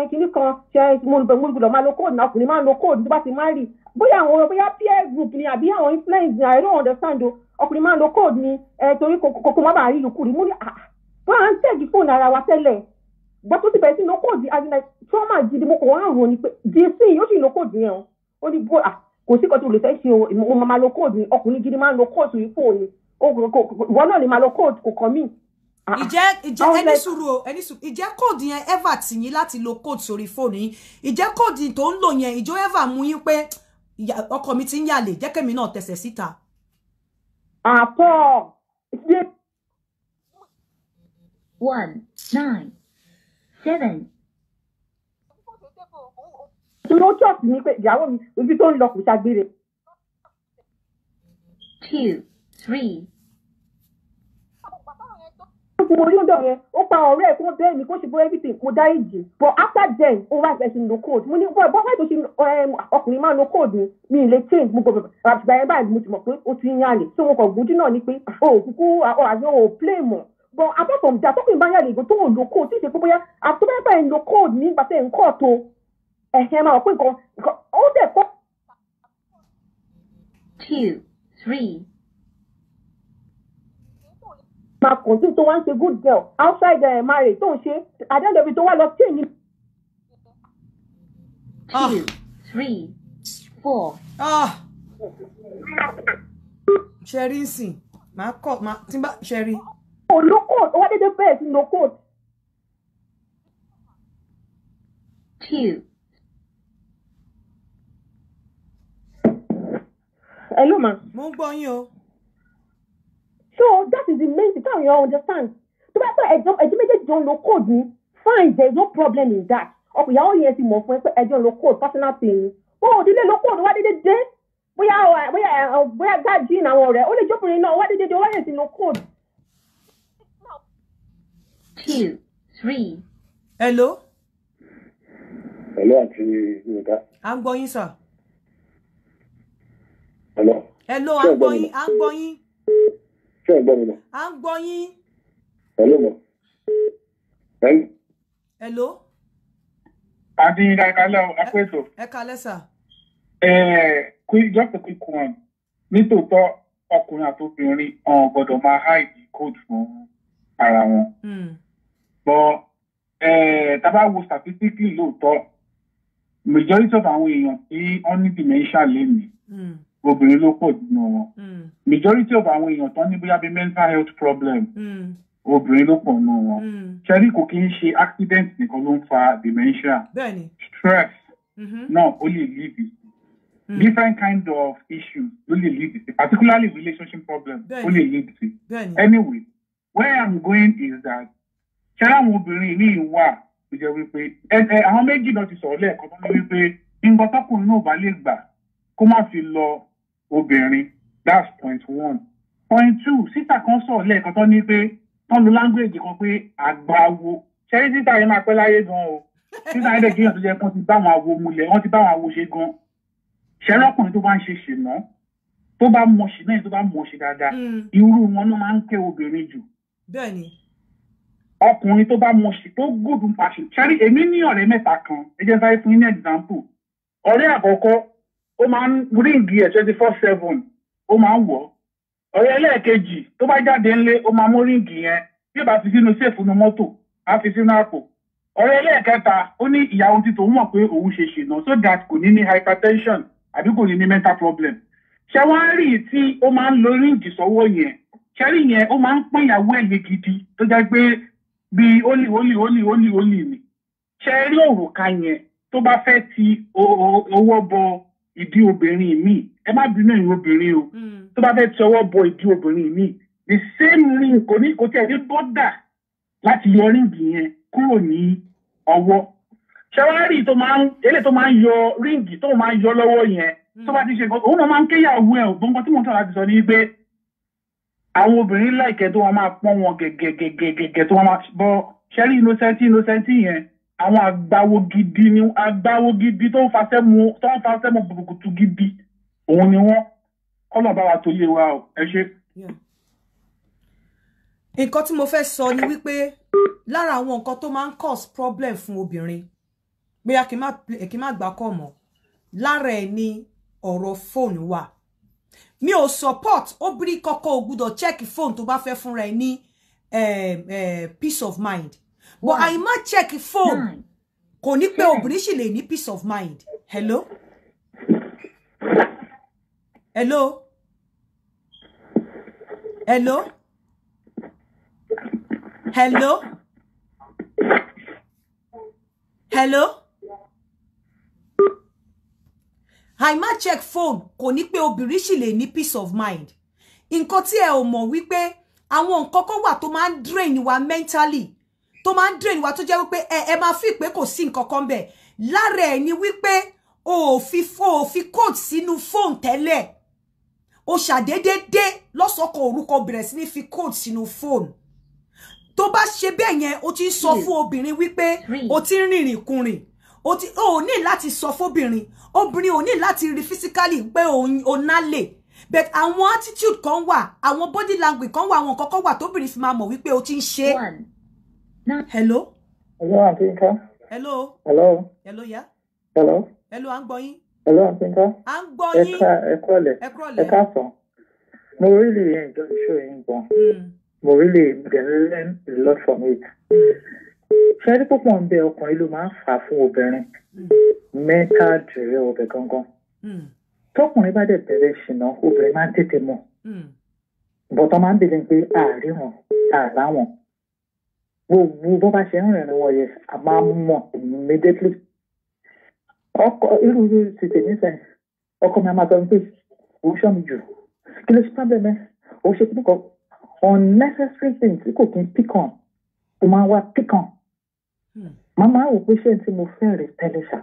kìíní kan ṣe mo gbọ́dọ̀ máa lo kóòdù náà ọkùnrin máa lo kóòdù tó bá ti máa rì bóyá àwọn bóyá peer group ni àbí àwọn influence ni I don't understand o ọkùnrin máa lo kóòdù ni torí kòkó má bàa rí ìlú kùrì mú ní àà ah, wọn à ń tẹ̀gì fóònù ara wa tẹ́lẹ̀ gbọ́dọ̀ tó ti bẹ̀rẹ̀ sí lo kóòdù àdínà trauma gidi mo kò wá rò ní pé dc yóò sì lo kóòdù yẹn o ó ní bó à ah, kò sí kan tó lè fẹ́ o mo máa lo kóòdù ọkùnrin gidi Uh-uh. ìjẹ́ ìjẹ́ ẹni sùúrù o ẹni sùúrù ìjẹ́ kóòdù yẹn ever tì yín láti lo kóòdù sórí fóònù yín ìjẹ́ kóòdù tó ń lò yẹn ìjọ ever mú yín pé ọkọ mi ti ń yàlè jẹ́ kẹ́mi náà tẹ̀sẹ̀ síta. àpọ̀ ah, ṣe one nine seven. ló chọ́ọ̀tì ní pé ìyàwó mi ojú tó ń lọ kò ṣàgbére. two three ti mo rí ọ̀dọ̀ yẹn ó pa ọ̀rẹ́ ẹ̀ kó bẹ́ẹ̀ ni kó ṣe bó everything kó dá èjì but after then ó wá ẹ̀sìn no code mo ní bọ́ bọ́ wáyé tó ṣe um, ọkùnrin máa no code ni mi lè change mo gbọ́ àtìgbà yẹn báyìí mo ti mọ̀ pé ó ti yàn lè tó wọn kọ̀ gúdú náà ni pé ah, o kúkú àti o play mọ̀ but apart from that tọkùnrin bá yàn tó wọn lo code tí ì ṣe pé bóyá àtúbẹ̀ báyìí lo code nígbà tẹ̀ ń tó ẹ̀hẹ́ máa pín nǹkan ó dẹ̀ kọ́. two three máa continue tó wá ń ṣe good girl outside uh, marriage tó ń ṣe àdéhùn tó wá lọ change. Ah. two three four. ṣẹ́rí ah. ń sìn máa kọ́ máa tí bá oh, coat. olóko wá dédé bẹ́ẹ̀ sí no coat. two. hello ma. mo ń gbọ́ yín o so that is the main thing táwọn èèyàn understand tó bá pẹ́ ẹ̀jọ́ ẹ̀jẹ̀ méjèèjì ń lo code ni fine there is no problem in that ọkọ̀ ìyàwó yẹn ti mọ̀ fún ẹ pé ẹjọ́ ń lo code personal thing o ò dílé lo code wá dédé dé bóyá bóyá bóyá gáàjìn àwọn ọ̀rẹ́ ó lè jókòrin náà wá dédé dé wá yẹn ti lo code. two three. hello. hello àti yorùbá. à ń gbọ́ yín sà. hello. hello à ń gbọ́ yín à ń gbọ́ yín ṣé ẹ gbọ́ mi mọ́. à ń gbọ́ yín. hello mọ. hello. àbí ìdàkálẹ̀ ọ̀ apẹ̀tọ̀. ẹ kalẹ́ sà. just a quick one nítòótọ́ ọkùnrin àti obìnrin ọ̀n gbọ́dọ̀ máa háìdì code fún ara wọn. Hmm. bọ́ tábà wo statistically lóòótọ́ majority of àwọn èèyàn tí wọ́n ní dementia lé mi. Mm obìnrin ló pọ̀ nínú wọn. Hmm. majority of àwọn èèyàn tán ní bóyá bíi mental health problem hmm. obìnrin ló pọ̀ nínú wọn. Hmm. ṣẹ́rí kò kí ń ṣe accident nìkan ló ń fa dementia stress mm-hmm. náà ó lè leave it different kind of issues ló lè lead to particularly relationship problems ó lè lead to anyway where i'm going is that ṣẹ́rí àwọn obìnrin ní ìwà tó jẹ́ wípé àwọn méjì náà ti sọ̀rọ̀ lẹ́ẹ̀kan tó ní wípé nǹkan tọkùnrin náà ò bá lè gbà kó má fi lọ obìnrin that's point one. point two sísà kan sọ̀rọ̀ lẹ́ẹ̀kan tó ní pé tán lo language kan pé àgbáwo ṣẹ́rí sísà yẹn máa pẹ́ láyé gan o sísà yẹn dẹ̀ kéèyàn tó jẹ́ kán ti bá àwọn awo mulẹ̀ wọ́n ti bá àwọn awo ṣe gan ṣẹ́rí ọkùnrin tó bá ń ṣe ṣìnà tó bá mọ̀ ṣì náà tó bá mọ̀ ṣì dáadáa hmm. irú wọn ló máa ń kẹ́ obìnrin jù. bẹ́ẹ̀ni. ọkùnrin tó bá mọ̀ ṣì tó gòdùn pàṣẹ ṣẹ́rí èmi ní ọ̀rẹ́ mẹ́ta kan ẹ jẹ́ sáré fún yín ní example ọ̀rẹ́ àkọ́kọ́ ó máa ń ríǹgì ẹ̀ twenty four seven ó máa ń wọ̀ ọ̀rẹ́ ẹlẹ́ẹ̀kejì tó bá jáde ńlé ó máa mú ríǹgì yẹn bí ó bá fi sínú séèfù nu mọ́tò á fi sínú àpò ọ̀rẹ́ ẹlẹ́ẹ̀kẹta ó ní ìyàwó títò mọ̀ pé òun ṣe ṣìnà so that kò ní ní hypertension àbí kò ní ní mental problem ṣé wọ́n á rí i tí ó máa ń lo ríǹgì sọ́wọ́ yẹn ṣẹ́rí yẹn ó máa ń pín ìyàwó ẹ̀yẹ gidi tó jẹ́ pé bíi ólì ólì ólì ólì ólì ni ṣẹ́rí òrùka yẹn tó bá fẹ́ ti owó bọ ìdí obìnrin míì ẹ má bínú ẹ̀yin obìnrin o hmm. tó bá fẹ́ tọwọ́ bọ ìdí obìnrin míì the same ring kò ní kò tí ẹ̀ ní bọ́dà láti yọ ríǹgì yẹn kúrò ní ọwọ́ ṣẹwárì tó máa ń eléyìí tó máa ń yọ ríǹgì tó máa ń yọ lọ́wọ́ yẹn hmm. tó bá ti ṣe nǹkan òun máa ń kéyàwó ẹ̀ gbọ́ngàn tí mo tọ́ láti sọ ní pé àwọn obìnrin láìkẹ́ tó wọn máa pọ́n wọn gẹ̀gẹ̀gẹ̀gẹ̀gẹ̀ tó wọn máa bọ́ ṣẹ́rí innocent innocent yẹn àwọn àgbáwo gidi ni àgbáwo gidi tó ń fasẹ́ mu tó ń fasẹ́ mu burúkutu gidi òun ni wọ́n kọ́nà bá wa tó yé wa o ẹ ṣe. nǹkan tí mo fẹ́ sọ ni wípé lára àwọn nǹkan tó máa ń cause problem fún obìnrin bóyá kí n má gbà kọ́ mọ́ lára ẹ̀ ni ọ̀rọ̀ fóònù wà mi ò support obìnrin kọ́kọ́ ò gbúdọ̀ check phone tó bá fẹ́ fúnra ẹ̀ ní eh, eh, peace of mind but hmm. I àìmá check phone hmm. kò ní pé hmm. obìnrin sì lè ní peace of mind hello hello hello hello hello I àìmá check phone kò ní pé obìnrin sì lè ní peace of mind nǹkan tí ẹ ò mọ̀ wípé àwọn nǹkan kan wà tó máa ń drain wa mentally tó máa ń drain wa tó jẹ́ wípé ẹ ẹ máa fi pé kò sí nǹkan kan bẹ́ẹ̀ lára ẹ̀ ni wípé o ò fi o ò fi code sínú fóònù tẹ́lẹ̀ o ṣàdédé dé lọ́sọ̀kọ̀ orúkọ bẹ̀rẹ̀ sí ní fi code sínú fóònù tó bá ṣe bẹ́ẹ̀ yẹn o ti ń sọ fún obìnrin wípé o ti ń rìnrìn kùnrìn o ti o ní láti sọ fóbìnrin obìnrin ò ní láti rí physically pé o nálè but àwọn attitude kan wà àwọn body language kan wà àwọn nǹkan kan wà tóbìnrin fi máa mọ̀ wípé o ti ń ṣe é hello. hello àtúnkà. hello. hello. hello ya. hello. hello à ń gbọ́ yín. hello àtúnkà. à ń gbọ́ yín. ẹ̀ka ẹ̀kọ́ ọ̀lẹ̀ ẹ̀ka sàn. mo really enjoy show yín gan. Hmm. mo really dey learn a lot from it. Hmm. ṣẹ́rí púpọ̀ ń bẹ ọkùnrin ló máa ń fà fún obìnrin mẹ́ta hmm. jẹ̀rẹ̀ ọbẹ̀ gangan. tọkùnrin bá dẹ̀ bẹ̀rẹ̀ ṣìnà obìnrin máa ń tètè mọ̀. bọ̀tọ̀ máa ń bèèrè pé àárín wọn àrá wọn gbogbo bó bá ṣe ń rìn lọ́wọ́ yẹn a máa mọ̀ immediately ọkọ irú ti tèmi sẹ ọkọ mi a máa sọ pé òun ṣọ́ mi jù kí ló ṣe problem ẹ òun ṣe kíkọ unnecessary things tí kò kí n pick on kò máa wá pick on màmá wò pé ṣé tí mo fẹ́ rè tẹ́lẹ̀ ṣá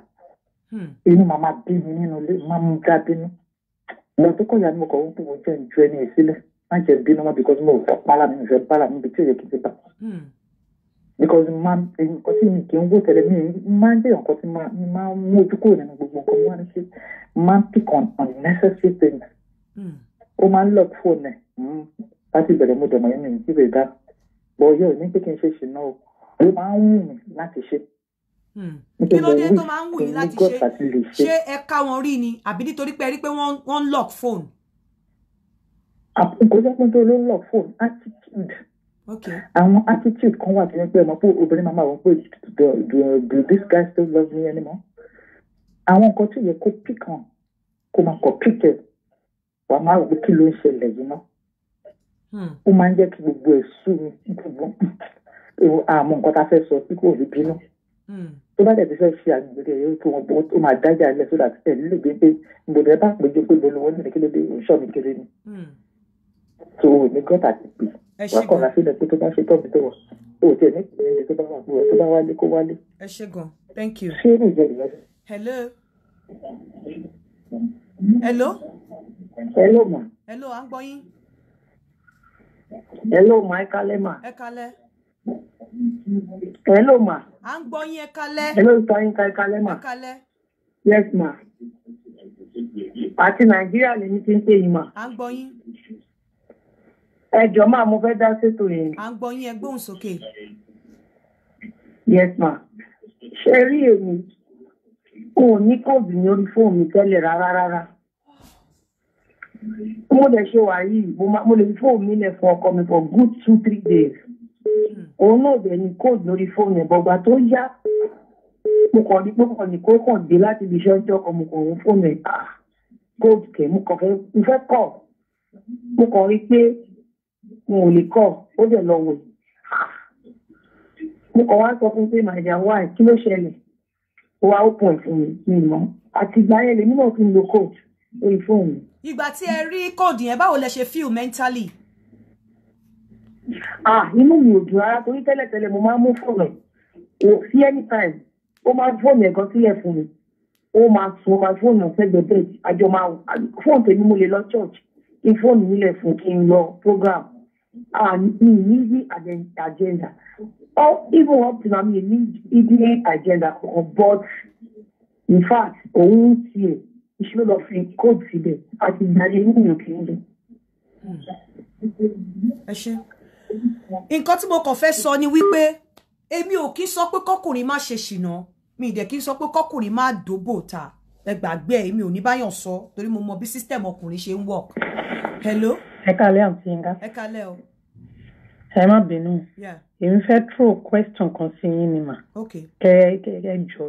inú màmá bí mi nínú ilé màmá mú dá bínú mo tó kọ̀ ya ni mo kọ̀ wọ́n pé mo jẹ́ ìjọ ẹni ìsílẹ̀ má jẹ́ bínú mọ́ because mo fọ́ pálá mi fẹ́ pálá mi bí tí ò yẹ kí n ti bá because ma nǹkan tí mi kì í wò tẹ́lẹ̀ mi máa ń jẹ́ nǹkan tí máa ń mójú kúrò nínú gbogbo nǹkan wọn ṣe máa ń pick on unnecessary things hmm. ó máa ń lock phone ẹ̀ láti bẹ̀rẹ̀ mo dọ̀mọ̀ yẹn mi kí bẹ̀rẹ̀ dá bọ̀ yóò ní pé kí n ṣe ṣìnà o ó máa ń wù mí láti ṣe. Hmm. kí ló dé tó máa ń wù yín láti ṣe ṣé ẹ ká wọn rí ni àbí nítorí pé ẹ rí pé wọ́n lock phone. àpò kò jẹ́ pé nítorí ló lock phone attitude àwọn attitude kan wà tó yẹ pé ọmọ pé obìnrin máa máa wọ pé do this guy still love me anymore àwọn nǹkan tó yẹ kó pick on kó máa kọ pick ẹ wàá máa wọ kí ló ń ṣẹlẹ̀ yìí ná hmm. ó máa ń jẹ́ kí gbogbo ẹ̀ sú mi gbogbo àmọ́ nǹkan tá a fẹ́ sọ tí kò rí bínú hmm. tó bá dẹ̀ ti fẹ́ ṣe àgbèrè ẹ̀yọ́ tó wọn bọ́ ó máa dájà lẹ̀ sódà ẹ̀ nílò gbé pé gbòdò ẹ bá péjọ pé gbòdò wọn nílò kí ló dé òṣọ́ mi kéré ni hmm. so ní gọ́tà ti pè é wọn kàn láti ilẹ̀ pé tó bá ṣe tọ́bi tó wọ̀ o tiẹ̀ ní ìpínlẹ̀ ilẹ̀ tó bá wà fún bá wálé kó wálé. ẹ ṣe gan thank you. ṣé ní ìjẹ́ ìyá hello. hello. hello ma. hello à ń gbọ́ yín. hello ma ẹ kalẹ́ ma. ẹ kalẹ́. hello ma. à ń gbọ́ yín ẹ kalẹ́. hello sọyìn ká ẹ kalẹ́ ma. ẹ kalẹ́. yes ma. àti nàìjíríà lèmi ti ń pè yín ma. à ń gbọ́ yín ẹ jọ máa mo fẹ́ dá ṣètò yẹn. à ń gbọ́ yín ẹ sókè. yes ma ṣe rí èmi n ò ní kóòdù ní orí fóònù mi tẹ́lẹ̀ rárá rárá mo lè ṣe wà yìí mo lè fi fóònù mi lẹ̀ fún ọkọ mi for good two three days hmm. òun náà bẹ̀ ní kóòdù lórí fóònù ẹ̀ bọ́gbà tó yá mo kàn ní pé kàn ní kó kàn dé láti ibi iṣẹ́ ọjọ́ kan mo kàn ń fóònù ẹ̀ ah, kóòdù kẹ̀ mo kàn fẹ́ mo fẹ́ kọ̀ mo kàn rí pé mo ò lè kọ́ ó dẹ̀ lọ wẹ̀. mo kàn wá sọ fún pé my dear wife kí ló ṣẹlẹ̀ ó wá ó pọ̀ fún mi mi mọ́ àti ìgbà yẹn lèmi náà fi ń lo code lórí fóònù. ìgbà tí ẹ rí code yẹn báwo lẹ ṣe feel mentally. Ah, inú mi ò dùn rárá torí tẹ́lẹ̀tẹ́lẹ̀ mo máa mú fóònù kò sí anytime ó máa fóònù ẹ̀gán sílẹ̀ fún mi ó máa sun ó fóònù ọ̀sẹ̀gbẹ̀ àjọ máa fóònù tèmi mo lè lọ church kí fóònù nílẹ̀ fún kí n lọ program uh, ah, needy agenda. Or oh, even up to now, you needy agenda, but in fact, òun ti ẹ̀ ìṣòro lọ fi kóòtù síbẹ̀ àti ìdájọ́ inú mi ò kí ń dùn. ẹ ṣe nǹkan tí mo kàn fẹ́ sọ ni wípé èmi ò kí sọ pé kọkùnrin má ṣe ṣìnà mi ìdẹ̀ kí sọ pé kọkùnrin má dòbò ta ẹ gbàgbé èmi ò ní báyọ̀ sọ torí mo mọ bí system. ọkùnrin ṣe ń wọ̀ hello ẹ kálẹ́ àǹtí yín ká. ẹ kálẹ́ o. ẹ má bínú. èmi fẹ́ throw question kan sí yín ni mà. kẹ kẹ jọ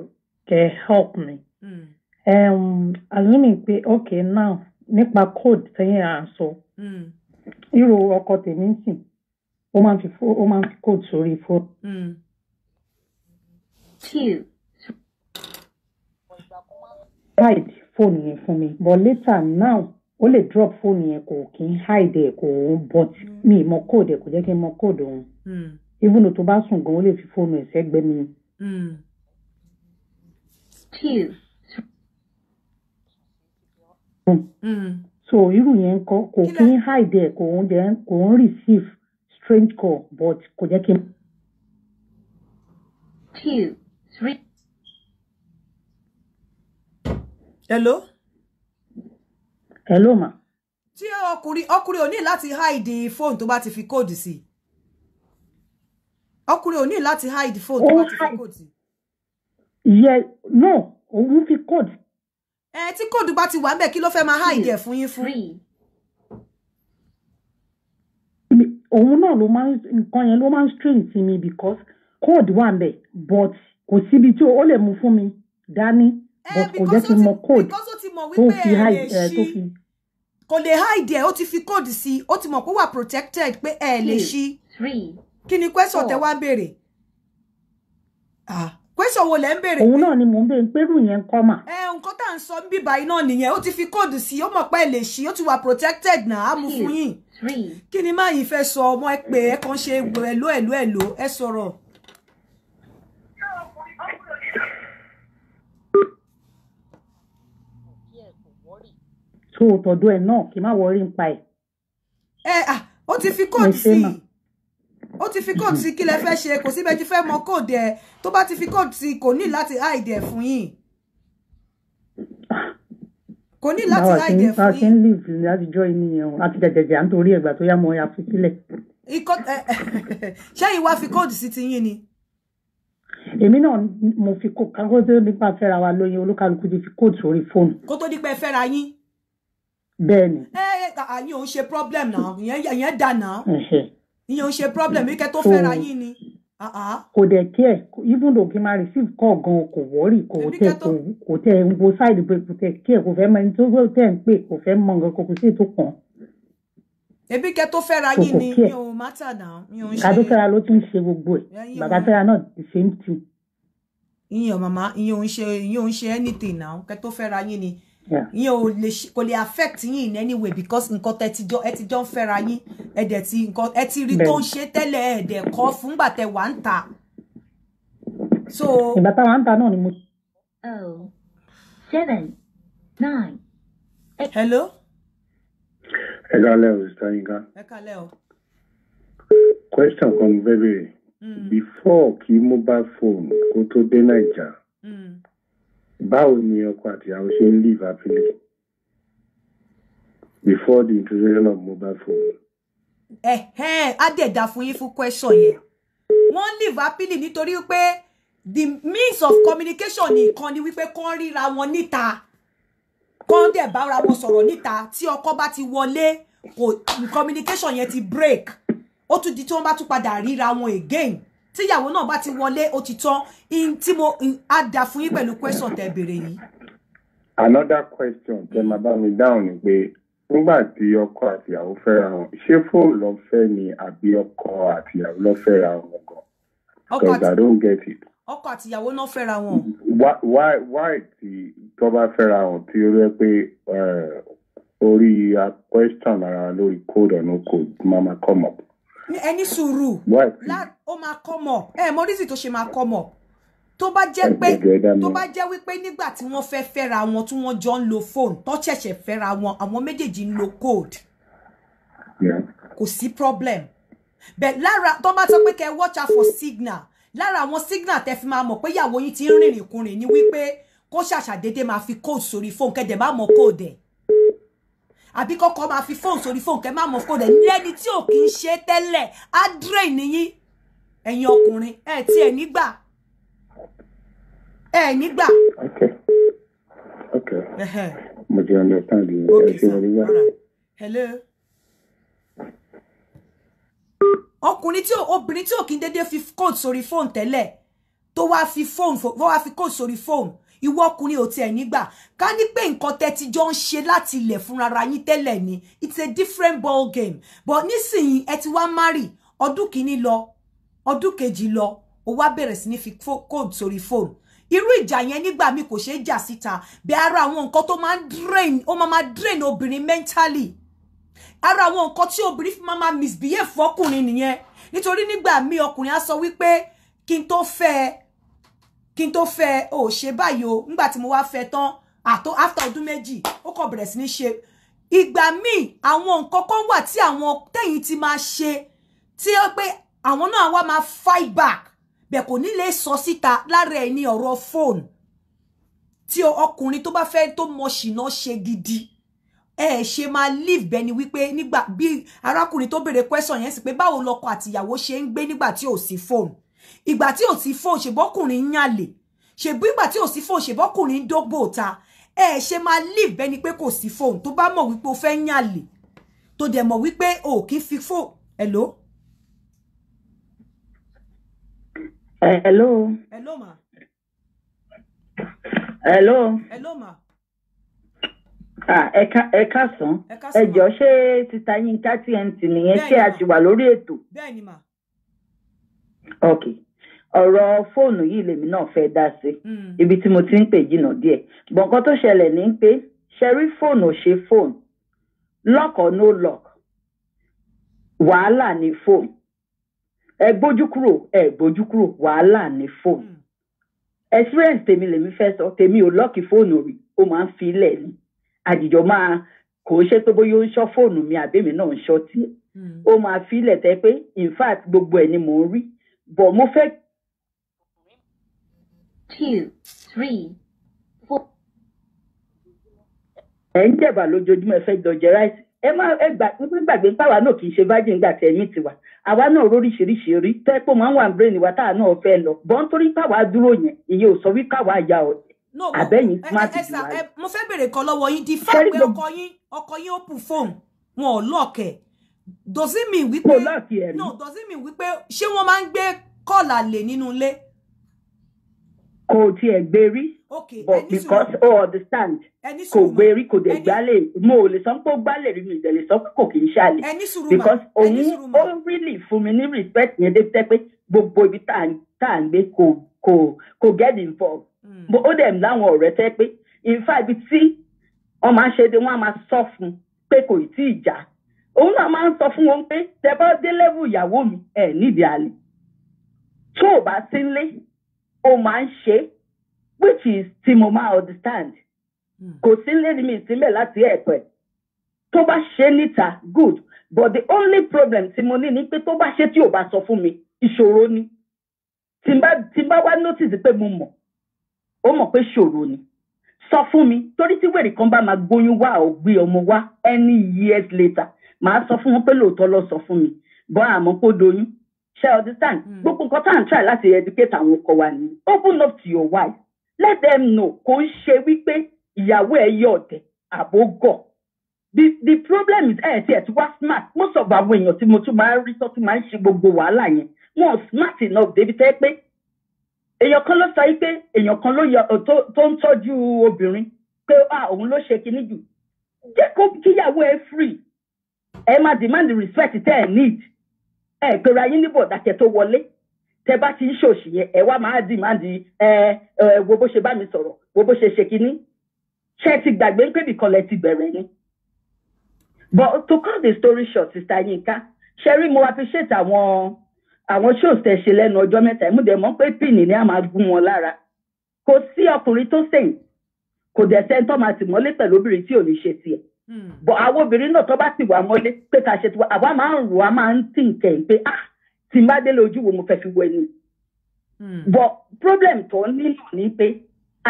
kẹ help me. Hmm. àlùmí pé ok now nípa code sẹ́yìn à ń sọ. Hmm. irú ọkọ tèmi ń sìn ó máa ń fi ó máa ń fi code sórí fóònù. Hmm. two. guide fóònù yẹn fún mi but later now ó lè drop fóònù yẹn kò kí ń hide ẹ̀ kò ń but hmm. mi ì mọ code ẹ̀ kò jẹ́ kí n mọ code òun hmm. even tó bá sùn gan ó lè fi fóònù ẹ̀ sẹ́gbẹ́ mi. two. Mm. Hmm. so irú yẹn ń kò kí ń hide ẹ̀ kò ń jẹ́ kò ń receive strange call but kò jẹ́ kí n. two three. hello. hello ma. tí ọkùnrin ọkùnrin ò lati láti hide phone tó bá ti fi code sí i ọkùnrin láti hide fóònù tó ti fi code? si. yeah no òun fi code? ẹ tí code bá ti wà ń kí ló fẹ́ hide ẹ̀ fún yín fún. òun náà ló máa yẹn máa ń string ti mi because code wà ń bẹ fún mi Eh, but kò jẹ́ kí n mọ code tó ń fi hide eh, eh, tó fi. kò lè hide ẹ̀ ó ti fi code sí i ó ti mọ̀ pé wà protected pé ẹ lè ṣí kí ni question tẹ wá béèrè ah, question wo lẹ ń béèrè. òun náà ni mò ń béèrè pé rù yẹn ń kọ́ mà. ẹ nǹkan tá à ń sọ ń bíbá iná nìyẹn ó ti fi kóòdù sí ó mọ̀ pé ẹ lè ṣí ó ti wà protected náà á mú fún yín. kí ni máa yìí fẹ́ sọ ọmọ ẹ pé ẹ kàn ṣe èlò èlò èlò ẹ sọ̀rọ̀. so tọ̀dọ̀ ẹ̀ náà kì má wọrí ń pa ẹ̀. ẹ à ó ti fi kóòdù sí i ó ti fi kóòdù sí i kí lẹ fẹ́ ṣe kò síbẹ̀ tí fẹ́ mọ kóòdù ẹ̀ tó bá ti fi kóòdù sí i kò ní láti háìdì ẹ̀ fún yín kò ní láti láìdẹ fún yín. báwa ṣe ń live látijọ́ ènìyàn àti jẹjẹjẹ à ń torí ẹ̀gbà tó yá mọ́ ya fi sílẹ̀. ṣẹ́yìn wá fi kóòdù sí ti yín ni. èmi náà mo fi kó kákó tó nípa fẹ́ra wa lóyún olúkálùkù ti fi kóòdù sórí fóònù. kó tó dípẹ́ fẹ́ra yín bẹ́ẹ̀ni. ẹ ẹ àyìn ò ń ṣe problem náà ìyẹn ìyẹn dà náà ìyẹn ò ń ṣe problem wíkẹ́ tó fẹ́ra yín ni. kò dẹ̀ kíẹ̀ even though kí n máa receive call gan kò wọ́ọ̀rì kò tẹ̀ kò tẹ̀ ń bo side break kò tẹ̀ kíẹ̀ kò fẹ́ mọ ẹni tó tẹ̀ ń pè kò fẹ́ mọ nǹkan kò kò sí ètò kan ebi kẹ tó fẹ́ra yín ni mi ò mátà náà mi ò ń ṣe. kàdó fẹ́ra ló tún ṣe gbogbo ẹ̀ bàbá fẹ́ra náà the same thing. iyan mama. iyan ò ń ṣe iyan ò ń ṣe anything now. kẹ tó fẹ́ra yín ni yín ò lè kò lè affect yín in any way because nǹkan tẹ ti jọ ẹ ti jọ ń fẹ́ra yín ẹ dẹ̀ ti nǹkan ẹ ti rí tó ń ṣe tẹ́lẹ̀ ẹ dẹ̀ kọ́ fúngbà tẹ wà ń ta. so. ìgbà táwa ń ta náà ni mo. oh seven nine. Eight. hello. ẹ kálẹ́ o sista Yinka. ẹ kálẹ́ o. question kan bẹ́ẹ̀ bẹ́ẹ̀ hmm. before kí mobile phone kó tó dé Naija. Hmm báwo ni ọkọ àtìyàwó ṣe ń live happily before the introduction of mobile phone. ẹ̀hẹ́n á dẹ̀ dá fún yín fún question yẹn wọ́n live happily nítorí pé the means of communication nìkan ni wípé kán ríra wọn níta kán dẹ̀ bára wọn sọ̀rọ̀ níta tí ọkọ bá ti wọlé kò communication yẹn ti break ó tún di tí wọ́n bá tún padà ríra wọn again tíyàwó náà bá ti wọlé ó ti tán tí mo á dà fún yín pẹ̀lú question tẹ́ béèrè yìí. another question tẹ máa bá mi dáhùn ni pé nígbà tí ọkọ àtìyàwó fẹ́ra wọn ṣé fóònù lọ fẹ́ ni àbí ọkọ àtìyàwó lọ fẹ́ra wọn gan because i don't get it. ọkọ àtìyàwó náà fẹ́ra wọn. why why tí tó bá fẹ́ra wọn tí ó rẹ pé eh, orí a question ara lórí code or no code mama come up ẹni sùúrù ó máa come up ẹ mọ oríṣi tó ṣe máa come up tó bá jẹ́ pé tó bá jẹ́ wípé nígbà tí wọ́n fẹ́ fẹ́ra wọn tí wọ́n jọ ń lo phone tó ṣẹ̀ṣẹ̀ fẹ́ra wọn àwọn méjèèjì ń lo code kò sí problem bẹ́ẹ̀ lára tó bá sọ pé kẹ́ watch out for signal lára àwọn signal tẹ́ fi máa mọ̀ pé ìyàwó yín ti ń rìnrìn kùnrin ni wípé kó ṣàṣàdédé máa fi code sórí phone kẹ́ dẹ̀ má mọ̀ code ẹ̀ àbí kọ́kọ́ máa fi fóònù sórí fóònù kẹ́ máa mọ̀ fóònù ẹ̀ lẹ́ni tí ò kì í ṣe tẹ́lẹ̀ á dírè nìyín ẹ̀yin ọkùnrin ẹ̀ tí ẹ̀ nígbà ẹ̀ nígbà. okay okay mo ti understand yìí ẹ ṣe orí wá. hello. ọkùnrin tí obìnrin tí ò kì í dédé fi kóòtù sórí fóònù tẹ́lẹ̀ tó wá fi fóònù wá fi kóòtù sórí fóònù ìwọ ọkùnrin ò tiẹ̀ nígbà ká ní pé nǹkan tẹ́ ti jọ ń ṣe láti ilẹ̀ fúnra yín tẹ́lẹ̀ ni it's a different ball game but nísìnyí ẹ ti wá márì ọdún kìíní lọ ọdún kejì lọ ó wá bẹ̀rẹ̀ sí ní fi code sórí fóònù irú ìjà yẹn nígbà mi kò ṣeé jà síta bẹ ara àwọn nǹkan tó máa ń drain ó máa máa drain obìnrin mentally ara àwọn nǹkan tí obìnrin fi máa máa misbehave fọkùnrin nìyẹn nítorí nígbà mi ọkùnrin á sọ wípé kí n tó fẹ́ ẹ kí n tó fẹ́ ò ṣe báyìí o nígbà tí mo wá fẹ́ tán àtó after ọdún méjì ó kàn bẹ̀rẹ̀ sí ní ṣe ìgbà míì àwọn nǹkan kan wà tí àwọn tẹ̀yìn ti máa ṣe tí ó pé àwọn náà wá máa fight back bẹ́ẹ̀ kò ní lè sọ síta lára ẹ̀ ní ọ̀rọ̀ fóònù tí ọkùnrin tó bá fẹ́ tó mọ ṣìnà ṣe gidi ẹ eh, ṣe máa leave bẹni wípé nígbà bí arákùnrin tó béèrè question yẹn sì pé báwo lọkọ àtìyàwó ṣe ń gbé nígbà tí ò sí fóònù ìgbà tí ò sí fóònù ṣèbọ́kùnrin ń yàlè ṣèbú ìgbà tí ò sí fóònù ṣèbọ́kùnrin ń dógbò ta ẹ ṣe máa live bẹ́ni pé kò sí fóònù tó bá mọ̀ wípé o fẹ́ yàlè tó dẹ̀ mọ̀ wípé o kì í fi fóònù hello. hello. hello ma. hello. hello ma. Ah, ẹ̀ka ẹ̀ka sàn ẹ̀jọ́ ṣé títa yín ká TNT nìyẹn ṣé a ti wà lórí ètò. bẹ́ẹ̀ni ma. ok ọ̀rọ̀ fóònù yìí lèmi náà fẹ́ dá sí hmm. ibi tí mo ti ń pè jìnnà díẹ̀ bọ̀ǹkan tó ṣẹlẹ̀ ní pé ṣẹ́rí fóònù ò ṣe fóònù lock or no lock wàhálà ni fóònù ẹ gbójú kúrò ẹ gbójú kúrò wàhálà ni fóònù hmm. experience tèmi lèmi fẹ́ sọ tèmi ò lọ́ọ̀kì fóònù rí ó máa ń fi ilẹ̀ ni àjìjọ máa kò ṣe pé bóyá ó ń ṣọ́ fóònù mi àbẹ́mi náà ń ṣọ́ tiẹ̀ hmm. ó máa fi ilẹ̀ tẹ́ pé in fact gbogbo ẹ̀ ni mò ń rí bọ̀ mo fẹ́ two, three, four. ẹ ń jẹ̀bà lójoojúmọ́ ẹ fẹ́ dọ̀jẹ̀ ráìsì ẹ má ẹ gbàgbé páwa náà kì í ṣe virgin gbà tẹ̀yìn tiwa àwa náà lóríṣiríṣi rí tẹ́pọ̀ máa ń wà brain wa táà náà fẹ́ lọ bọ́n torí páwa dúró yẹn ìyẹn ò sọ wí káwa ya ọ̀ àbẹ́yìn smart ìwà rẹ̀. mo fẹ́ bèrè kan lọ́wọ́ yín di fáwọn pé ọkọ yín ọkọ yín ó pù fóònù wọn ò lọ́ọ̀kẹ́ doesn't mean wípé no doesn't mean wípé ṣé wọ́n máa ń gbé kọ́ọ̀lù àlè nínú ilé kò tiẹ̀ gbé rí but because o oh, understand kò gbé rí kò dẹ̀ gbálẹ̀ mo ò lè sọ pé ó gbálẹ̀ rí mi ò lè sọ pé kò kì í ṣàlẹ̀ because òun ó really fún mi ní respect yẹn dé tẹ́ pé gbogbo ibi tá à ń gbé kò kò kò get involved hmm. but ó dẹ̀ láwọn ọ̀rẹ́ tẹ́ pé in fact ibi tí wọ́n máa ń ṣe dé wọ́n á máa sọ fún pé kò tí ì jà òun náà máa ń sọ fún wọn pé tẹ́ bá dé level ìyàwó mi ẹ̀ nídìí àlè tó o bá sí ń lé ó máa ń ṣe which is tí mo máa understand hmm. kò sí lady mi sílẹ̀ láti ẹ̀pẹ̀ tó bá ṣe níta good but the only problem tí mo ní ni pé tó bá ṣe tí ò bá sọ fún mi ìṣòro ni tí n bá tí n bá wá notice pé mo mọ̀ ó mọ̀ pé ṣòro ni sọ fún mi torí tí wèrè kan bá máa gbóyún wá ò gbé ọmọ wá any years later màá sọ fún wọn pé lóòótọ́ ló sọ fún mi bọ́ àmọ́ kó doyún ṣe understand hmm. gbogbo nǹkan tá à ń try láti educate àwọn ọkọ wa ni open up to your wife let them know kò ń ṣe wípé ìyàwó ẹ yọ ọ̀dẹ̀ àbó gọ̀ the the problem is ẹ ti ẹ ti wá smart most of àwọn èèyàn tí mo tún máa ń rí tó tún máa ń ṣe gbogbo wàhálà yẹn wọn smart enough débi tẹ́ pé èèyàn kan ló sọ yìí pé èèyàn kan ló yọ tó ń tọ́jú obìnrin pé ah òun ló ṣe kinní jù jẹ́ kó kíyàwó ẹ free ẹ máa demand respect tẹ́ ẹ need ẹ pera yín ní bọ̀dá kẹ tó wọlé tẹ bá ti ń ṣòṣì yẹn ẹ wá máa dì máa di ẹ ẹ wo bó ṣe bá mi sọ̀rọ̀ wo bó ṣe ṣe kínní ṣé ti gbàgbé pé nìkan lẹ ti bẹ̀rẹ̀ ni. but to cut the story short sister Yinka ṣe rí mo appreciate àwọn àwọn shows tẹ ṣe lẹ́nu ọjọ́ mẹ́ta ẹ̀ mú dẹ̀ mọ́ pé pin ni a máa gún wọn lára kò sí ọkùnrin tó sẹ́yìn kò dẹ̀ sẹ́ńtọ́ máa tì mọ́lé pẹ̀lú obìnrin tí ò ní ṣe tiẹ̀ Hmm. bọ̀ àwọn obìnrin náà tó bá sì wà mọ́lé pé ká ṣe tiwa àwa máa ń rò á máa ń tì nkẹ́ pé ah tí má délé ojú wo mo fẹ́ fi wọ ẹni. Hmm. bọ̀ problem tó nílò ni pé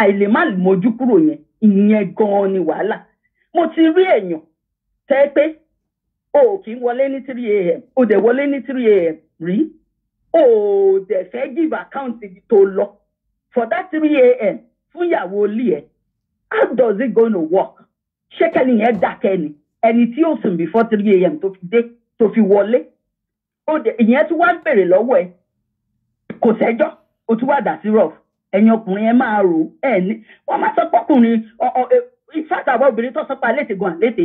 àìlè má mójú kúrò yẹn ìyẹn gan-an ni wàhálà mo ti rí èèyàn tẹ́ pé o kì í wọlé ní three a.m. o dẹ̀ wọlé ní three a.m. rí o dẹ̀ fẹ́ give account tó lọ for that three a.m. fún ìyàwó ilé ẹ̀ how does it to work? ṣẹ́kẹ̀lì yẹn dákẹ́ ni ẹni tí ó sùn before three a.m. tó fi dé tó fi wọlé ìyẹn tí wàá bèrè lọ́wọ́ ẹ kò sẹ́jọ́ o tún wà dá sí rọ̀ ẹ̀yin ọkùnrin ẹ máa rò ẹ̀ ní wọ́n máa sọ pọ́kùnrin ìfàtà àwọn obìnrin tó sọ pé àlétè gan àlétè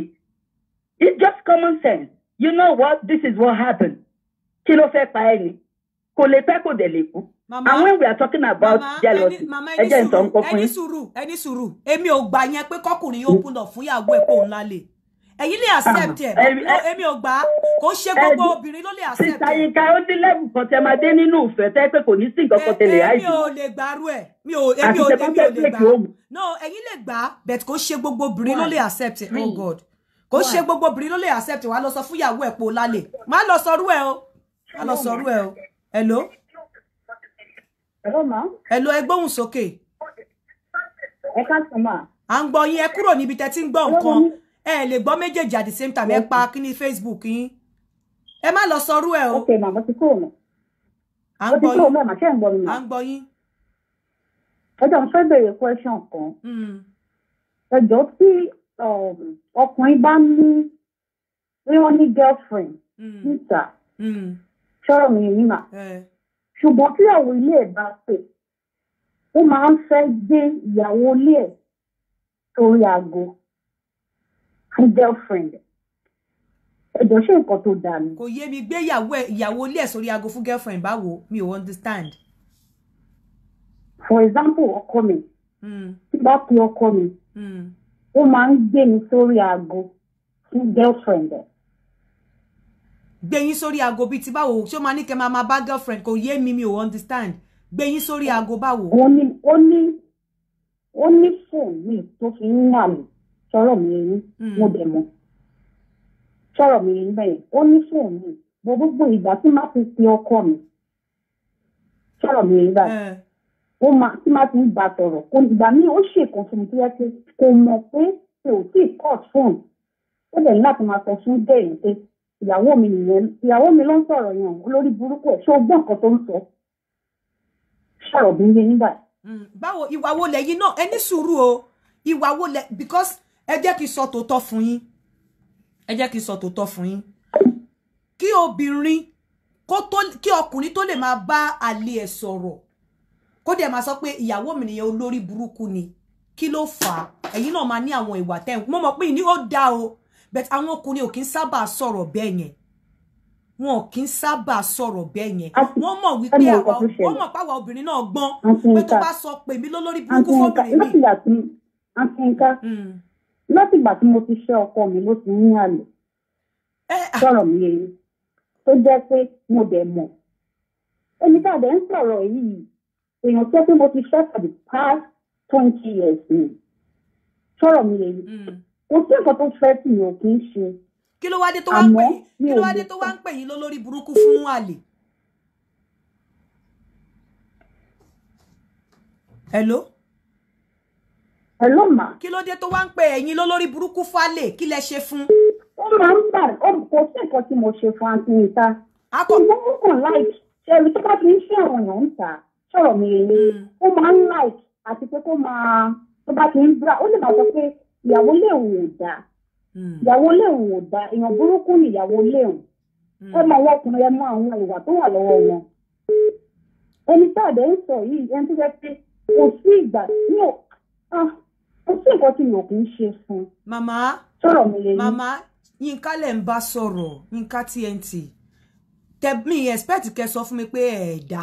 it's just common sense you know what this is what happened kí ló fẹ́ pa ẹ ni kò lè fẹ́ kò dẹ̀ lè kú. and when we are talking about jealousy ẹ jẹ́ nǹkan kọ́ fún yín. ẹni sùúrù ẹni sùúrù èmi ò gbà yẹn pé kọkùnrin yóò kúndọ̀ fún ìyàwó ẹ̀ pé òun lálẹ́ ẹ̀yin lè accept ẹ̀ ah, èmi ò gbà kò ṣe eh, gbogbo obìnrin ló lè accept ẹ̀. sísá yínká ó dín lẹ́bùn kan tẹ máa dé nínú ìfẹ́ tẹ́ pé kò ní sí nǹkan kan tẹ̀lé àìsí. èmi ò lè gbàrú ẹ̀ mi ò èmi ò èmi ò lè gbà no ẹ̀yin lè gbà but kò ṣe gbogbo obìnrin ló lè accept ẹ̀ oh god kò ṣe gbogbo obìnrin ló lè accept ẹ̀ wà á lọ sọ fún ìyàwó ẹ̀ pé òun má lọ sọrú ẹ̀ o má lọ sọrú ẹ̀ o hello. hello ma. hello ẹ gbóhùn sókè. ẹ ká sọ ma. à ń gbọ́ yín ẹ kúrò níbi tẹ́ ti ń gbọ́ nǹkan ẹ lè gbọ́ méjèèjì at the same time ẹ pa kíní facebook yín ẹ má lọ sọrú o. ok ma mo ti kúrò mọ. à ń gbọ́ yín mo ti kúrò mọ ẹ mà ṣe ń gbọ́ mi ma. à ń gbọ́ yín. ẹ jọ ń fẹ́ bèrè question kan. Hmm. ẹ jọ tí um, ọkùnrin bá ní sọ̀rọ̀ mi yìí mà ṣùgbọ́n tíyàwó ilé ẹ̀ bá pè ó máa ń fẹ́ gbé ìyàwó ilé ẹ̀ sórí aago fún girlfriend ẹjọ ṣe nǹkan tó dáa ni. kò yé mi gbé ìyàwó ìyàwó ilé ẹ̀ sórí aago fún girlfriend báwo mi ò understand. for example ọkọ mi hmm. tí bá pe ọkọ mi hmm. ó máa ń gbé mi sórí aago fún girlfriend ẹ̀ gbẹ̀yìn sórí aago bíi ti báwo ṣé ó máa ní kẹ́ máa máa bá girlfriend kò yé mi mi ò understand gbẹ̀yìn sórí aago báwo. ó ní ó ní ó ní fóònù mi tó fi ń nà mí sọ̀rọ̀ mi yẹn hmm. mo dẹ̀ mọ́ sọ̀rọ̀ mi yẹn bẹ́ẹ̀ ó ní fóònù mi mo gbogbo ìgbà tí má fi pe ọkọ mi sọ̀rọ̀ mi yẹn báyìí eh. ó máa tí má fi ń bá sọ̀rọ̀ kò ìgbà míì ó ṣèkàn fún mi tó yẹ pé kò mọ̀ pé kò tí ì kọ́ fóònù ó dẹ̀ ní láti máa sọ fún bẹ́ẹ̀ yìí pé ìyàwó mi nìyẹn ìyàwó mi ló ń sọ̀rọ̀ yẹn olórí burúkú ẹ̀ ṣé o gbọ́ nǹkan tó ń sọ sọ̀rọ̀ bí ń gbé nígbà. Hmm, báwo ìwà wo lẹ́yìn náà ẹ ní sùúrù o ìwà wo lẹ because ẹ jẹ́ kí n sọ tòótọ́ fún yín ẹ jẹ́ kí n sọ tòótọ́ fún yín kí obìnrin kí ọkùnrin tó lè máa bá àlè ẹ̀ sọ̀rọ̀ kó dẹ̀ máa sọ pé ìyàwó mi nìyẹn olórí burúkú ni kí ló fà á ẹ̀yin náà máa ní àwọn ìwà tẹ̀ mo but àwọn ọkùnrin ò kí ń sábà sọ̀rọ̀ bẹ́ẹ̀ yẹn wọn ò kí ń sábà sọ̀rọ̀ bẹ́ẹ̀ yẹn wọ́n mọ̀ wípé àwa wọ́n mọ̀ páwa obìnrin náà gbọ́n pé tó bá sọ pé mi lólórí burúkú fóbìnrin mi. akínká látìgbà hmm. tí mo ti ṣe ọkọ mi ló ti ní àlè eh, ah. sọ̀rọ̀ mi yẹn tó jẹ́ pé mo dẹ̀ mọ̀ ẹni tá a dẹ̀ ń sọ̀rọ̀ yìí èèyàn tó pé mo ti ṣe for the past twenty years ni sọ̀rọ̀ mi yẹn. Hmm kò sí nǹkan tó fẹ́ tì yàn kì í ṣe. kí ló wá dé tó wá ń pè yín kí ló wá dé tó wá ń pè yín lólórí burúkú fún àlè. hello. hello ma. kí ló dé tó wá ń pè ẹ̀yin lólórí burúkú fún àlè kí lẹ ṣe fún. ó máa ń bà kò sí nǹkan tí mo ṣe fún àti níta. akọ. ìwọ ó kàn láìkì ṣe ẹ̀rù tó bá ti ń ṣe àwọn èèyàn ń ta sọ̀rọ̀ mi rèé hmm. ó máa ń láìkì àti pé kó máa tó bá ti ń bra ó lè máa sọ pé ìyàwó léwu ò dáa hmm. ìyàwó léwu ò dáa èèyàn burúkú ni ìyàwó léwu hmm. ẹ mọ àwọn ọkùnrin ẹ mọ àwọn ìwà tó wà lọ́wọ́ wọn ẹni tá àdé ń sọ yìí ẹni tó jẹ́ pé kò sí ìgbà tí ò ah, kò sí nǹkan tí mi ò kì í ṣe fún. màmá sọ̀rọ̀ mi lè ní. màmá yínká lẹ̀ ń bá sọ̀rọ̀ yínká TNT tẹ̀mí expect kẹ́ sọ fún mi pé ẹ̀ẹ́dà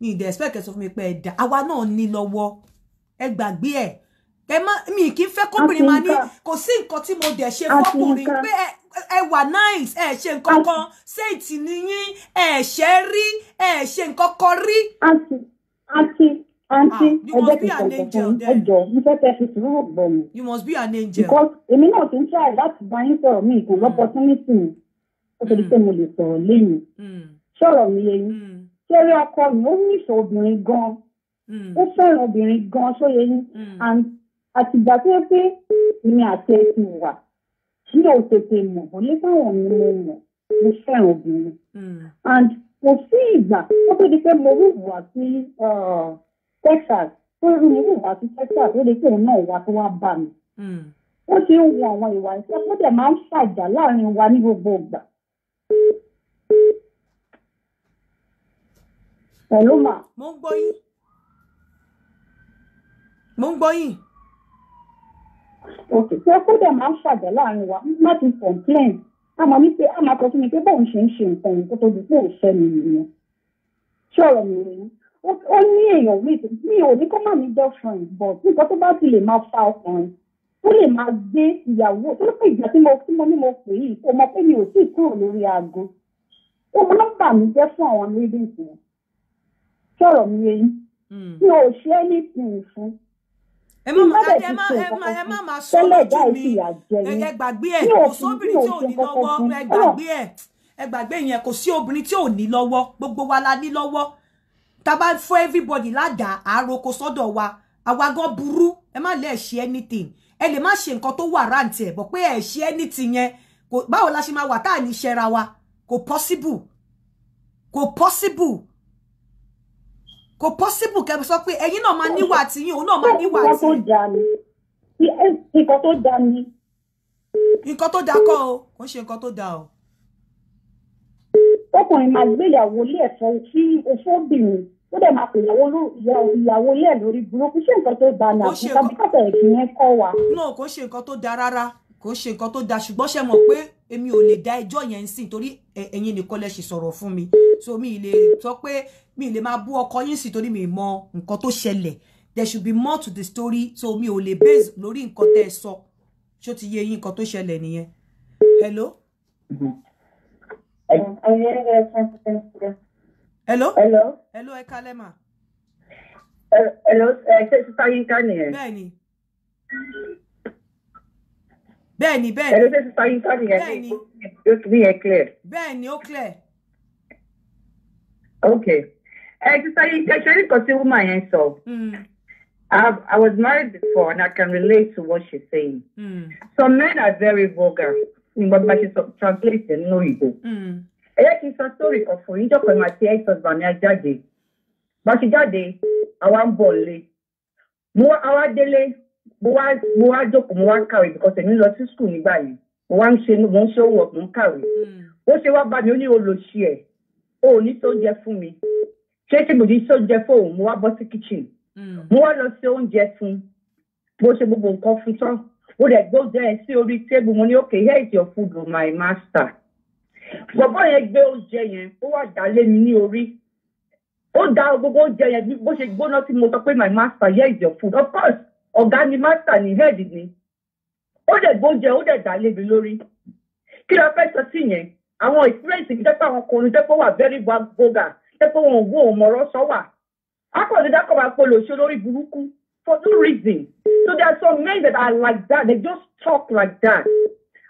mi ìdẹ̀ expect kẹ́ sọ fún mi pé ẹ̀ẹ́dà àwa náà ní lọ́wọ́ ẹ gbàgbé ẹ̀ ẹ má mi kì í fẹ́ kóbìnrin máa ní kò sí nǹkan tí mo dẹ̀ ṣe fọ́kùnrin pé ẹ wà nice ẹ ṣe nǹkan kan ṣéètì nìyín ẹ ṣe rí ẹ ṣe nǹkan kan rí. àǹtí àǹtí àǹtí ẹgbẹ́ ti sọ̀rọ̀ ẹjọ́ mi fẹ́ fẹ́ fi sùúrù gbọ̀ mi. you must be an angel. because èmi náà ti ń try láti bá yín sọ̀rọ̀ mi kò hmm. lọ́pọ̀túnítì mi ó torí hmm. pé mo lè sọ̀rọ̀ lẹ́yìn hmm. sọ̀rọ̀ mi lẹ́yìn ṣeré ọkọ mi ó nífẹ̀ẹ́ obìnrin gan-an ó fẹ́ràn obìnrin gan-an sóyè yín and àtìgbà tó yẹ pé èmi àti ẹsìn wà tí ò tètè mọ̀ ó lé fáwọn mi mo mọ̀ mo fẹ́ràn obìnrin hmm. and kò sí ìgbà ó tó di pé mo hùwà sí uh, Texas tó rí mi hùwà sí Texas ó di pé òun náà wà tó wá bá mi ó hmm. ti ń wo àwọn ìwà ìfẹ́ tó dẹ̀ máa ń ṣàjà láàrin wa ní gbogbo ìgbà. pẹ̀lú mà. mo ń gbọ́ mo ń gbọ́ òkè tí ọkọ dẹ̀ máa ń ṣàjà láàrin wa má ti complain a máa ní pé a máa kọ sí mi pé bóun ṣe ń ṣe nǹkan yìí kó tó di pé òṣẹ́ mi nìyẹn ṣọ̀rọ̀ mi nìyẹn ó ní èèyàn mi mi ò ní kó má ní girlfriend but nǹkan tó bá ti lè máa fa ọkùnrin tó lè máa gbé ìyàwó tó lópin ìgbà tí mo tí mo ní mo pè yìí kò mọ pé mi ò tíì kúrò lórí aago ó máa ń bà mí jẹ́ fún àwọn readings yẹn ṣọ̀rọ̀ mi yẹn hmm. mi ò ṣe anything fún ẹ má má ẹ má ẹ má ẹ má má sọ lójú mi ẹ gbàgbé ẹ kò sóbìnrin tí ò ní lọ́wọ́ ẹ gbàgbé ẹ ẹ gbàgbé yẹn kò sí obìnrin tí ò ní lọ́wọ́ gbogbo wa la ní lọ́wọ́ tá bá fọ́ everybody ládàá àròkọ sọ́dọ̀ wa àwa gan burú ẹ má lè ṣe anything ẹ lè má ṣe nǹkan tó wà ráǹtì ẹ bọ̀ pé ẹ ṣe anything yẹn báwo la ṣe máa wà tá à ní ṣẹra wa kò possible kò possible kò possible kẹ́ sọ pé ẹ̀yin náà máa níwà tí yín òun náà máa níwà tí yín. nǹkan tó da ni. nǹkan tó da kọ́ o kò ń ṣe nǹkan tó da o. ọkùnrin máa gbé ìyàwó ilé ẹ̀fọ́ sí òfóbìnrin ó dẹ̀ máa pè ìyàwó ilé ẹ̀ lórí burúkú ṣé nǹkan tó da ni àbúkọ́ bí ẹ̀kí yẹn kọ́ wa. náà kò ṣe nǹkan tó da rárá kò ṣe nǹkan tó da ṣùgbọ́n ṣe mọ̀ pé èmi ò lè dá ẹjọ́ yẹn ń sìn torí ẹ̀yin nìkan lẹ ṣì sọ̀rọ̀ fún mi so mi lè sọ pé mi lè máa bú ọkọ yín sí torí mi mọ nǹkan tó ṣẹlẹ̀ there should be more to the story so mi ò lè base lórí nǹkan tẹ́ ẹ sọ ṣó ti yé yín nǹkan tó ṣẹlẹ̀ nìyẹn hello. hello. hello. hello ẹ kálẹ́ mà. hello ẹ ṣe sísá yín ká nìyẹn. bẹ́ẹ̀ni bẹ́ẹ̀ni bẹ́ẹ̀ni ẹni tó ti parí sáàdì yẹn ní yóò tún yẹn clear. bẹ́ẹ̀ni ó clear. ok ẹ ti sáyé ìjẹ́sẹ̀ nìkan tí wúmà yẹn sọ. Hmm. I was married before and I can relate to what she's saying. Mm. Some men are very vulgar. But she translates no ego. Ẹ yẹ kí n sọ sórí kan fún yín jọ́pọ̀ ìmọ̀ àti ex-husband mi á jáde. Bá ṣe jáde, àwa ń bọ̀ lé. Mo mo wá mo wá jókòó mo wá ń kàwé because èmi lọ sí school nígbà yẹn mo wá ń ṣe mo ń ṣe owó mo ń kàwé hmm. ó ṣe wá bá mi ó ní olóṣì ẹ ó ní tó jẹ fún mi ṣé ṣe mo ní tó jẹ fóun mo wá bọ́ sí kitchen hmm. mo wá lọ sí oúnjẹ fún mo ṣe gbogbo nǹkan fún tán mo dẹ̀ gbóúnjẹ ẹ sí orí tébù mo ní okay here is your food o oh my master bọ̀bọ́ yẹn gbé oúnjẹ yẹn ó wà dálé mi ní orí ó dá gbogbo oúnjẹ yẹn bó ṣe gbóná tí mo sọ pé my master here is your food of course ọ̀gá ni mástà ní head ni ó dẹ̀ gbóúnjẹ ó dẹ̀ dà lébi lórí kí ló fẹ́ sọ sí yẹn àwọn experience ìjẹ́pọ̀ àwọn ọkùnrin jẹ́pọ̀ wà very vulgar jẹ́pọ̀ wọn ò gbọ́ òmọ̀rọ̀ sọ wà akọ̀dé dákọ̀ bá polo ṣe lórí burúkú for two reasons so there are some men that are like that they just talk like that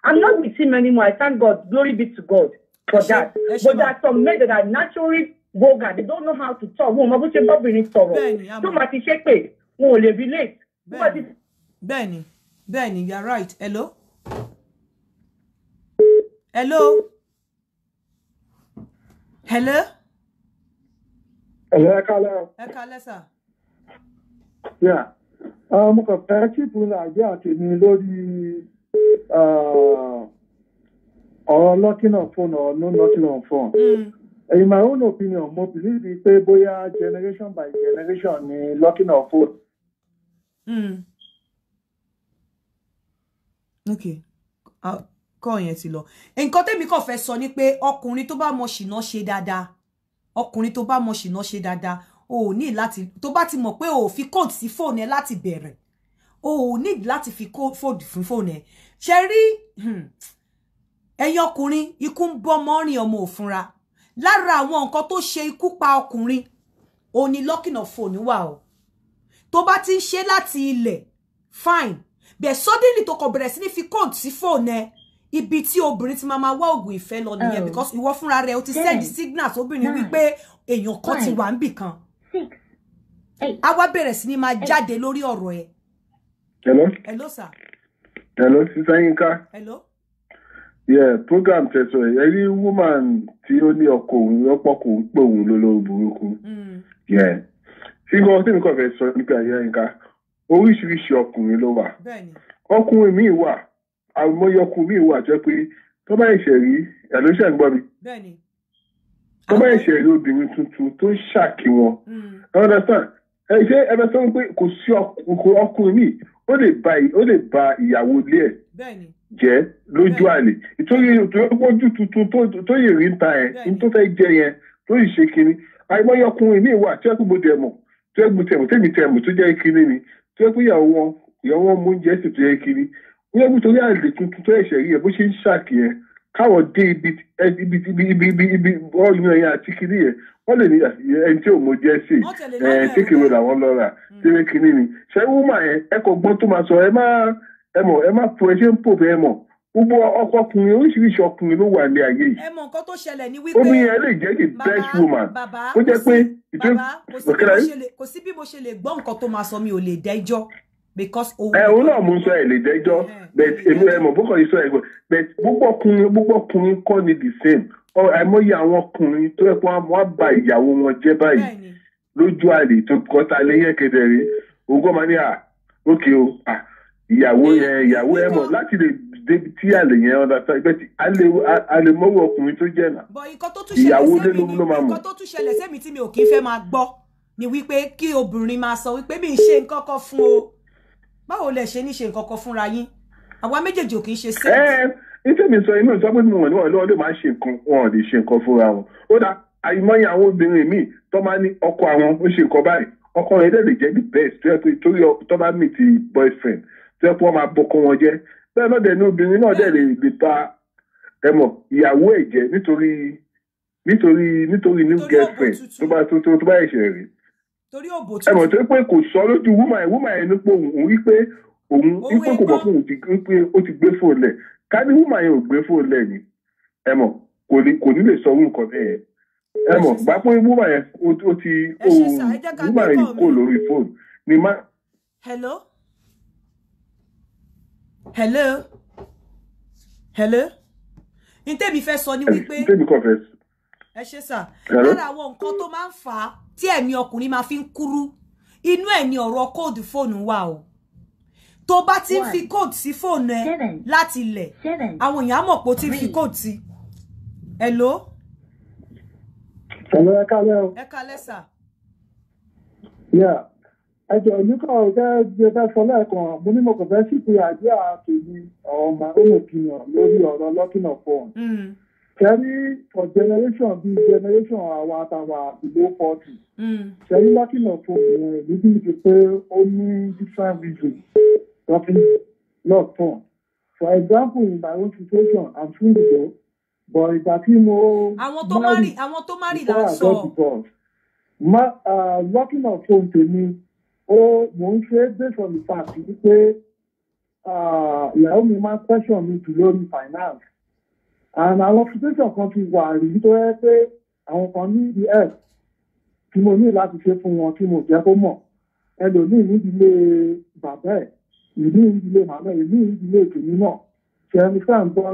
I'm not with him anymore I thank God glory be to God for that but there are some men that are naturally vulgar they don't know how to talk wọn ò mọ bó ṣe bọ́bìnrin sọ̀rọ̀ tó máa ti ṣépè wọn ò lè relate bẹ́ẹ̀ni bẹ́ẹ̀ni you are right hello hello hello. hello ẹ kálẹ́. ẹ kálẹ́ sà. Ah, mo kàn fẹ́ kíkù nàìjíríà tèmi lórí ah, ọ̀rọ̀ lọ́kìnà fóònù or no lọ́kìnà fóònù. Mm. in my own opinion mo believe pé boya generation by generation ni lọ́kìnà phone. Mm. Okay. Kọ́ yẹn ti lọ. Nǹkan tẹ́mi kàn fẹ́ sọ ni pé ọkùnrin tó bá mo ṣìnà ṣe dáadáa. Ọkùnrin tó bá mọ ṣìnà ṣe dáadáa. O ò ní láti tó bá ti mọ̀ pé o ò fi kóòdù sí fóònù ẹ láti bẹ̀rẹ̀. O ò ní láti fi kóòdù fún fóònù ẹ. Ṣé rí hmm. ẹ̀yin ọkùnrin ikú ń bọ́ mọ́rin ọmọ òfunra. Lára àwọn nǹkan tó ṣe ikú pa ọkùnrin, òun ni lọ́kìnà fóònù wà o tó bá ti ń ṣe láti ilẹ̀ fine bẹ́ẹ̀ suddenly tó kàn bẹ̀rẹ̀ sí ní fi code sí fóònù ẹ ibi tí obìnrin ti máa ma wá oògùn ìfẹ́ lọ nìyẹn oh. because ìwọ fúnra rẹ o ti send signals obìnrin wípé èèyàn kan ti wà níbì kan a wá bẹ̀rẹ̀ sí ní máa jáde lórí ọ̀rọ̀ ẹ. hello. hello sir. hello sísá yínká. hello. yeah program tẹsán ẹ ẹ rí woman tí ó ní ọkọ òun lọpọkọ òun pé òun lólobùrúkú. Hmm. yeah ṣùgbọ́n tí nǹkan fẹ́ sọ nípa ìyá nǹka oríṣiríṣi ọkùnrin ló wà ọkùnrin míì wà àmọye ọkùnrin míì wà jẹ́ pé tó bá ẹ̀ṣẹ̀ rí ẹ̀ ló ṣẹ̀ ń gbọ́ mi tó bá ẹ̀ṣẹ̀ rí obìnrin tuntun tó ń ṣàkí wọn hmm. understand ẹ ṣe ẹ fẹ́ sọ pé kò sí ọkùnrin míì ó lè ba ìyàwó ilé ẹ̀ jẹ́ lójú àlè ìtòyè ojú tuntun tó yè rí ń ta ẹ̀ ní tó fẹ́ jẹ yẹn tó yìí ṣe kiri àìmọye ọkùnrin míì wà tí ẹ kú gbọdọ̀ mọ̀ tẹ́gbùtẹ̀mù tẹ́gbùtẹ̀mù tó jẹ́ kínní ni tó yẹ pé ìyàwó wọn ìyàwó wọn mú oúnjẹ sì tó yẹ kínní wọ́n yẹ kó torí àlè tuntun tó ẹ̀ṣẹ̀ rí ẹ̀ bó ṣe ń ṣàkì yẹn káwọn dé ibi ibi ibi ibi ibi bọ́ọ̀lù yẹn àti kínní yẹn wọ́n lè ní ẹni tí ò mọ jẹ́ sí ẹ̀ kékeré làwọn lọ rà tẹ́lẹ̀ kínní ni ṣé wúmà yẹn ẹ kò gbọ́n tó máa sọ ẹ má ẹ mọ̀ ẹ má po ẹ ṣe ń pò bẹ́ẹ̀ mọ̀ gbogbo ọkọkùnrin oríṣiríṣi ọkùnrin ló wà ní ayé yìí. ẹ mọ nǹkan tó ṣẹlẹ̀ ni wípé omi yẹn lè jẹ́ the best woman ó jẹ́ pé ìtú ìkẹlẹ. kò sí bí mo ṣe lè gbọ́ nǹkan tó máa sọ mi ò lè dẹ́jọ́ because òun. ẹ òun náà mú sọ ẹ lè dẹ́jọ́ but èmi ẹ mọ bókọ yìí sọ ẹ but gbogbo ọkùnrin gbogbo ọkùnrin kọ́ ni the same àìmọye àwọn ọkùnrin tó yẹ kó wọn bá ìyàwó wọn jẹ́ báyìí lójú àlè tó kọta lẹ́yìn kedere ogún ọmọ ní à ókè o ìyàwó yẹn ìyàwó ẹ mọ láti lè débi tí àlè yẹn ọ̀dà tó ẹgbẹ́ tí àlè mọ́wọ́ ọkùnrin tó jẹ́ náà ìyàwó lé ló máa mọ̀. nǹkan tó tún ṣẹlẹ̀ sẹ́mi tí mi ò kí ń fẹ́ máa gbọ́ ni wípé kí obìnrin máa sọ wípé mi ń ṣe nǹkan kan fún o báwo lẹ ṣe ní ṣe nǹkan kan fúnra yín àwa méjèèjì ò kì í ṣe sẹ́mi. ẹ ẹ ní tèmi sọ inú ìsọpẹ́ mi wọ̀n ní wọ́n lọ́wọ́ lè máa ṣe nǹkan wọn ò lè ṣe nǹkan fúnra wọn ó dá àìmọye àwọn obìnrin míì tó máa ní ọkọ àwọn ó ṣe nǹkan báyìí ọkọ rẹ̀ lè jẹ́ the boyfriend tó yẹ kó wọ́n máa bọ́kọ́ bẹ́ẹ̀ náà dẹ̀ ní obìnrin náà dẹ̀ lè lè ta ẹmọ ìyàwó ẹ̀ jẹ́ nítorí nítorí nítorí new girlfriend tó bá tó tó bá ẹ̀ṣẹ̀ rí ẹmọ tó pé kò sọ lójú wúmà ẹ̀ wúmà ẹ̀ nípò òun wí pé òun wí pé kò mọ̀ fún òun ti pé ó ti gbé fóònù lẹ̀ ká ní wúmà yẹn ò gbé fóònù lẹ̀ ni ẹmọ kò ní kò ní lè sọ orúkọ bẹ́ẹ̀ ẹ mọ̀ pé wúmà yẹn ó ti wúmà yẹn kò lórí fóònù ni má. hello hello hello n tèmi fẹ́ sọ ni wípé tèmi kò fẹ́ ẹ ṣe sà lára àwọn nǹkan tó máa ń fà á tí ẹ̀mí ọkùnrin máa fi ń kúrú inú ẹ̀ ni ọ̀rọ̀ kóòdù fóònù wà o tó bá ti fi kóòdù sí fóònù ẹ láti ilẹ̀ àwọn èèyàn mọ̀ pé ti fi kóòdù sí hello. hello ẹ kálẹ́ o yeah ẹjọ nípa ọgá ẹgbẹ bá sọ lẹ́ẹ̀kan mo ní mo kò fẹ́ sí pé àjẹ àtòyí ọ̀rọ̀ màlúù opinion lórí ọ̀rọ̀ locking of phone. kẹrí hmm. for generation bíi generation àwọn àtàwà below forty. kẹrí hmm. locking of phone yẹn níbi ìdí pé ó ní different reasons locking lock phone. for example in my own situation i'm single but ìgbà tí mo. àwọn tó má rí àwọn tó má rí là ń sọ. Uh, locking of phone tèmi ó mò ń ṣe based on the fact wípé ah, ìyàwó mi máa question mi jù lórí finance and àwọn observation kan ti wà rí tó yẹ pé àwọn kan ní the help tí mo ní láti ṣe fún wọn tí mo jẹ́ kó mọ̀ ẹlòmíì nídìílé bàbá ẹ̀ ìlú ìdílé màmá ìlú ìdílé tèmi náà ṣe ẹni sáà ń bọ́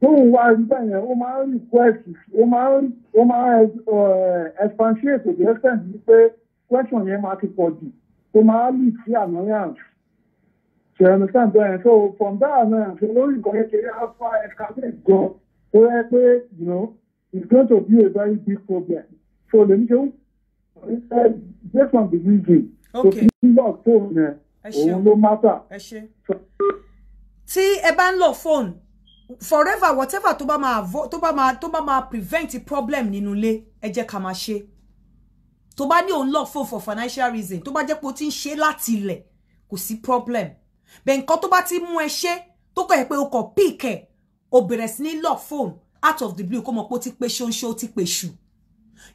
tóun wá rí bẹ́yẹn ó máa ń request ó máa ń ó máa ń eh, expansion to the extent wípé question yẹn máa ti pọ̀ jù ó máa lì sí annoyance to understand bẹ́ẹ̀ so from that annoyance olórí nǹkan kékeré á fa ẹ̀ka bẹ́ẹ̀ gan tó yẹ pé you know it's going to be a very big problem so lèmi ṣe ń based on the reason tó fi ń lọ fóònù yẹn òun ló mátà. tí ẹ bá ń lọ fóònù forever whatever tó bá máa tó bá máa tó bá máa prevent problem nínú ilé ẹ jẹ́ ká máa ṣe tó bá ní òun love phone for financial reason tó bá jẹ́ pé o ti ń ṣe láti ilẹ̀ problem bẹ́ẹ̀ nǹkan tó bá ti mú ẹ ṣe tó kọ̀ ẹ́ pé o kọ̀ pick ẹ̀ o bẹ̀rẹ̀ sí ní love phone out of the blue kó mọ̀ pé o ti pe ṣonṣo o ti pe ṣù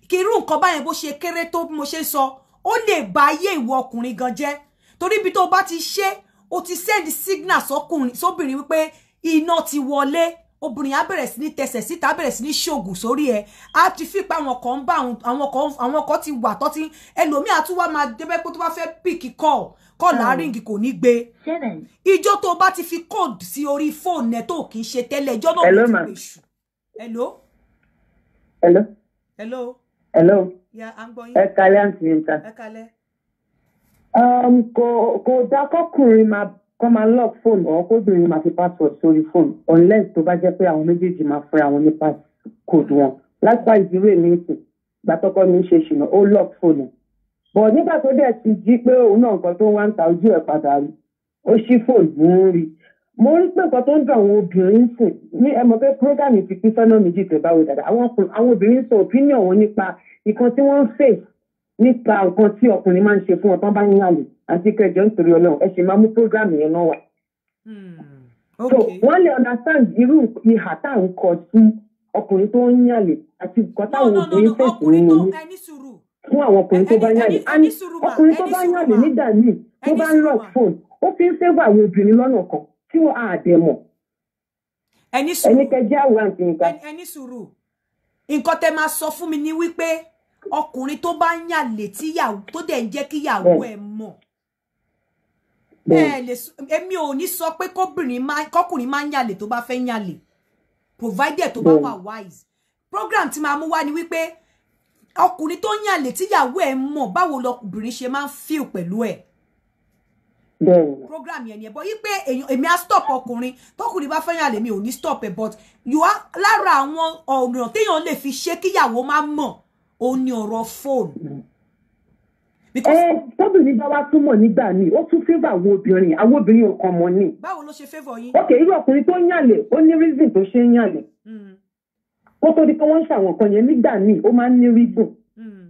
kí irú nǹkan báyẹn bó ṣe kéré tó bí mo ṣe so ó lè ba ayé ìwọ ọkùnrin gan jẹ́ torí ibi tó o ti ṣe o ti send signal sọkùnrin sóbìnrin wípé iná ti wọlé obìnrin á bẹ̀rẹ̀ sí ní tẹsẹ̀ síta á bẹ̀rẹ̀ sí ní ṣoògùn sórí ẹ̀ á ti fi pa àwọn kan bá àwọn kan àwọn kan ti wà tó ti ẹlòmíà tún wá máa débẹ́ pé tó bá fẹ́ píkì kọ́ọ̀ kọ́ọ̀lù àríǹgì kò ní gbé ìjọ tó bá ti fi kóòdù sí orí fóònù ẹ̀ tó kì í ṣe tẹ́lẹ̀ ìjọ náà ló ti pè ṣù. hello. hello. hello. hello. ẹ kalẹ́ àǹtí yín ta. ẹ kalẹ́. Um, kò kò dákọ́kùnrin máa kó máa lock phone or kóbìnrin máa fi password sórí phone unless tó bá jẹ́ pé àwọn méjèèjì máa fúnra wọn ní passcode wọn lápá ìdúró èmi ìsìn gbàtọ́kọ mi ṣe ṣùnà ó lock phone bọ̀ nígbà tó dẹ̀ ti jí pé òun náà nǹkan tó ń wá ń ta ojú ẹ̀ padà rí ó ṣí phone mú un rí mo rí pé nǹkan tó ń dùn àwọn obìnrin sìn ní ẹ mọ̀ pé program ti pín sọ́nà méjì tẹ̀ báwo dáadáa àwọn obìnrin sọ opinion wọn nípa nǹkan tí wọ́n ń face nípa nǹkan tí ọkùnrin máa ń ṣe fún ọ tán bá ń yàlè àti kẹjọ nítorí Ọlọ́run ẹ sì máa mú program yẹn náà wá. Hmm, so wọ́n lè understand irú ìhà nkọ kọ sí ọkùnrin tó ń yàlè àti nǹkan táwọn obìnrin fún àwọn ọkùnrin tó bá bá yàlè nígbà míì tó bá ń ó fi ń àwọn obìnrin lọ́nà kan tí wọ́n á dẹ̀ mọ̀. ẹni kẹjẹ àwọn àǹtí sọ fún mi wípé ọkùnrin tó bá ń yàn létí yàwó tó dẹ̀ ń jẹ́ kí yàwó ẹ̀ mọ̀ èmi ò ní sọ pé kọkùnrin máa ń yàlè tó bá fẹ́ yàlè provided tó bá wà wise program tí máa mú wá ni wípé ọkùnrin tó ń yàlè tíyàwó ẹ̀ mọ̀ báwo lọkùnrin ṣe máa ń feel pẹ̀lú ẹ̀ program yẹn ni ẹ bọ yí pé èmi á stop ọkùnrin tọkùnrin bá fẹ́ yàlè mi ò ní stop ẹ but you are lára àwọn ọ̀nà téèyàn lè fi ṣe kíyàwó máa mọ̀ ó ní ọ̀rọ̀ fóònù. ẹ eh, bá wá túmọ̀ nígbà míì ó tún fẹ́fà àwọn obìnrin àwọn obìnrin ọmọ ni. báwo ok irú ọkùnrin tó ń yànlẹ̀ ó ní reason tó ṣe ń yànlẹ̀. Hmm. kó tó di pé wọ́n ń ṣàwọn kan yẹn nígbà míì ó máa ń ní hmm.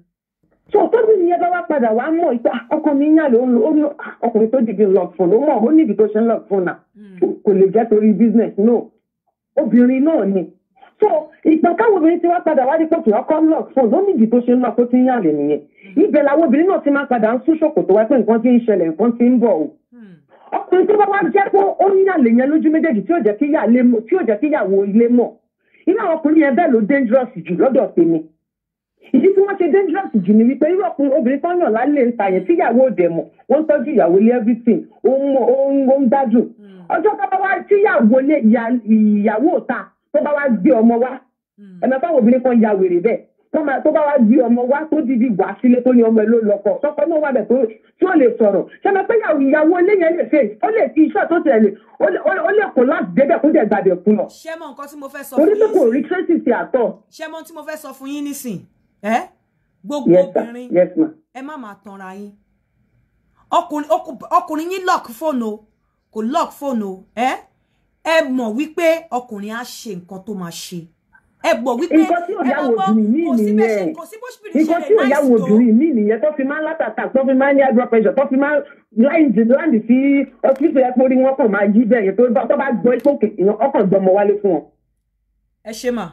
so tóbìnrin yẹn bá wá padà wá mọ̀ ìgbà ah, ọkọ mi yànlẹ̀ ó ní ah, ọkùnrin tó dìde lọ fún un ó mọ̀ ó tó ṣe ń hmm. business no so ìgbà káwọn obìnrin ti wá padà wá rí pé kì í ọkọ lọ fún ló nídìí tó ṣe ń lọ kó ti ń yàrá nìyẹn ibẹ̀ làwọn obìnrin náà ti máa padà ń sún ṣòkòtò wá pé nǹkan ti ń ṣẹlẹ̀ nǹkan ti ń bọ̀ o hmm. ọkùnrin tó bá wá jẹ́ pé ó ń yàlè yẹn lójú méjèèjì tí ò jẹ́ kí ìyàwó ilé mọ̀ irú àwọn ọkùnrin yẹn bẹ́ẹ̀ ló dangerous jù lọ́dọ̀ tèmi ìdí tí wọ́n ṣe dangerous jù ni wípé irú ọkùnrin obìnrin kan yàn lálẹ́ ńta yẹn tíyàwó òde mọ̀ wọ́n ń tọ́jú ìyàwó ilé everything ó ń gbádùn hmm. ọjọ́ tó bá wá tíyàwó ìyàwó òta tó bá wá gbé ọmọ wá ẹ̀mẹ́ hmm. fáwọn obìnrin kan ya wèrè bẹ́ẹ̀ tó bá wá gbé ọmọ wá tó dìbì wá sílé tó ní ọmọ ẹ ló lọkọ tọkọ náà wà bẹ̀ tó tí ó lè sọ̀rọ̀ ṣẹlẹ pé ìyàwó ilé yẹn lè ṣe ó lè fi iṣẹ́ tó tẹ̀lé ó lè kó láti débẹ̀ kó dẹ̀ gbàdẹ̀ kú lọ. ṣẹ́mọ̀ nǹkan tí mo fẹ́ sọ fún yín orí tó kò rí tracy ti àtọ̀. ṣẹ́mọ̀ tí mo fẹ́ sọ fún yín nísìn ẹ́ gbogbo obìnrin ẹ má máa tanra yín ọkùnrin yín lock fóònù o kò lock fóònù o ẹ́ ẹ mọ̀ wípé ọkùnrin á ṣe nǹkan tó máa ṣe ẹ gbọ́ wípé nǹkan tí òyà obìnrin mí nìyẹn nǹkan tí òyà obìnrin mí nìyẹn tó fi máa ń látàtà tó fi máa ń ní high blood pressure tó fi máa láìdì láìdì sí ọfíìsì ẹ̀pọ̀ orí wọn kàn máa yí bẹ́ẹ̀ yẹn tó bá gbọ́ ipò kéèyàn ọkàn gbọ́mọ wálé fún wọn. ẹ ṣe mà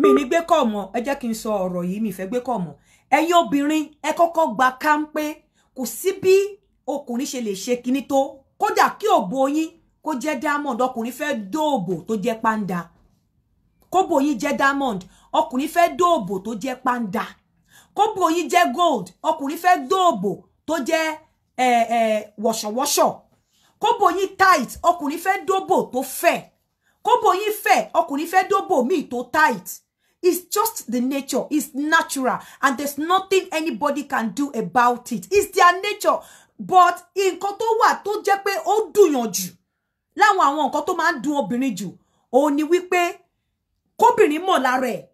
mí ní gbé kọ́ mọ́ ẹ jẹ́ kí n sọ ọ̀rọ̀ yìí mi fẹ́ gbé kọ́ mọ́ ẹ̀yin obìnrin ẹ kọ́kọ́ gba káńpé kò sí bí ọkùnrin ṣe lè ṣe kinní tó kódà kí ògbó yín Ko jẹ́ diamond ọkùnrin fe dobo to jẹ́ panda kóbò yìí jẹ́ diamond ọkùnrin fe dobo to jẹ́ panda kóbò yìí jẹ́ gold ọkùnrin fe dobo to jẹ́ eh, eh, wọ̀ṣọ̀wọ̀ṣọ̀ kóbò yìí tight ọkùnrin fẹ́ dóòbò tó fẹ̀ kóbò yìí fẹ̀ ọkùnrin fe dobo mi to tight It's just the nature. It's natural. And there's nothing anybody can do about it. It's their nature. But in koto tó to tó jẹ́ pé ó dùnyànjú láwọn àwọn nǹkan tó máa ń dùn obìnrin jù òun ni wípé kóbìnrin mọ̀ lára ẹ̀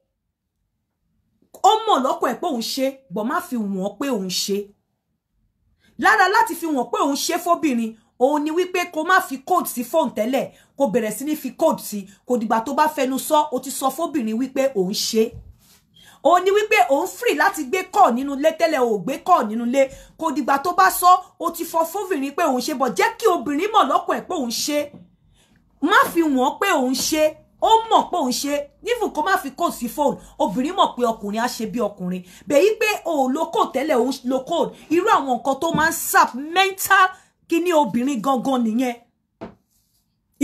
ó mọ̀ lọ́kọ̀ ẹ̀ pé òun ṣe bọ̀ má fi wọ́n pé òun ṣe lára láti fi wọ́n pé òun ṣe fóbìnrin òun ni wípé kó má fi code sí fóònù tẹ́lẹ̀ kó bẹ̀rẹ̀ sí ní fi code sí kò dìgbà tó bá fẹnu sọ ó ti sọ fóbìnrin wípé òun ṣe o ni wípé òun free láti gbé kọ́ nínú ilé tẹ́lẹ̀ o gbé kọ́ nínú ilé kò dìgbà tó bá sọ ó ti fọ fóbìnrin pé òun ṣe bọ̀ jẹ́ kí obìnrin mọ̀ lọ́kọ̀ ẹ̀ pé òun ṣe má fi o pé òun ṣe ó mọ̀ pé òun ṣe even kó má fi kóòdù sí fóònù obìnrin mọ̀ pé ọkùnrin á ṣe bí ọkùnrin bẹ̀yí pé o ò lo kóòdù tẹ́lẹ̀ òun lo kóòdù irú àwọn nǹkan tó máa sap mental kíní obìnrin gangan nìyẹn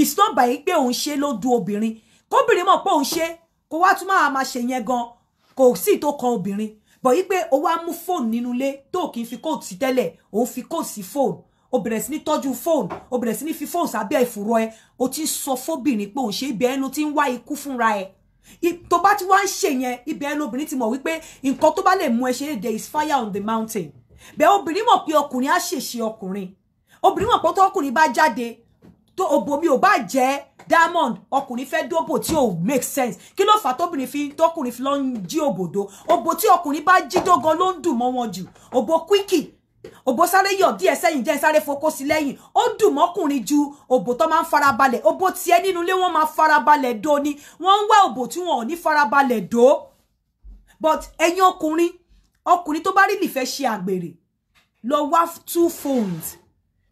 it's not by pé òun ṣe ló du obìnrin kóbìnrin mọ̀ pé òun ṣe kó wá tún máa máa ṣe yẹn gan kò sí tó kan obìnrin bọ̀ yí pé o wá mú fóònù nínú ilé tó kì í fi kóòtù sí tẹ́lẹ̀ o fi kóòtù sí fóònù o bẹ̀rẹ̀ sí ní tọ́jú fóònù o bẹ̀rẹ̀ sí ní fi fóònù sábẹ́ ìfúrọ́ ẹ o ti sọ fóbìnrin pé òun ṣe ibẹ̀ ẹ ló ti ń wá ikú fúnra ẹ tó bá ti wá ń ṣe yẹn ibẹ̀ ẹ lóbìnrin ti mọ̀ wípé nǹkan tó bá lè mú ẹ ṣe é there is fire on the mountain bẹ́ẹ̀ obìnrin mọ̀ pé ọkùnrin á ṣèṣe ọkùnrin obìnrin mọ̀ pé tọkùnrin bá jáde tó òbòmí ò bá jẹ́ diamond ọkùnrin fẹ́ dóbò tí ò make sense kí ló fà tóbìnrin fi tọkùnrin fi lọ ń jí òbòdó òbò tí ọkùnrin bá jí dógan ló ń dùn mọ́ wọn jù òbò quickie òbò sáré yọ díẹ̀ sẹ́yìn jẹ́ sáré fokó sí lẹ́yìn ó dùn mọ́kùnrin ju òbò tó máa ń farabalẹ̀ òbò tiẹ̀ nínú ilé wọ́n máa farabalẹ̀ dó ni wọ́n ń wá òbò tí wọn ò ní farabalẹ̀ dó but ẹ̀yin ọkùnrin ọkùnrin tó bá rí lìfẹ́ ṣe àgbèrè lọ wá two phones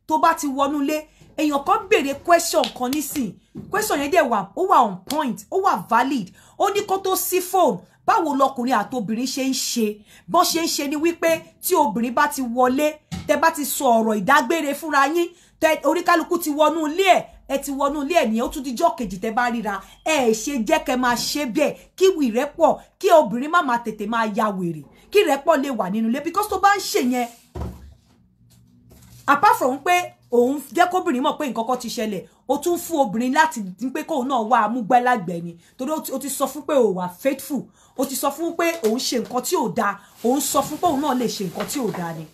tó bá ti wọnú ilé èèyàn kan béèrè question kan nísìn question yẹn dẹ̀ wà ó wà on point ó wà valid ó ní kó tó sí phone báwo lọkùnrin àti obìnrin ṣe ń ṣe bọ́n ṣe ń ṣe ni wípé tí obìnrin bá ti wọlé tẹ bá ti sọ ọ̀rọ̀ ìdágbére fúnra yín tẹ oríkálukú ti wọnú ilé ẹ̀ ẹ ti wọnú ilé ẹ̀ nìyẹn ó tún dijọ́ kejì tẹ bá ríra ẹ ṣe jẹ́ kẹ máa ṣe bẹ́ẹ̀ kí ìrẹ́pọ̀ kí obìnrin má máa tètè máa ya wèrè kí ìrẹ́pọ̀ lè wà nínú ilé because tó bá ń ṣe apart from pé òun jẹ́ kóbìnrin mọ̀ pé nǹkan kan ti ṣẹlẹ̀ ó tún fún obìnrin láti dín pé kóun náà wá amúgbálàgbẹ̀ ni torí ó ti sọ fún pé ó wà faithful ó ti sọ fún pé òun ṣe nǹkan tí ò dáa òun sọ fún pé òun náà lè ṣe nǹkan tí ò dáa ni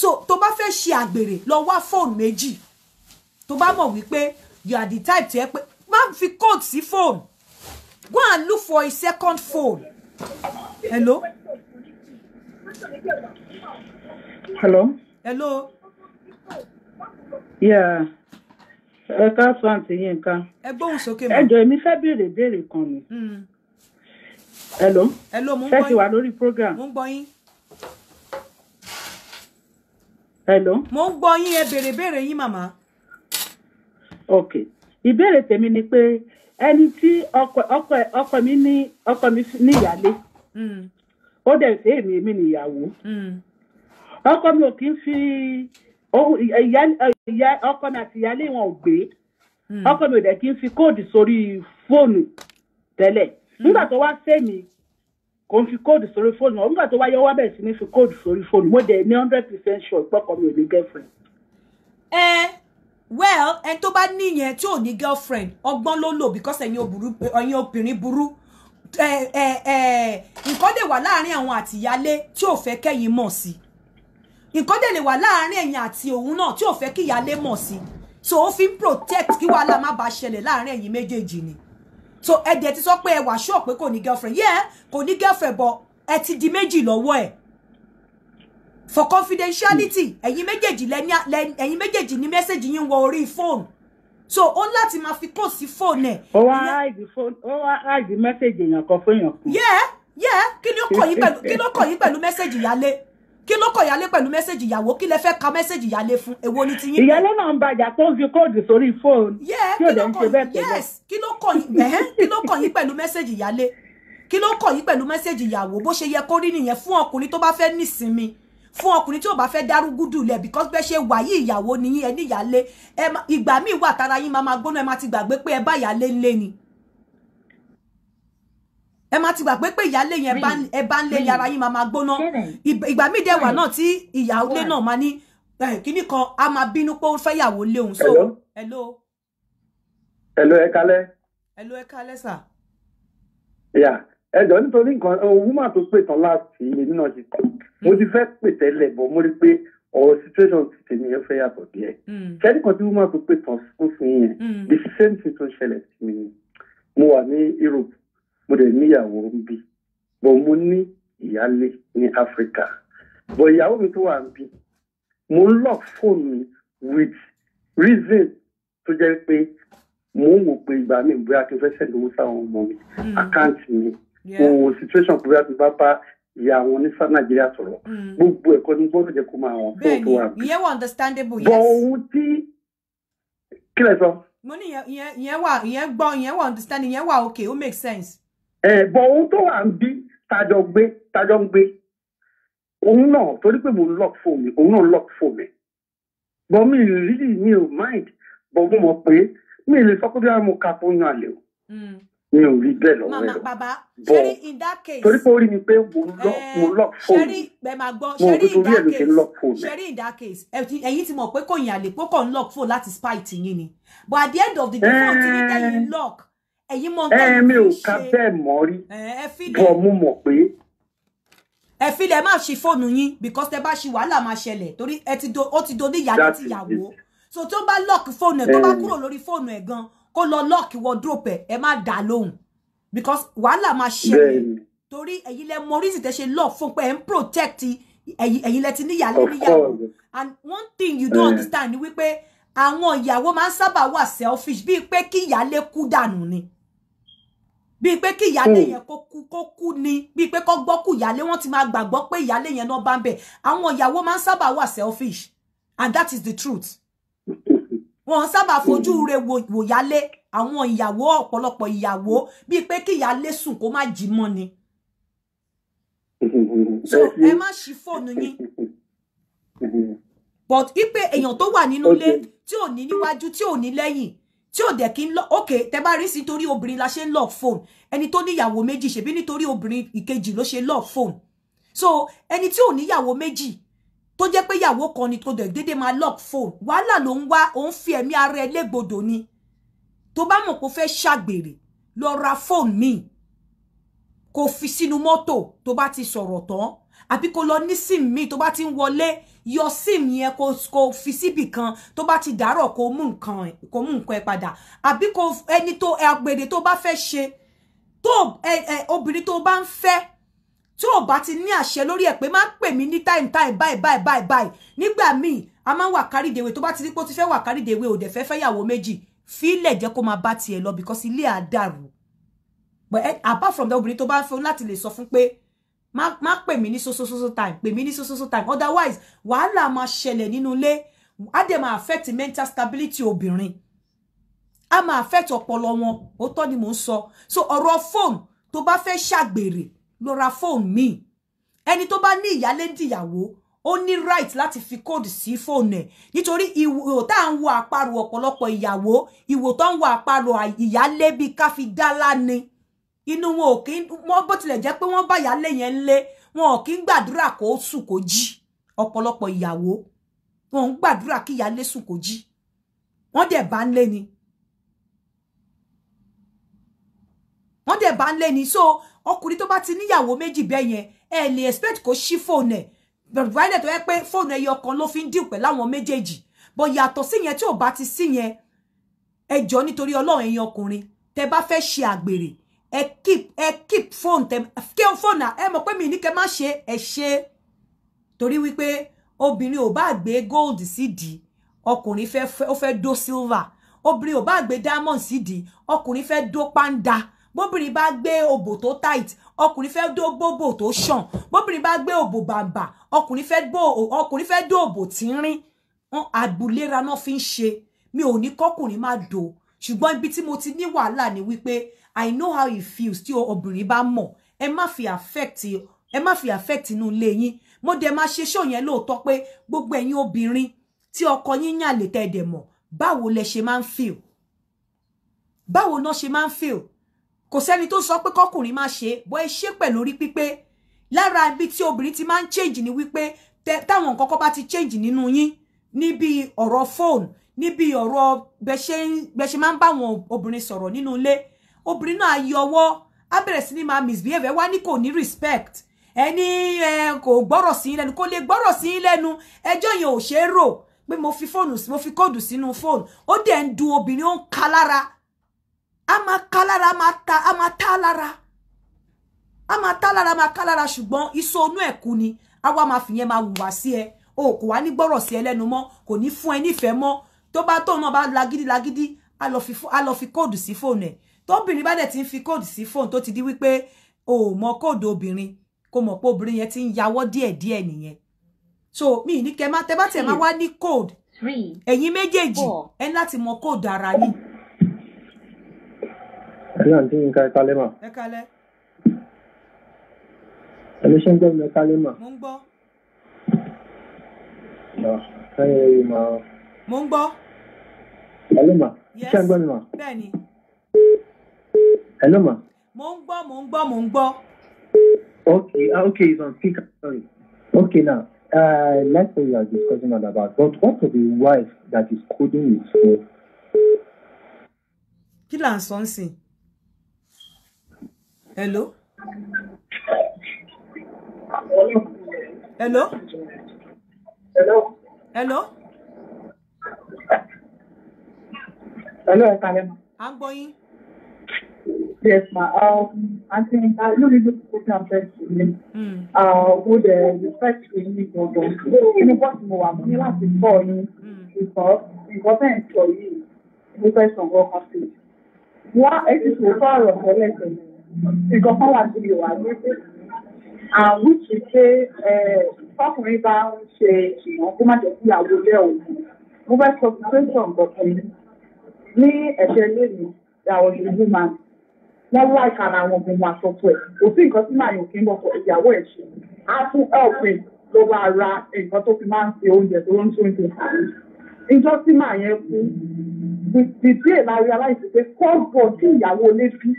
so tó bá fẹ́ ṣe àgbèrè lọ wá fóònù méjì tó bá mọ̀ wípé you are the type tí ẹ pé má fi code sí fóònù go and look for a second phone hello. hello. hello. Yeah. ẹ àǹtí ẹ gbóhùn sókè mọ. ẹ jọ èmi fẹ́ béèrè béèrè kan ni. Hmm. hello. ń gbọ́ yín. fẹ́ ti wà lórí program. mo ń gbọ́ yín. hello. ń gbọ́ yín ẹ béèrè béèrè yín màmá. ok ìbéèrè tèmi ni pé ẹni tí ọkọ mi ní ọkọ mi ní ìyálé. Hmm. ó dẹ̀ fẹ́ hmm. ọkọ mi ò fi. ọkọ mi àti ìyáálé wọn ò gbé hmm. ọkọ mi ò dẹ̀ kí n fi kóòdù sórí fóònù tẹ́lẹ̀ hmm. nígbà tó wá sẹ́mi kò ń fi kóòdù sórí fóònù wọn nígbà tó wá yọ wá bẹ̀rẹ̀ sí ní fi kóòdù sórí fóònù mo dẹ̀ ní hundred percent sure ìpọ́kọ mi ò ní girlfriend. ẹ well ẹni tó bá níyẹn tí ò ní girlfriend ọgbọ́n ló lò because ẹ̀yin obìnrin burú nǹkan dè wà láàrin àwọn àtìyálé tí ò fẹ́ kẹ́yìn mọ̀ sí i nǹkan dẹ̀ lè wà láàárín ẹ̀yin àti òun náà tí ò fẹ́ kí ìyáálé mọ̀ sí so ó fi ń protect kí wàhálà má bàa ṣẹlẹ̀ láàárín ẹ̀yin méjèèjì ni so ẹ dẹ̀ ti sọ pé ẹ wà sure pé kò ní girlfriend yẹ kò ní girlfriend bọ̀ ẹ ti di méjì lọ́wọ́ ẹ̀ for confidentiality ẹ̀yin méjèèjì lẹ́ni ẹ̀yin méjèèjì ní mẹ́sẹ̀gì yín wọ orí fóònù so ó ń láti máa fi kò sí fóònù ẹ̀. ó wá ráìdì fóònù ó wá ráìdì mẹ́sẹ̀gì èèyàn kan fún èèyàn kan. yẹ yẹ kí ló kọ yín pẹ̀lú kí yálé kí ló kọ̀ ìyálé pẹ̀lú mẹ́sẹ̀jì ìyàwó kí lẹ fẹ́ ka mẹ́sẹ̀jì ìyálé fún èwo ni tiyín. ìyálé náà ń bàjá tó ń fi kóòdù sórí fóònù. kí ló kọ̀ yín pẹ̀lú mẹ́sẹ̀jì ìyálé kí ló kọ̀ yín pẹ̀lú mẹ́sẹ̀jì ìyàwó bó ṣe yẹ kó rí nìyẹn fún ọkùnrin tó bá fẹ́ nísinmi fún ọkùnrin tí ò bá fẹ́ dárúgúdù lẹ̀ because bẹ́ẹ̀ ṣe wàyí ìyàwó nìyí ẹ níyàlé ìgbà míì wà tara yín máa máa gbóná ẹ máa ti gbàgbé pé ẹ bá ìyàlé ńlé ni ẹ máa ti gbà pé pé ìyáálé yẹn ẹ bá ń lé yàrá yín máa máa gbóná ìgbà míì dẹ̀wà náà tí ìyáálé náà máa ní kíní kan a máa bínú pé ó fẹ́ yàwó lé òun so hello. hello ẹ kálẹ́. hello ẹ kálẹ́ sà. ìyá ẹjọ nítorí nǹkan woman tó pè tán láti èmi náà ti mo ti fẹ́ pè tẹ́lẹ̀ bọ̀ mo rí pé ọ̀rọ̀ situation ti tèmi yẹn fẹ́ yàtọ̀ díẹ̀ hmm. ṣẹ́ni kan tí woman tó pè tán fún fún yẹn hmm. the same situation ṣẹlẹ̀ sí mi mo wà ní Europe mo dẹ̀ níyàwó ń bí bọ̀ mo ní ìyálé ní áfíríkà bọ̀ ìyàwó mi tó wà ń bí mo ń lock fóònù mi with reason tó jẹ́ pé mo ń wò pé ìgbà mi bóyá kí n fẹ́ sẹ́ni owó sáwọn ọmọ mi àkáǹtì hmm. mi mo wò situation bóyá mi bá bá ìyá àwọn ní sá nàìjíríà sọ̀rọ̀ hmm. gbogbo ẹ̀kọ́ ní gbọ́dọ̀ jẹ́ kó máa wọn fún òtún wa. bẹ́ẹ̀ni ìyẹn wà understandable yes. bọ ohun tí kílẹ̀ sọ. mo ní ìyẹn wà ìyẹn gbọ́ ìyẹn wà understanding ìyẹn wà okay ó make sense ẹ̀gbọ́n ohun tó wà ń bí tájọ gbé tájọ ń gbé òun náà torí pé mo lock phone mi òun náà lock phone mi gbọ́n mi really mi ò mind bọ́n mo mọ̀ pé mi lè sọ pé bí wọ́n mo ka fún yan àlè o hmm. mi ò rí bẹ́ẹ̀ lọ́wọ́ ẹ̀ bọ́ torí pé ó rí mi pé eh, mo lock phone mi mo ò torí ẹ̀ ló ṣe lock phone mi. ṣẹ́rí in that case ẹ̀yin ti mọ̀ pé kò yàn àlè pé kò ń lock phone láti spite yín ni but at the end of the day eh. phone ti ní kẹ́yìn lock ẹ̀yin mọ nǹkan tí mi ò ka bẹ́ẹ̀ mọ́ rí bọ́ mo mọ̀ pé. ẹ filẹ̀ má ṣe fóònù yín because tẹ bá ṣe wàhálà máa ṣẹlẹ̀ torí ó ti do ní ìyàwó tí ìyàwó so tó bá lọ́ọ̀kì fóònù ẹ̀ tó bá eh. kúrò lórí fóònù ẹ̀ gan kó lọ lọ́ọ̀kì wọ́dúrópù ẹ̀ ẹ má dà lóhùn because wàhálà máa ṣẹlẹ̀ torí ẹ̀yin lẹ mọ oríṣi tẹ ṣe lọ́ọ̀ fún pé ẹ̀ ń protect ẹ̀yin lẹ ti níyàlẹ́ níyàwó and one thing you don't eh. understand ni wípé àwọn ìyàwó máa ń sábà wà selfish bíi pé kí ìyálé kú dànù ni bíi pé kí ìyálé hmm. yẹn kó kú kó kú ni bíi pé kó gbọ́ kú ìyálé wọ́n ti máa gbàgbọ́ pé ìyálé yẹn náà bá ń bẹ̀ àwọn ìyàwó máa ń sábà wà selfish and that is the truth wọn sábà fojú hmm. re wò yálé àwọn ìyàwó ọ̀pọ̀lọpọ̀ ìyàwó bíi pé kí ìyálé sùn kó má jí mọ́ ni hmm. so ẹ má ṣí fóònù yín but ipe èèyàn tó wà nínú ilé tí ò ní níwájú tí ò ní lẹ́yìn tí ò dẹ̀ kí ń lọ ok tẹ bá rí sí torí obìnrin la ṣe ń lock phone ẹni tó níyàwó méjì ṣèbí nítorí obìnrin ìkejì lo ṣe lock phone so ẹni tí ò níyàwó méjì tó jẹ́ pé ìyàwó kan ni tó dẹ̀ dédé máa lock phone wala ló ń wá òun fi ẹ̀mí ara ẹ légbodò ni tó bá mọ̀ pé ó fẹ́ ṣàgbèrè ra phone míì kò fi sínú mọ́tò tó bá ti sọ̀rọ̀ tán àbí kò lọ ní sim míì tó bá ti ń wọlé yọ sim yẹn kó kó fi síbì kan tó bá ti dàárọ̀ kó mú nǹkan kó mú nǹkan ẹ padà àbí kó ẹni tó agbèdè tó bá fẹ́ ṣe tó obìnrin tó To ń fẹ́ tí ò bá ti ní àṣẹ lórí ẹ̀ pé má pè mí ní time time báyìí báyìí báyìí báyìí nígbà míì a máa ń wà kárìdèwe tó bá ti rí pé ó ti fẹ́ wà kárìdèwe ò dẹ̀ fẹ́ fẹ́yàwó méjì fílẹ̀ jẹ́ kó máa bá tiẹ̀ lọ because ilé á dàrú but eh, apart from that obiri to bá fe, fẹ́ láti lè sọ fún má má pè mí ní sosososo time pè mí ní sososo time otherwise wàhálà máa ṣẹlẹ̀ nínú ilé á dẹ̀ máa affect mental stability obìnrin á máa affect ọpọlọ wọn òótọ́ ni mò ń sọ so ọ̀rọ̀ fóònù tó bá fẹ́ ṣàgbèrè lọ ra fóònù míì ẹni tó bá ní ìyálé dìyàwó ó ní right láti fi kóòdù sí fóònù ẹ̀ nítorí ìwò tá à ń wo àparò ọ̀pọ̀lọpọ̀ ìyàwó ìwò tó ń wo àparò ìyálé bíi ká fi dá lá ni inú wọn ò kí wọn bó tilẹ̀ jẹ́ pé wọ́n bá ìyálé yẹn ń lé wọn ò kí ń gbàdúrà kó sùn kó jí ọ̀pọ̀lọpọ̀ ìyàwó wọn ń gbàdúrà kí ìyálé sùn kó jí wọ́n dẹ̀ bá ń lé ni wọ́n dẹ̀ bá ń lé ni so ọkùnrin tó bá ti níyàwó méjì bẹ́ẹ̀ yẹn ẹ lè expect kó ṣí fóònù ẹ̀ bẹ̀rẹ̀ tó yẹ pé fóònù ẹyọ kan ló fi ń dìpẹ̀ láwọn méjèèjì bọ̀ yàtọ̀ sí yẹn tí ò bá ti sí yẹn ẹjọ́ nítorí ọlọ́run ẹ̀yin ọkùnrin tẹ bá fẹ́ ṣe àgbèrè ẹ keep ẹ keep phone tẹ kí o phone ẹ mọ̀ pé mi ní kẹ má ṣe ẹ ṣe torí wípé obìnrin ò bá gbé gold CD. ọkùnrin fẹ́ ó fẹ́ dó silver obìnrin ò bá gbé diamond sídìí ọkùnrin fẹ́ dó panda bóbìnrin bá gbé òbò tó tight ọkùnrin fẹ́ dó gbóbò tó ṣàn bóbìnrin bá gbé òbò bàǹbà ọkùnrin fẹ́ dó ọkùnrin fẹ́ dó òbò tínrín àgbùlera náà fi ń ṣe mi ò ní kọkùnrin má do ṣùgbọ́n ibi tí mo ti ní wàhálà ni wípé i know how it feels tí obìnrin bá mọ̀ ẹ má fi affect ẹ má fi affect inú le yín mo dẹ̀ máa ṣe show yẹn lóòótọ́ pé gbogbo ẹ̀yin obìnrin tí ọkọ yín yàn lè tẹ́ dẹ̀ mọ̀ báwo lẹ ṣe feel báwo náà ṣe máa feel kò sẹ́ni tó sọ pé kọkùnrin má ṣe bọ́ ẹ ṣe pẹ̀ lórí pípé lára ibi tí obìnrin ti máa change ni wípé táwọn nǹkan kan bá ti change nínú yín níbi ọ̀rọ̀ phone níbi ọ̀rọ̀ bẹ́ṣe máa ń báwọn obìnrin sọ̀rọ̀ nínú ilé obìnrin náà yọ ọwọ́ á bẹ̀rẹ̀ sí ní máa misbehave ẹ wá ní kò ní respect ẹni ẹ kò gbọ́rọ̀ sí yín lẹ́nu kò lè gbọ́rọ̀ sí lẹ́nu ẹjọ́ yẹn ò ṣeé rò pé mo fi fóònù mo fi kóòdù sínú fóònù ó dẹ̀ ń du obìnrin ó ń ka lára a máa ka lára a máa ta a máa ta lára a máa ta lára a máa ka lára ṣùgbọ́n iṣu onú ẹ̀ kú ni a wá máa fìyẹn máa wùwà sí ẹ o kò wá ní gbọ́rọ̀ sí ẹ lẹ́nu mọ́ kò ní fún ẹ nífẹ̀ẹ́ mọ́ tó bá tóun náà bá lagídí lagídí a lọ fi kóòdù sí fóònù ẹ̀ tóbìnrin bá dẹ̀ ti ń fi kóòdù sí fóònù tó ti di wípé o ò mọ kóòdù obìnrin kó mọ̀ pé obìnrin yẹn ti ń yawọ́ díẹ̀díẹ̀ nìyẹn so mi ní kẹ́ má tẹ́ bá tẹ̀ má wá ní kóòdù ẹ̀yin méjèèjì ẹ láti mọ kóòdù ara yín. ẹ náà ti ń ka ẹ mà. ẹ kalẹ́. ẹ ń gbọ́ mi ẹ mà. mo ń gbọ́. mo ẹ lè mà. ṣé ń gbọ́ mi mà. bẹ́ẹ̀ ni. Hello, ma. Mo ń gbọ́, Okay, ah, okay, it's on speaker, sorry. Okay, now, uh, let's say you are discussing on about, but what of the wife that is coding with food? Kí là ń Hello? Hello? Hello? Hello? Hello, ẹ̀ka lẹ́nu. À ń gbọ́ yín. Yes, ma. Um, I think I really look good and to me. Hmm. Uh, with the respect to me, You know what more? I'm going to call you hmm. because because I'm sure you. Mo fẹ́ sàn wọ́n kan sí i. Wá èsì tó fọ́ ọ̀rọ̀ tẹ́lẹ̀ tẹ́lẹ̀. Nǹkan kan wà sí ìwà lóde. Àwọn ti ṣe fọkùnrin bá ń ṣe ìṣìnà kó má jẹ́ kí ìyàwó jẹ́ òun. Mo fẹ́ sọ fún Christian Bọ̀kẹ́ni ní ẹ̀ṣẹ̀ lẹ́nu ìyàwó ìlú máa wọ́n láìka ara wọn gan wọn àtọ́kọ ẹ̀ kò sí nǹkan tí màáyàn òkè ń bọ̀ fọ ìyàwó ẹ̀ ṣe á tún ẹ̀ọ̀pẹ̀ ló bá ra nǹkan tó fi máa ń ṣe oúnjẹ tó ń tún ṣe sàrí ìjọ tí màáyàn kú dìde láàrin aláìsí pé kọ́ọ̀bọ̀ tí ìyàwó lé bí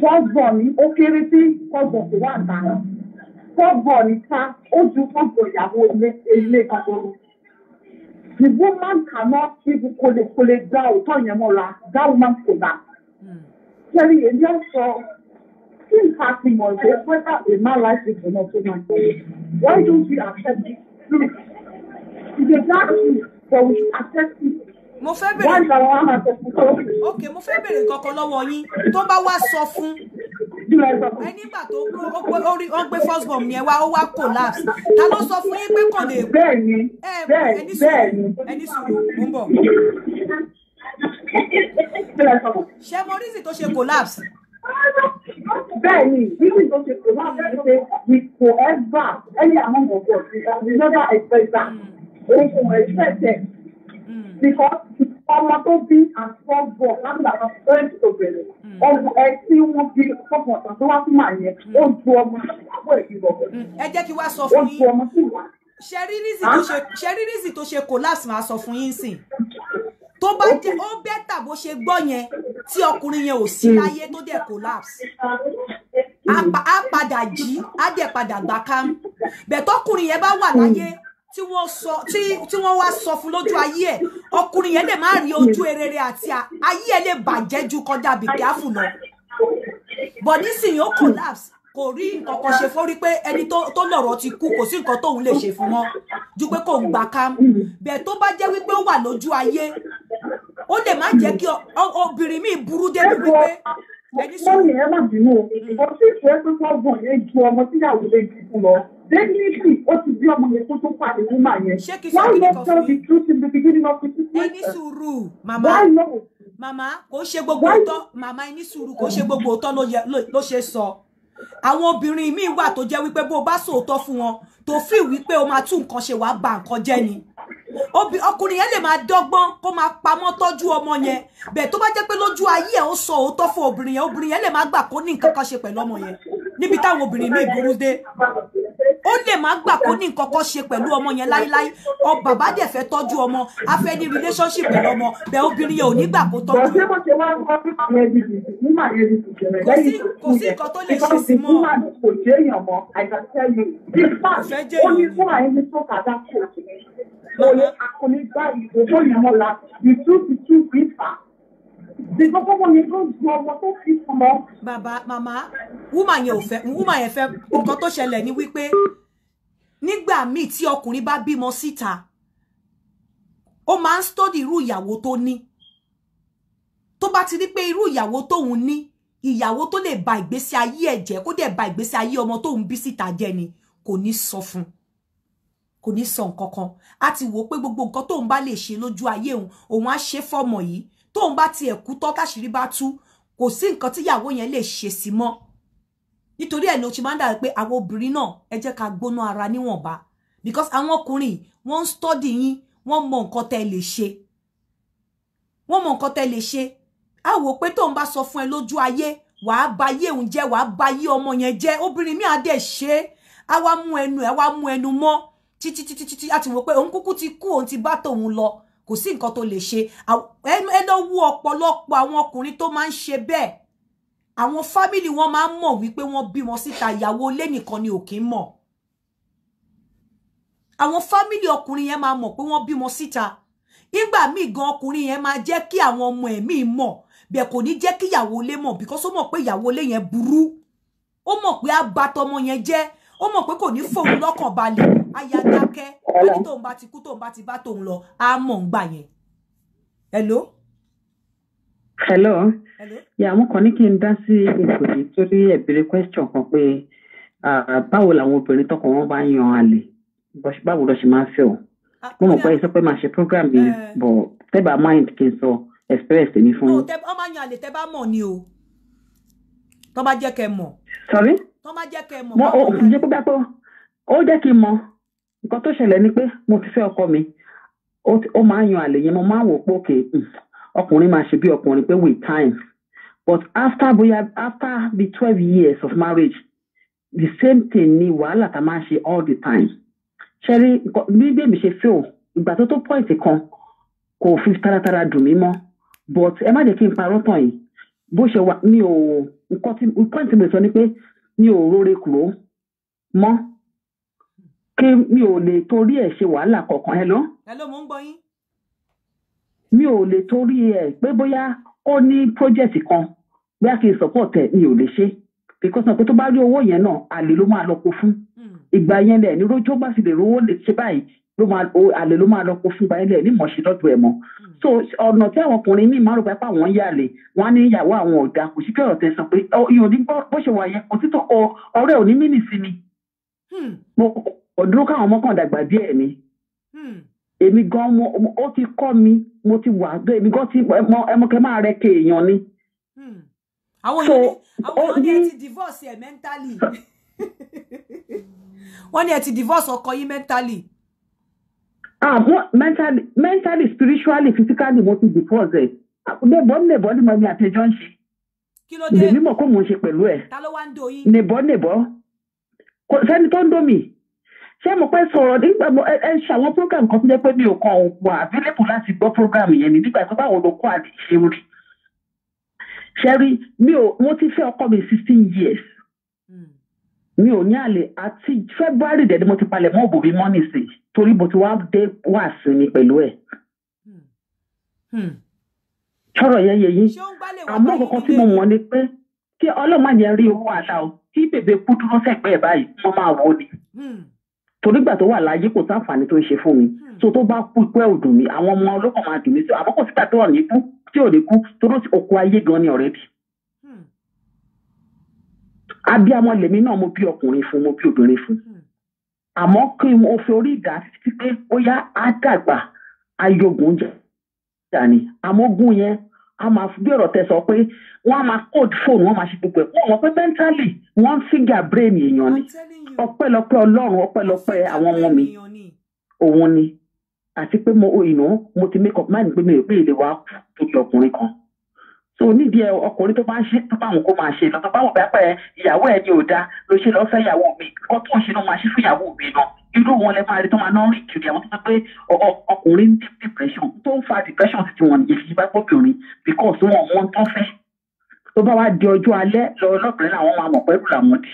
kọ́ọ̀bọ̀ ni ó kéré sí kọ́ọ̀bọ̀ tó wà nà kọ́ọ̀bọ̀ ni ká ó ju kọ́ọ̀bọ̀ ìyàwó ilé kọ́ọ̀bọ̀ the woman cannot even kò lè kò lè dá òótọ́ yẹn mọ́ra that woman kò dà. Kẹ́rí èmi á sọ kí nǹkan ti this? ṣe whether a man like it or not ó máa gbọ́. Why don't we accept the truth? It's a dark truth but we accept it. Mo fẹ́ bèrè. Wọ́n ìlànà wọn máa tẹ̀ fún kọ́ọ̀tù. Ok, mo fẹ́ bèrè kankan lọ́wọ́ yín tó bá wá sọ fún ẹni gbà tó orí ó gbé first bomb yẹn wá ó wá collapse ta ló sọ fún yín pé kàn lè. bẹ́ẹ̀ni bẹ́ẹ̀ni bẹ́ẹ̀ni ẹni sùn ẹni sùn mò ń bọ̀ ṣé mo rí sì tó ṣe collapse. bẹ́ẹ̀ ni reason tó ṣe collapse ni pé we go ever any among of us we never expect that we go expect it hmm. because ọmọ tó bí and four bọ̀ lábìlà kan fẹ́ẹ́ tó bẹ̀rẹ̀ ọmọ ẹ tí wọ́n bí fọ́pọ̀ ọ̀tàn tó wá fún màá yẹn hmm. ó ju ọmọ àbọ̀ èyí lọ. Hmm. ẹ jẹ́ kí wá sọ fún yín ó ju ọmọ sí wa. ṣe rí reason tó ṣe collapse máa sọ fún yín sìn tó bá jẹ́ ó bẹ́tà bó ṣe gbọ́ yẹn tí ọkùnrin yẹn ò sí hmm. láyé tó dẹ̀ collapse á padà jí a dẹ̀ padà gbà kám bẹ̀tọ́kùnrin yẹn bá wà hmm. láyé tí wọ́n sọ tí tí wọ́n wá sọ fún lójú ayé ẹ̀ ọkùnrin yẹn lè má rí ojú erere àti ayé ẹ̀ lè bàjẹ́ ju kọjá bìkẹ́ àfùnà bọ̀dísìn yóò collapse kò rí nǹkan kan ṣe fún rí pé ẹni tó lọ́rọ̀ ti kú kò sí nǹkan tóun lè ṣe fún wọn ju pé kò ń gbà kam bẹ́ẹ̀ tó bá jẹ́ wípé ó wà lójú ayé ó lè má jẹ́ kí obìnrin míì burú débi wípé ẹni sọ. wọ́n yẹn má bínú ìbọn tí ìfẹ́ tó tọ́ bọ̀ yẹn ju ọmọ tí ìyàwó lè jí fún lọ definitely ó ti bí ọmọ yẹn kó tó pàdé woman yẹn wọ́n lè tell the truth in the beginning of the situation. ẹni sùúrù màmá màmá kò ṣe gbogbo òótọ́ màmá ẹni sùúrù kò ṣe gbogbo òótọ́ ló ṣe sọ àwọn obìnrin míì wà tó jẹ́ wípé bó o bá sòótọ́ fún wọn tó fi wípé o máa tún nǹkan ṣe wàá ba nǹkan jẹ́ ni ọkùnrin yẹn lè máa dọ́gbọ́n kó máa pamọ́ tọ́jú ọmọ yẹn bẹ́ẹ̀ tó bá jẹ́ pé lójú ayé ẹ̀ ó sọ òótọ́ fún obìnrin yẹn obìnrin yẹn lè máa gbà kó ní nǹkan kan ṣe pẹ̀lú ọmọ yẹn níbi táwọn obìnrin míì burú dé ó lè má gbà kó ní nǹkan kan ṣe pẹ̀lú ọmọ yẹn láíláí ọ bàbá dẹ̀ fẹ́ tọ́jú ọmọ a fẹ́ ní relationship pẹ̀lú ọmọ bẹ obìnrin yẹn ò ní gbà kó tọ́jú. kò sí kò sí nǹkan tó lè ṣe sí mọ́. kò Baba, mama, wọn ni kó ju ọmọ tó fi kù lọ. bàbá màmá wúmà yẹn ò fẹ́ wúmà yẹn fẹ́ nǹkan tó ṣẹlẹ̀ ni wípé nígbà míì tí ọkùnrin bá bímọ síta ó máa ń stọ́dì irú ìyàwó tó ní tó bá ti rí pé irú ìyàwó tóun ní ìyàwó tó lè ba ìgbésí ayé ẹ̀ jẹ́ kó dẹ̀ ba ìgbésí ayé ọmọ tóun bí síta jẹ́ ni kò ní sọ fún kò ní sọ nǹkan kan a ti wò pé gbogbo nǹkan tóun bá lè ṣe lójú ayé òun òun á ṣe fọ́mọ yìí tóun bá tiẹ̀ kú tọ́ táṣìírí bá tú kò sí nǹkan tíyàwó yẹn lè ṣe sí mọ́ nítorí ẹ̀ ni o ti máa ń dàbí pé àwọn obìnrin náà ẹ jẹ́ ká gbóná ara níwọ̀nba because àwọn ọkùnrin wọ́n ń study yín wọ́n mọ nǹkan tẹ́ lè ṣe wọ́n mọ nǹkan tẹ́ lè ṣe á wò pé tóun bá sọ fún ẹ lójú ayé wàá ba ayé òun jẹ́ wàá ba ayé ọmọ yẹn jẹ́ obìnrin mi á ṣe é á wá mú ẹnu ẹ wá mú ẹnu mọ́ títí títí títí á wò pé òun kúkú ti kú òun ti bá tòun lọ kò sí nǹkan tó lè ṣe ẹ lọ wo ọ̀pọ̀lọpọ̀ àwọn ọkùnrin tó máa ń ṣe bẹ́ẹ̀ àwọn fámìlì wọn máa ń mọ̀ wípé wọ́n bímọ síta ìyàwó ilé nìkan ni ò kí ń mọ̀ àwọn fámìlì ọkùnrin yẹn máa mọ̀ pé wọ́n bímọ síta nígbà míì gan ọkùnrin yẹn máa jẹ́ kí àwọn ọmọ ẹ̀mí mọ̀ bẹ́ẹ̀ kò ní jẹ́ kí ìyàwó ilé mọ̀ because ó mọ̀ pé ìyàwó ilé yẹn burú ó mọ̀ pé abatọmọ yẹn jẹ́ ó mọ̀ pé kò ní fòun lọ́kàn balẹ̀ àyà dákẹ́ ẹni tóun bá ti kú tóun bá ti bá tóun lọ á mọ̀ ń gbà yẹn. hello. hello. yà wọn kàn ní kí n dá sí ètò yìí torí ẹ béèrè question kan pé báwo làwọn obìnrin tọkọ wọn bá ń yan àlè báwo lọ ṣe máa ń fẹ́ o mo mọ̀ pé ẹ sọ pé màá ṣe program yìí eh. bọ̀ tẹ́bà mind kí n sọ express tèmi fún yín. ọ máa yan àlè tẹ́ bá mọ̀ ni o tọ́ bá jẹ́ kẹ́ mọ̀. sọ̀rí. tọ́ bá jẹ́ kẹ́ mọ̀. mo ò jẹ́ pé bá pọ̀ ó jẹ́ kí n mọ̀ nǹkan tó ṣẹlẹ̀ ni pé mo ti fẹ́ ọkọ mi ó máa ń yan àlè yẹn mo máa ń wò pé òkè hmm, ọkùnrin máa ṣe bí ọkùnrin pé with time but after bóyá after the twelve years of marriage the same thing ni wàhálà tá a máa ṣe all the time ṣẹ́rí bí bèbí ṣe fẹ́ o ìgbà tó tó point kan kò fi taratara dùn mí mọ́ but ẹ má jẹ́ kí n parọ́ tàn yìí bó ṣe wà mi ò nǹkan tí point mi sọ ni pé mi ò rore kúrò mọ́ kí mi ò lè torí ẹ̀ ṣe wàhálà kankan ẹ lọ. ẹ ló mò ń gbọ́ yín. mi ò lè torí ẹ̀ pé bóyá ó ní project kan bóyá kí n support ẹ mi ò lè ṣe because náà pé tó bá rí owó yẹn náà àlè ló máa lọ kó fún hmm. ìgbà yẹn lẹ ní rojọ́ bá sì lè rówó lè ṣe báyìí ló máa àlè ló máa lọ kó fún báyìí lẹ ní mọ̀ọ́ṣe lọ́dọ̀ ẹ̀ mọ́ hmm. so ọ̀nà tí àwọn ọkùnrin míì máa ń rògbà pé àwọn ń yàlè wọn á ní ìyàwó àwọn ọ̀gá kò sí pé sọ pé ìyọ̀dí bó ṣe wà yẹn òtítọ́ ọ̀rẹ́ ò ní mí nì sí mi ọdúró káwọn ọmọ kan dàgbà díẹ̀ ni hmm. èmi gan mo ó ti kọ́ mi mo ti wà gan èmi gan ti ẹmọkẹ máa rẹ ke hmm. èèyàn ni. àwọn èèyàn ní ẹ ti divorce ẹ mentally wọ́n ní ẹ ti divorce ọkọ yín mentally. ah mo mentally mentally spiritually physically mo ti divorce ẹ nebọ nebọ ni mo ní àtẹjọ ń ṣe lèmi mọ̀ kó mo ń ṣe pẹ̀lú ẹ̀ nebọ nebọ kò sẹ́ni tó ń dó mi ṣé mo pẹ́ sọ̀rọ̀ nígbà ẹ ẹ ṣàwọn program kan tó jẹ́ pé mi ò kàn wà available láti gbọ́ program yẹn ni nígbà tó báwo ló kọ́ àdìṣe rí mi ò mo ti fẹ́ ọkọ mi sixteen years hmm. mi ò ní àlè àti february dẹ̀ ni mo ti palẹ̀ mọ́ òbòmí mọ́nì sí torí mo ti wá dé wá sí pẹ̀lú ẹ̀ sọ̀rọ̀ hmm. hmm. yẹn yẹ yín àmọ́ kankan tí mo mọ̀ ni pé kí ọlọ́mọ yẹn rí owó àlà o kí bèbè kú dúró sẹ́gbẹ̀ẹ́ báyìí mo máa wò ni torígbà tó wà láyé kò sáǹfààní tó ń ṣe fún mi hmm. so tó bá kú pé ò dùn mí àwọn ọmọ olókàn máa dùn mí sí àmọ́ kò sígbà tó ọ̀nì kú tí ò ní kú tó ló oko ayé gan ni already. Hmm. abíamọ lèmi náà mo bí ọkùnrin fún mo bí obìnrin fún hmm. àmọ́ kí n ò fi orí ìdá títí pé ó yá á dàgbà ayogun jà ni àmógún yẹn a máa bí ọ̀rọ̀ tẹ sọ pé wọ́n á máa code phone wọ́n máa ṣe gbogbo ẹ̀ wọ́n mọ̀ pé mentally wọ́n ń fígà brain èèyàn ni ọpẹ́lọpẹ́ ọlọ́run ọpẹ́lọpẹ́ àwọn ọmọ mi òun ni àti pé mo ìnú mo ti make up mind pé mi ò gbé ìlera torí ọkùnrin kan so nídìí ẹ ọkùnrin tó máa ń ṣe tó bá wọn kó máa ṣe lọ́tọ̀ báwọn bá pẹ́ ìyàwó ẹ ní òda ló ṣe lọ́ọ́ fẹ́ ìyàwó mi kọ́ tó ń ṣe ló máa ṣe fún ìyàwó mi náà irú wọn lẹ máa rí tó máa ná rìn kiri àwọn tó sọ pé ọkùnrin ní depression tó ń fa depression ti wọn nìyẹn fi bá gbóbìnrin because wọn wọn tán fẹ́ tó bá wá di ọjọ́ alẹ́ lọ lọ́kùnrin làwọn máa mọ̀ pẹ́lú làwọn dì.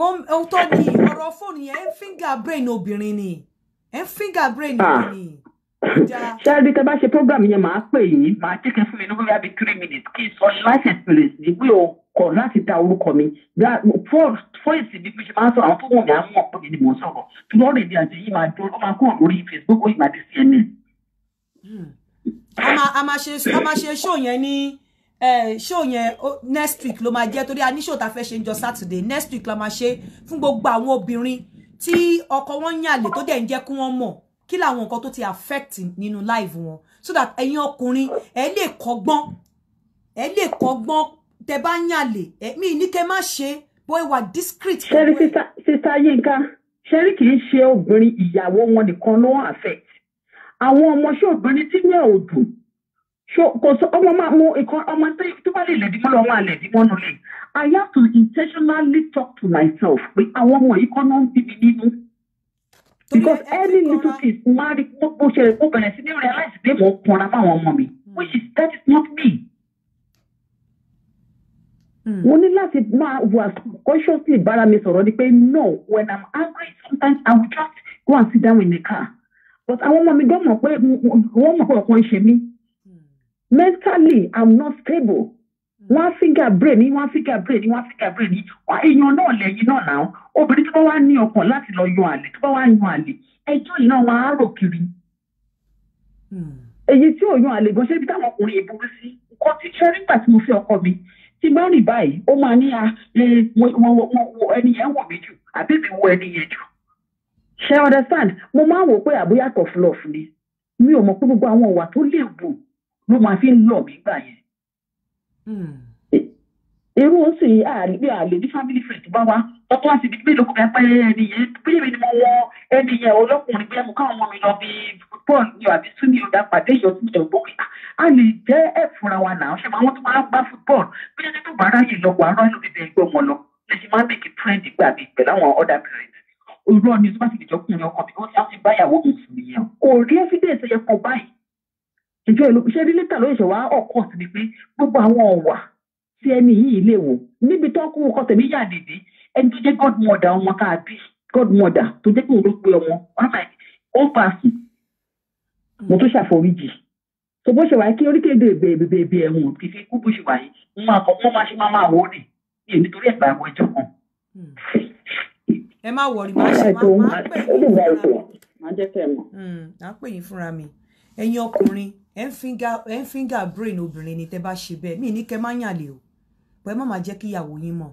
wọn òótọ́ ni ọ̀rọ̀ fóònù yẹn ń fíńgà brain obìnrin ni ń fíńgà brain ah. obìnrin ni. ṣáàbí tẹ bá ṣe program yẹn màá pè yín màá jẹ́ fún mi ní wíwá bíi three minutes kí n sọ life experience ní wí o kọ̀ láti ta orúkọ mi fọ́ọ̀sì bí mo ṣe máa ń sọ àwọn fóònù mi àwọn ọ̀pọ̀ mi ni mò ń sọ̀rọ̀ ṣùgbọ́n rèébi àti yìí máa dúró máa kúrò lórí Facebook ó yìí máa di CNN. Hmm. a máa ṣe ṣó yẹn ní ṣó yẹn next week ló máa jẹ́ torí a ní ṣó ta fẹ́ ṣe ń jọ Saturday next week la máa ṣe fún gbogbo àwọn obìnrin tí ọkọ wọn yàn lè tó dẹ̀ ń jẹ́ kí wọ́n mọ̀ kí làwọn nǹkan tó ti affect nínú life wọn so that ẹ̀yin ọkùnrin ẹ lè kọ́gbọ́n ẹ lè kọ́gbọ́n tẹ bá ń yàlè mi ní kẹ má ṣe bóyá wà discreet. ṣẹ́rí sísá yínká ṣẹ́rí kì í ṣe obìnrin ìyàwó wọn nìkan ló ń affect àwọn ọmọ ṣé obìnrin tí wọ́n ò dùn kò sọ ọmọ máa mú ìkan ọmọ tó bá lè lẹ̀dí mọ́ lọ́wọ́ àlẹ̀dí mọ́ nulẹ̀ I have to intentionally talk to myself pé àwọn ọmọ yìí kọ́ náà ń bí nínú because any little kid máa rí gbogbo ṣe rẹ̀ kó bẹ̀rẹ̀ sí ní realize pé mo kanra máwọn ọmọ mi hmm. which is that is not me. Hmm. mo ní láti máa wà consciously bára mi sọ̀rọ̀ ni pé no when i'm angry sometimes i will just go and sit down in the car but àwọn ọmọ mi gbọ́ mọ̀ pé wọ́n mọ̀ pé ọ̀kan ṣe mí hmm. mentally i'm not stable wọ́n á fígà brain ní wọ́n á fígà brain ní wọ́n á fígà brain ní èèyàn náà lẹ́yìn náà náà obìnrin tó bá wá ní ọkàn láti lọ yan àlè tó bá wá yan àlè ẹjọ́ yìí náà wọ́n á rò kiri. Hmm. èyí tí ò yan àlè gan ṣé ibi táwọn ọkùnrin yìí burú sí nǹkan tí ṣe nígbà tí mo fi ọkọ mi tí bá rìn báyìí ó máa ní ah, ẹni yẹn wọ̀ mí jù àbí mi wọ ẹni yẹn jù. ṣé understand mo máa wò pé àbúyàtọ̀ fluff ni mi ò mọ̀ pé gbogbo àwọn ìwà tó léwu ló máa fi ń lọ̀ mí gbà yẹn Hmm. irú ó sì àlè àlè ní family friend bá wa ọkọ àti ibi mélòó kan pẹ ẹni yẹn bóyá èmi ni mo wọ ẹni yẹn ọlọkùnrin bóyá mo káwọn ọmọ mi lọ bí bọ́ọ̀lù ni àbí súnmi ọ̀dà pàdé ìyọ̀ sí ìjọ ìgbókè a lè jẹ́ ẹ̀ fúnra wa náà ṣe máa wọ́n tún máa ń gbá fútbọ́ọ̀lù bóyá nínú bàárà yìí lọ wàá rán ẹlòmíì bẹ́ẹ̀ gbé ọmọ lọ lè ṣe máa ń mèkì trend gbà mí pẹ̀lú àwọn other parents òru ọ̀ni tó bá ti lè jọkùnrin ọkọ mi wọ́n ti ìjọ ìlú ṣé rílẹ́tà ló ṣẹ̀wá ọkọ̀ sí ni pé gbogbo àwọn ọ̀wà tí ẹni yìí lè wò níbi tó kún ọkọ̀ tẹ̀mí yà dìde ẹni tó jẹ́ godmother ọmọ tá a bí godmother tó jẹ́ pé òun ló pe ọmọ ó fà á sí mo tó ṣàforíjì tó bó ṣe wáyé kí oríkèédè bèbèbè ẹ̀wọ̀n kì í fi kú bó ṣe wáyé wọn àkọ́ wọn máa ṣe máa máa wò ó nì yìí nítorí ẹ̀gbà àwọn ẹjọ́ kan. Hmm. ẹ má wọrí má ṣe má pè yín fúnra mi má jẹ́ kẹ́ ẹ mọ̀. má pè yín fúnra mi ẹ̀yin ọkùnrin ẹ̀ ń fíngà brain obìnrin ni tẹ́ bá ṣe bẹ́ẹ̀ mí ní kẹ́ má yàn lè o pẹ́ má má jẹ́ kí ìyàwó yín mọ̀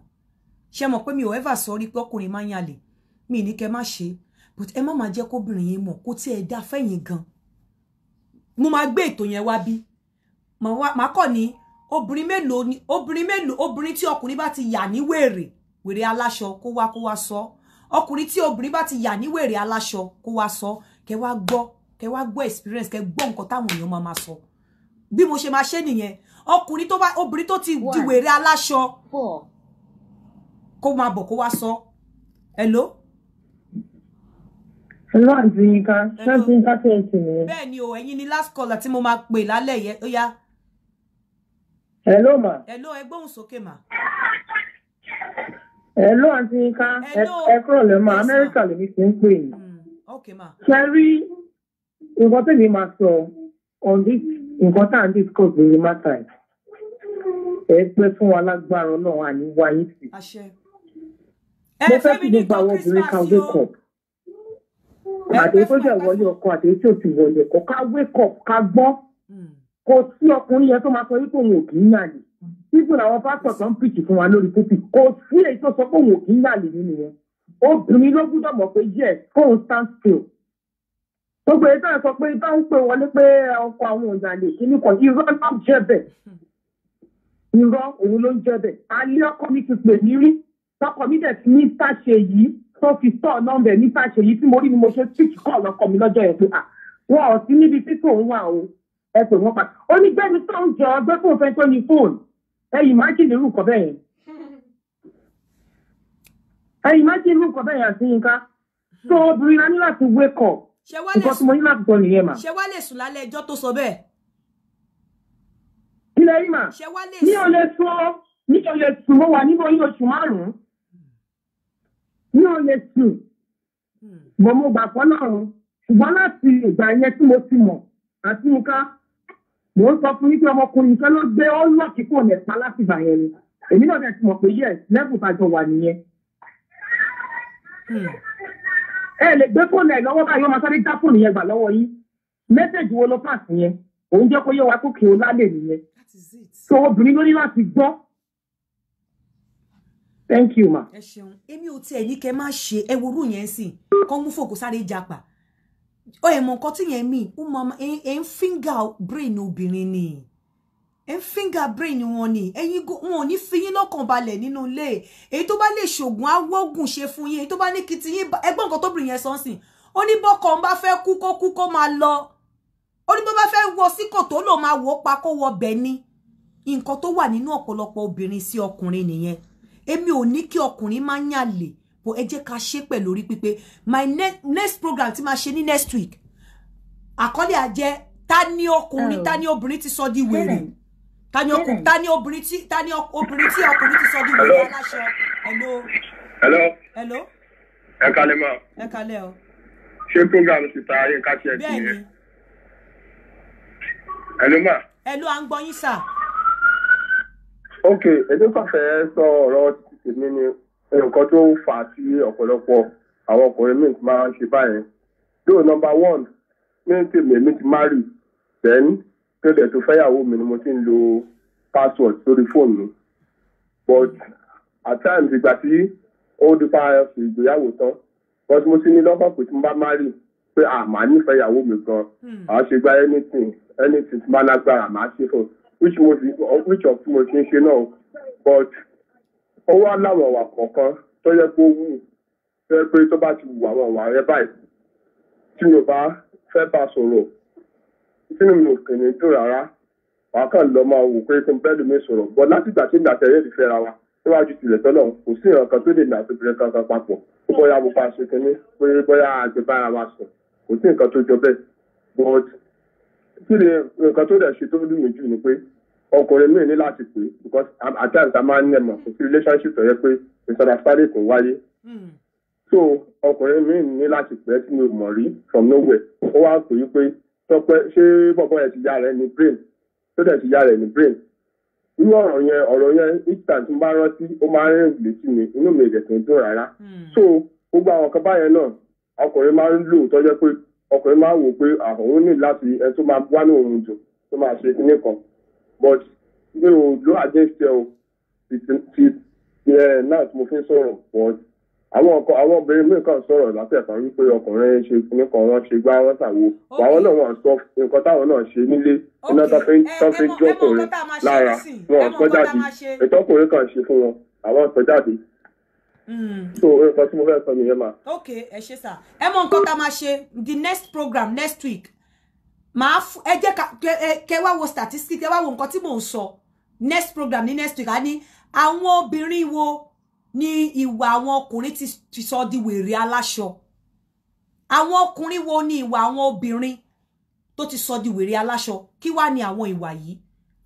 ṣe mọ̀ pé mi ò ever sọ rí pé ọkùnrin má yàn lè mí ní kẹ́ má ṣe but ẹ má má jẹ́ kóbìnrin yín mọ̀ kó tí ẹ dá fẹ́yìn gan mo máa gbé ètò yẹn wá bí màá kọ́ ni obìnrin mélòó ni obìnrin mélòó obìnrin tí ọkùnrin bá ti yà ní wèrè wèrè aláṣọ kó wá kó wá sọ ọkùnrin tí obìnrin bá ti yà ní wèrè aláṣọ kó wá sọ kẹ́ wá gbọ́ kẹ wá gbọ́ experience kẹ gbọ́ nǹkan táwọn èèyàn máa máa sọ bí mo ṣe máa ṣe nìyẹn ọkùnrin tó bá obìnrin tó ti di wèrè aláṣọ kó máa bọ̀ kó wá hello. hello àǹtí Yinka láti Yinka tó ni o ẹ̀yin ni last caller tí mo máa pè lálẹ́ yẹn ó yá. hello ma. hello ẹ gbóhùn sókè ma. hello àǹtí Yinka ẹ kúrò lẹ́mọ̀ amẹ́ríkà lèmi ti ń pè yín. Mm, ok ma. Cherry nǹkan tèmi máa sọ on this nǹkan tá à ń discuss lórí mata ẹ̀ ẹ pẹ́ fún wa lágbára ọlọ́run àní wáyé sí. mo fẹ́ kí gbogbo àwọn obìnrin kan wake up àtẹ̀yí tó jẹ́ ìwọlé ọkọ àtẹ̀yí tí ò ti wọlé ọkọ ká wake up ká gbọ́ hmm. kò sí ọkùnrin yẹn tó máa sọ wípé òun ò kì í yàlè even àwọn pásítọ̀ tó ń pìtì fún wa lórí púpì kò sí èyí tó sọ pé òun ò kì í yàlè nínú wọn obìnrin ló gbúdọ̀ mọ̀ pé yes fóun stand still gbogbo ètò ẹ̀ sọ pé bá ń pè wọlé pé ọkọ̀ àwọn òǹdàlè kìíní kan irọ́ náà jẹ́ bẹ̀ irọ́ òun ló ń jẹ́ bẹ̀ alẹ́ ọkọ mi ti pè mí rí tọkọ mi dẹ̀ ti ní tàṣe yìí tó fi tọ̀ nọ́mbà ní tàṣe yìí tí mo rí ni mo ṣe tíìkì kọ́ lọ́kọ mi lọ́jọ́ yẹn pé à ah, wọn ò sí níbi tí tòun wà o ẹ pè wọ́n pa ó ní gbẹ́ni tó ń jọ ọgbẹ́ fún òfin tó ní fóònù ẹ yìí má jìnnì irú nǹkan bẹ́ẹ̀ yẹn ẹ yìí má jìnnì irú nǹkan bẹ́ẹ̀ yẹn àti yín ká tó obìnrin la ní láti wake up ṣé wá lè sùn ṣé wá lè sùn lálẹ́ ẹjọ́ tó sọ bẹ́ẹ̀. ilé yìí mà mi ò lè sùn ó mi ò lè sùn mo wà nínú oyún oṣù márùn-ún mi ò lè sùn hmm. bò mo gbà fọ́ náà rún ṣùgbọ́n láti ìgbà yẹn tí mo ti mọ̀ àti nǹkan mò ń sọ fún yín pé ọmọkùnrin kan ló gbé ó lọ́ọ̀kì kò nípa láti ìgbà ni èmi náà ti mọ̀ pé yẹ lẹ́bùn tá wà nìyẹn. Hmm ẹ lè gbé fóònù ẹ lọ́wọ́ báyìí ọmọ sáré dá fóònù yẹn gbà lọ́wọ́ yín mẹ́sẹ̀jì wo ló pàṣẹ yẹn òun jẹ́ kó yé wa kókè ó lálẹ́ nìyẹn so obìnrin ló láti gbọ́ thank you ma. ẹ ṣeun èmi ò tiẹ̀ ní kẹ́ máa ṣe ẹ worú yẹn sìn kọ́ mú fòkó sáré japa ọ ẹ̀ mọ̀ nǹkan tí yẹn mì ń fíngà brain obìnrin ni ẹ finger brain wọn ni ẹ̀yin wọn ò ní fi yín lọ́kàn balẹ̀ nínú ilé èyí to bá lè ṣògùn awọ́gùn ṣe fún yín To tó bá ní kí ti yín ẹgbọ́n nǹkan tóbìnrin yẹn sọ́nsìn ó ní bọ́kọ̀ ń bá fẹ́ kú kó kú kó máa lọ ó ní bó bá fẹ́ wọ sí kòtò lò máa wò ó pa kó wọ bẹ̀ ni nǹkan tó wà nínú ọ̀pọ̀lọpọ̀ obìnrin sí ọkùnrin nìyẹn èmi ò ní kí ọkùnrin máa ń yàlè bó ẹ jẹ́ ká ṣe my ne next program ti máa ṣe ní next week àkọ́lé àjẹ ta ni ọkùnrin oh. ta ni obìnrin ti sọ di wèrè. Mm ta ni ọkùnrin ta ni obìnrin tí ta ni obìnrin tí ọkùnrin ti sọ di ìwé aláṣọ hello. hello. hello. ẹ kalẹ̀ mọ́. ẹ kalẹ̀ o. ṣé program ti ta ayé ká tiẹ̀ tiẹ̀. bẹ́ẹ̀ni. hello ma. hello à ń gbọ́ yín sà. ok èdè kọfẹ sọ ọ̀rọ̀ tèmi ni nǹkan tó fà á sí ọ̀pọ̀lọpọ̀ àwọn ọkùnrin míì máa ń ṣe báyẹn. lóò nọ́mbà one mi ń mi ti má then kí ló dẹ̀ tó fẹ́yàwó mi ni mo ti ń lo password lórí fóònù mi but at times ìgbà tí ó di pa ìgbéyàwó tán but mo ti ní lọ́kàn pé tí mo bá má rí pé à máa nífẹ̀ẹ́ ìyàwó mi gan hmm. àá ṣe gba anything anything tí máa lágbára màá ṣe fún which mo ti which of mo ti ń ṣe náà but ó wá láwọn ọ̀wà kọ̀ọ̀kan tó yẹ kó wù tó yẹ pé tó bá ti wù àwọn ọ̀wà rẹ báyìí tí mi bá fẹ́ bá sọ̀rọ̀ sínú mi kò ní dùn rárá wàá kàn lọ máa wò pé kí n bẹ́ẹ̀ lómi sọ̀rọ̀ bọ́ látìgbà tí ìgbà tẹ̀lé ìfẹ́ ra wa níwájú tilẹ̀ tọ́lọ̀ kò sí ìrànkan tó lè nà àtòbìnrin kankan papọ̀ ó bóyá mo fa ṣe kínní pé bóyá àgbẹ̀bára wa sùn kò sí nǹkan tó jọ bẹ́ẹ̀ but kí ni nǹkan tó dẹ̀ ṣe tó lù jù ni pé ọkùnrin mi ní láti pè because at times a máa ń nẹ̀mọ̀ kò sí relationship tó yẹ pé misunderstanding kò wáyé hmm. so ọkùnrin mi ní láti pè é tí mo mọ̀ rí from nowhere ó wá pè é pé Tọ́pẹ́ ṣé bọ̀bọ̀ yẹn ti ya rẹ̀ ní brain tó dẹ̀ ti ya rẹ̀ ní brain irú ọ̀rọ̀ yẹn ọ̀rọ̀ yẹn so gbogbo àwọn kan báyẹn náà ọkùnrin máa ń lò tọ́jọ́ pé ọkùnrin máa ń wò pé àwọn ní láti ẹ tó máa wá ní òun tó máa ṣe but mi ò lo o ti náà tí mo fi ń but àwọn ọkọ àwọn obìnrin míì kan sọ̀rọ̀ látẹ̀kan wípé ọkùnrin ṣe kíní kan wọ́n ṣe gbá wọ́n ṣàwo àwọn náà wọ́n sọ nǹkan táwọn náà ṣe nílé iná tó fi ń jó ọkùnrin lára wọ́n sọ jáde ètò ọkùnrin kan ṣe fún wọn àwọn sọ jáde. Hmm. so nǹkan tí mo fẹ́ sọ nìyẹn mà. ok ẹ ṣe sà ẹ mọ nǹkan tá a máa ṣe the next program next week màá ẹ jẹ́ kẹ wá wo statistics ẹ wá wo nǹkan tí mò ń sọ next program ní next week á àwọn obìnrin wo ni iwa àwọn ọkùnrin ti sọ di wèrè aláṣọ àwọn ọkùnrin wo ni ìwà àwọn obìnrin tó ti sọ di wèrè aláṣọ kí wá ni àwọn ìwà yìí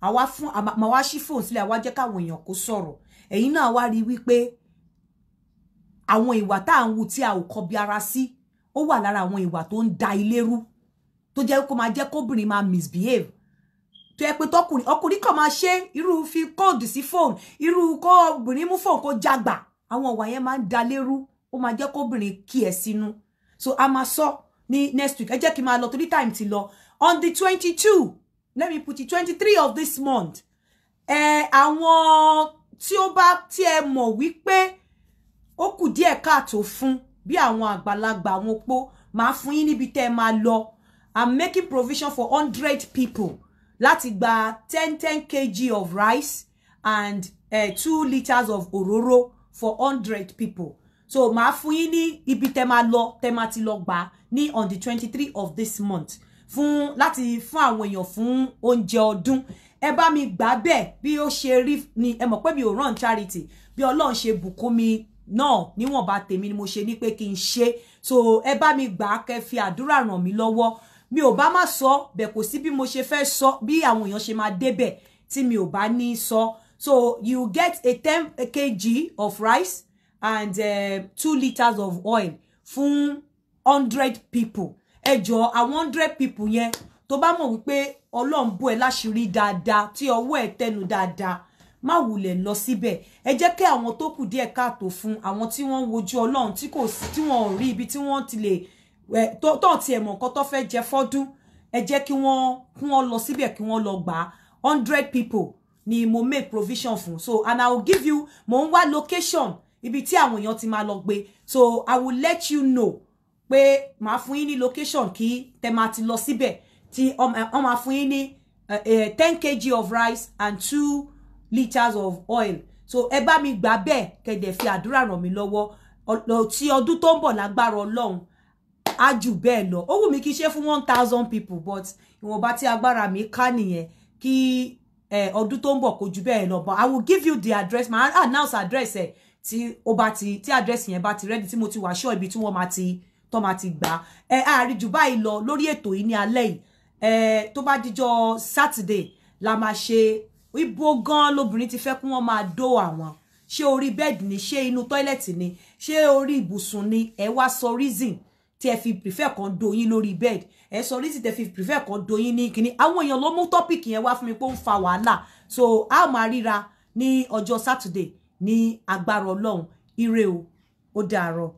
àwa fún màá wá ṣí fóònù sílẹ̀ àwa jẹ́ káwọn èèyàn kó sọ̀rọ̀ ẹ̀yin náà wá rí wípé àwọn ìwà tá à ń wu tí a ò kọbi ara sí ó wà lára àwọn ìwà tó ń da ilé rú tó jẹ́ kó máa jẹ́ kóbìnrin misbehave tó yẹ pé tọkùnrin ọkùnrin kan máa ṣe irú fi kóòdù sí fóònù irú kó obìnrin mú fóònù kó jagbà àwọn ọ̀wà yẹn máa ń da lérú ó máa jẹ́ kóbìnrin kí ẹ̀ sínú so a máa sọ ní next week ẹ jẹ́ kí n máa lọ torí time ti lọ on the twenty two let me put it twenty three of this month ẹ àwọn tí ó bá tí ẹ mọ̀ wípé ó kù díẹ̀ káàtó fún bí àwọn àgbàlagbà àwọn opó máa fún yín níbi tẹ́ ẹ máa lọ i'm making provision for hundred people láti gba ten ten kg of rice and uh, two litres of òróró for hundred people so màá fún yín ní ibi tẹ́ máa lọ tẹ́ máa ti lọ gbà ní on the twenty three of this month fún láti fún àwọn èèyàn fún oúnjẹ ọdún ẹ bá mi gbà bẹ́ẹ̀ bí ó ṣe rí ni ẹ mọ̀ pé mi ò run charity bí Ọlọ́run ṣe bùkún mi náà níwọ̀nba tèmi ni mo ṣe ní pé kí n ṣe so ẹ bá mi gbà kẹ́ fi àdúrà ràn mí lọ́wọ́ mi ò bá má sọ bẹ́ẹ̀ kò sí bí mo ṣe fẹ́ sọ bí àwọn èèyàn ṣe máa débẹ̀ tí mi ò bá ní sọ so you get a ten kg of rice and uh, two liters of oil fún hundred people ẹ jọ àwọn hundred people yẹn tó bá mọ̀ wípé ọlọ́run bò ẹ láṣìírí dáadáa tí ọwọ́ ẹ tẹnu dáadáa má wulẹ̀ lọ síbẹ̀ ẹ jẹ́ kí àwọn tó kù díẹ̀ káàtó fún àwọn tí wọ́n ń wojú ọlọ́run tí kò sí tí wọ́n ò rí ibi tí ti lè tó tó ti ẹ̀ mọ̀ nǹkan tó fẹ́ jẹ fọ́dún ẹ jẹ́ kí wọ́n kí wọ́n lọ síbẹ̀ kí wọ́n lọ gbà á hundred people ni mo make provision fún so and i will give you mo ń wá location ibi tí àwọn èèyàn ti máa lọ gbé so i will let you know pé màá fún yín ní location kí tẹ máa ti lọ síbẹ̀ tí um, wọ́n máa fún yín ní ten kg of rice and two litres of oil so ẹ bá mi gbà bẹ́ẹ̀ kẹ̀dẹ̀ fi àdúrà ràn mí lọ́wọ́ tí ọdún tó ń bọ̀ lágbára ọlọ́run á jù bẹ́ẹ̀ lọ ó wù mí kí ṣe fún one thousand people but ìwọ̀nba tí agbára mi ká nìyẹn kí ọdún tó ń bọ̀ kó jù bẹ́ẹ̀ lọ but i will give you the address My announce address ẹ̀ tí ó bá ti tí address yẹn bá ti ready tí mo ti wà ṣọ́ ibi tí wọ́n máa ti tọ́ máa ti gbà ẹ àárín jù báyìí lọ lórí ètò yìí ní alẹ́ yìí ẹ tó bá dijọ́ saturday la máa ṣe ibo gan lobìnrin ti fẹ́ kí wọ́n máa dó àwọn ṣé orí bẹ́ẹ̀dì ni ṣé inú tọ́ílẹ̀tì ni ṣé orí ibùsùn ni ẹ wá sọ reason tí ẹ fi prefer kan doyin lórí bed ẹ sọ reason tẹ fi prefer kan doyin ní kíní àwọn èèyàn ló mú topic yẹn wá fún mi pé ó ń fa wàhálà so a máa ríra ní ọjọ́ Saturday ni agbára Ọlọ́run ire o ó dàárọ̀.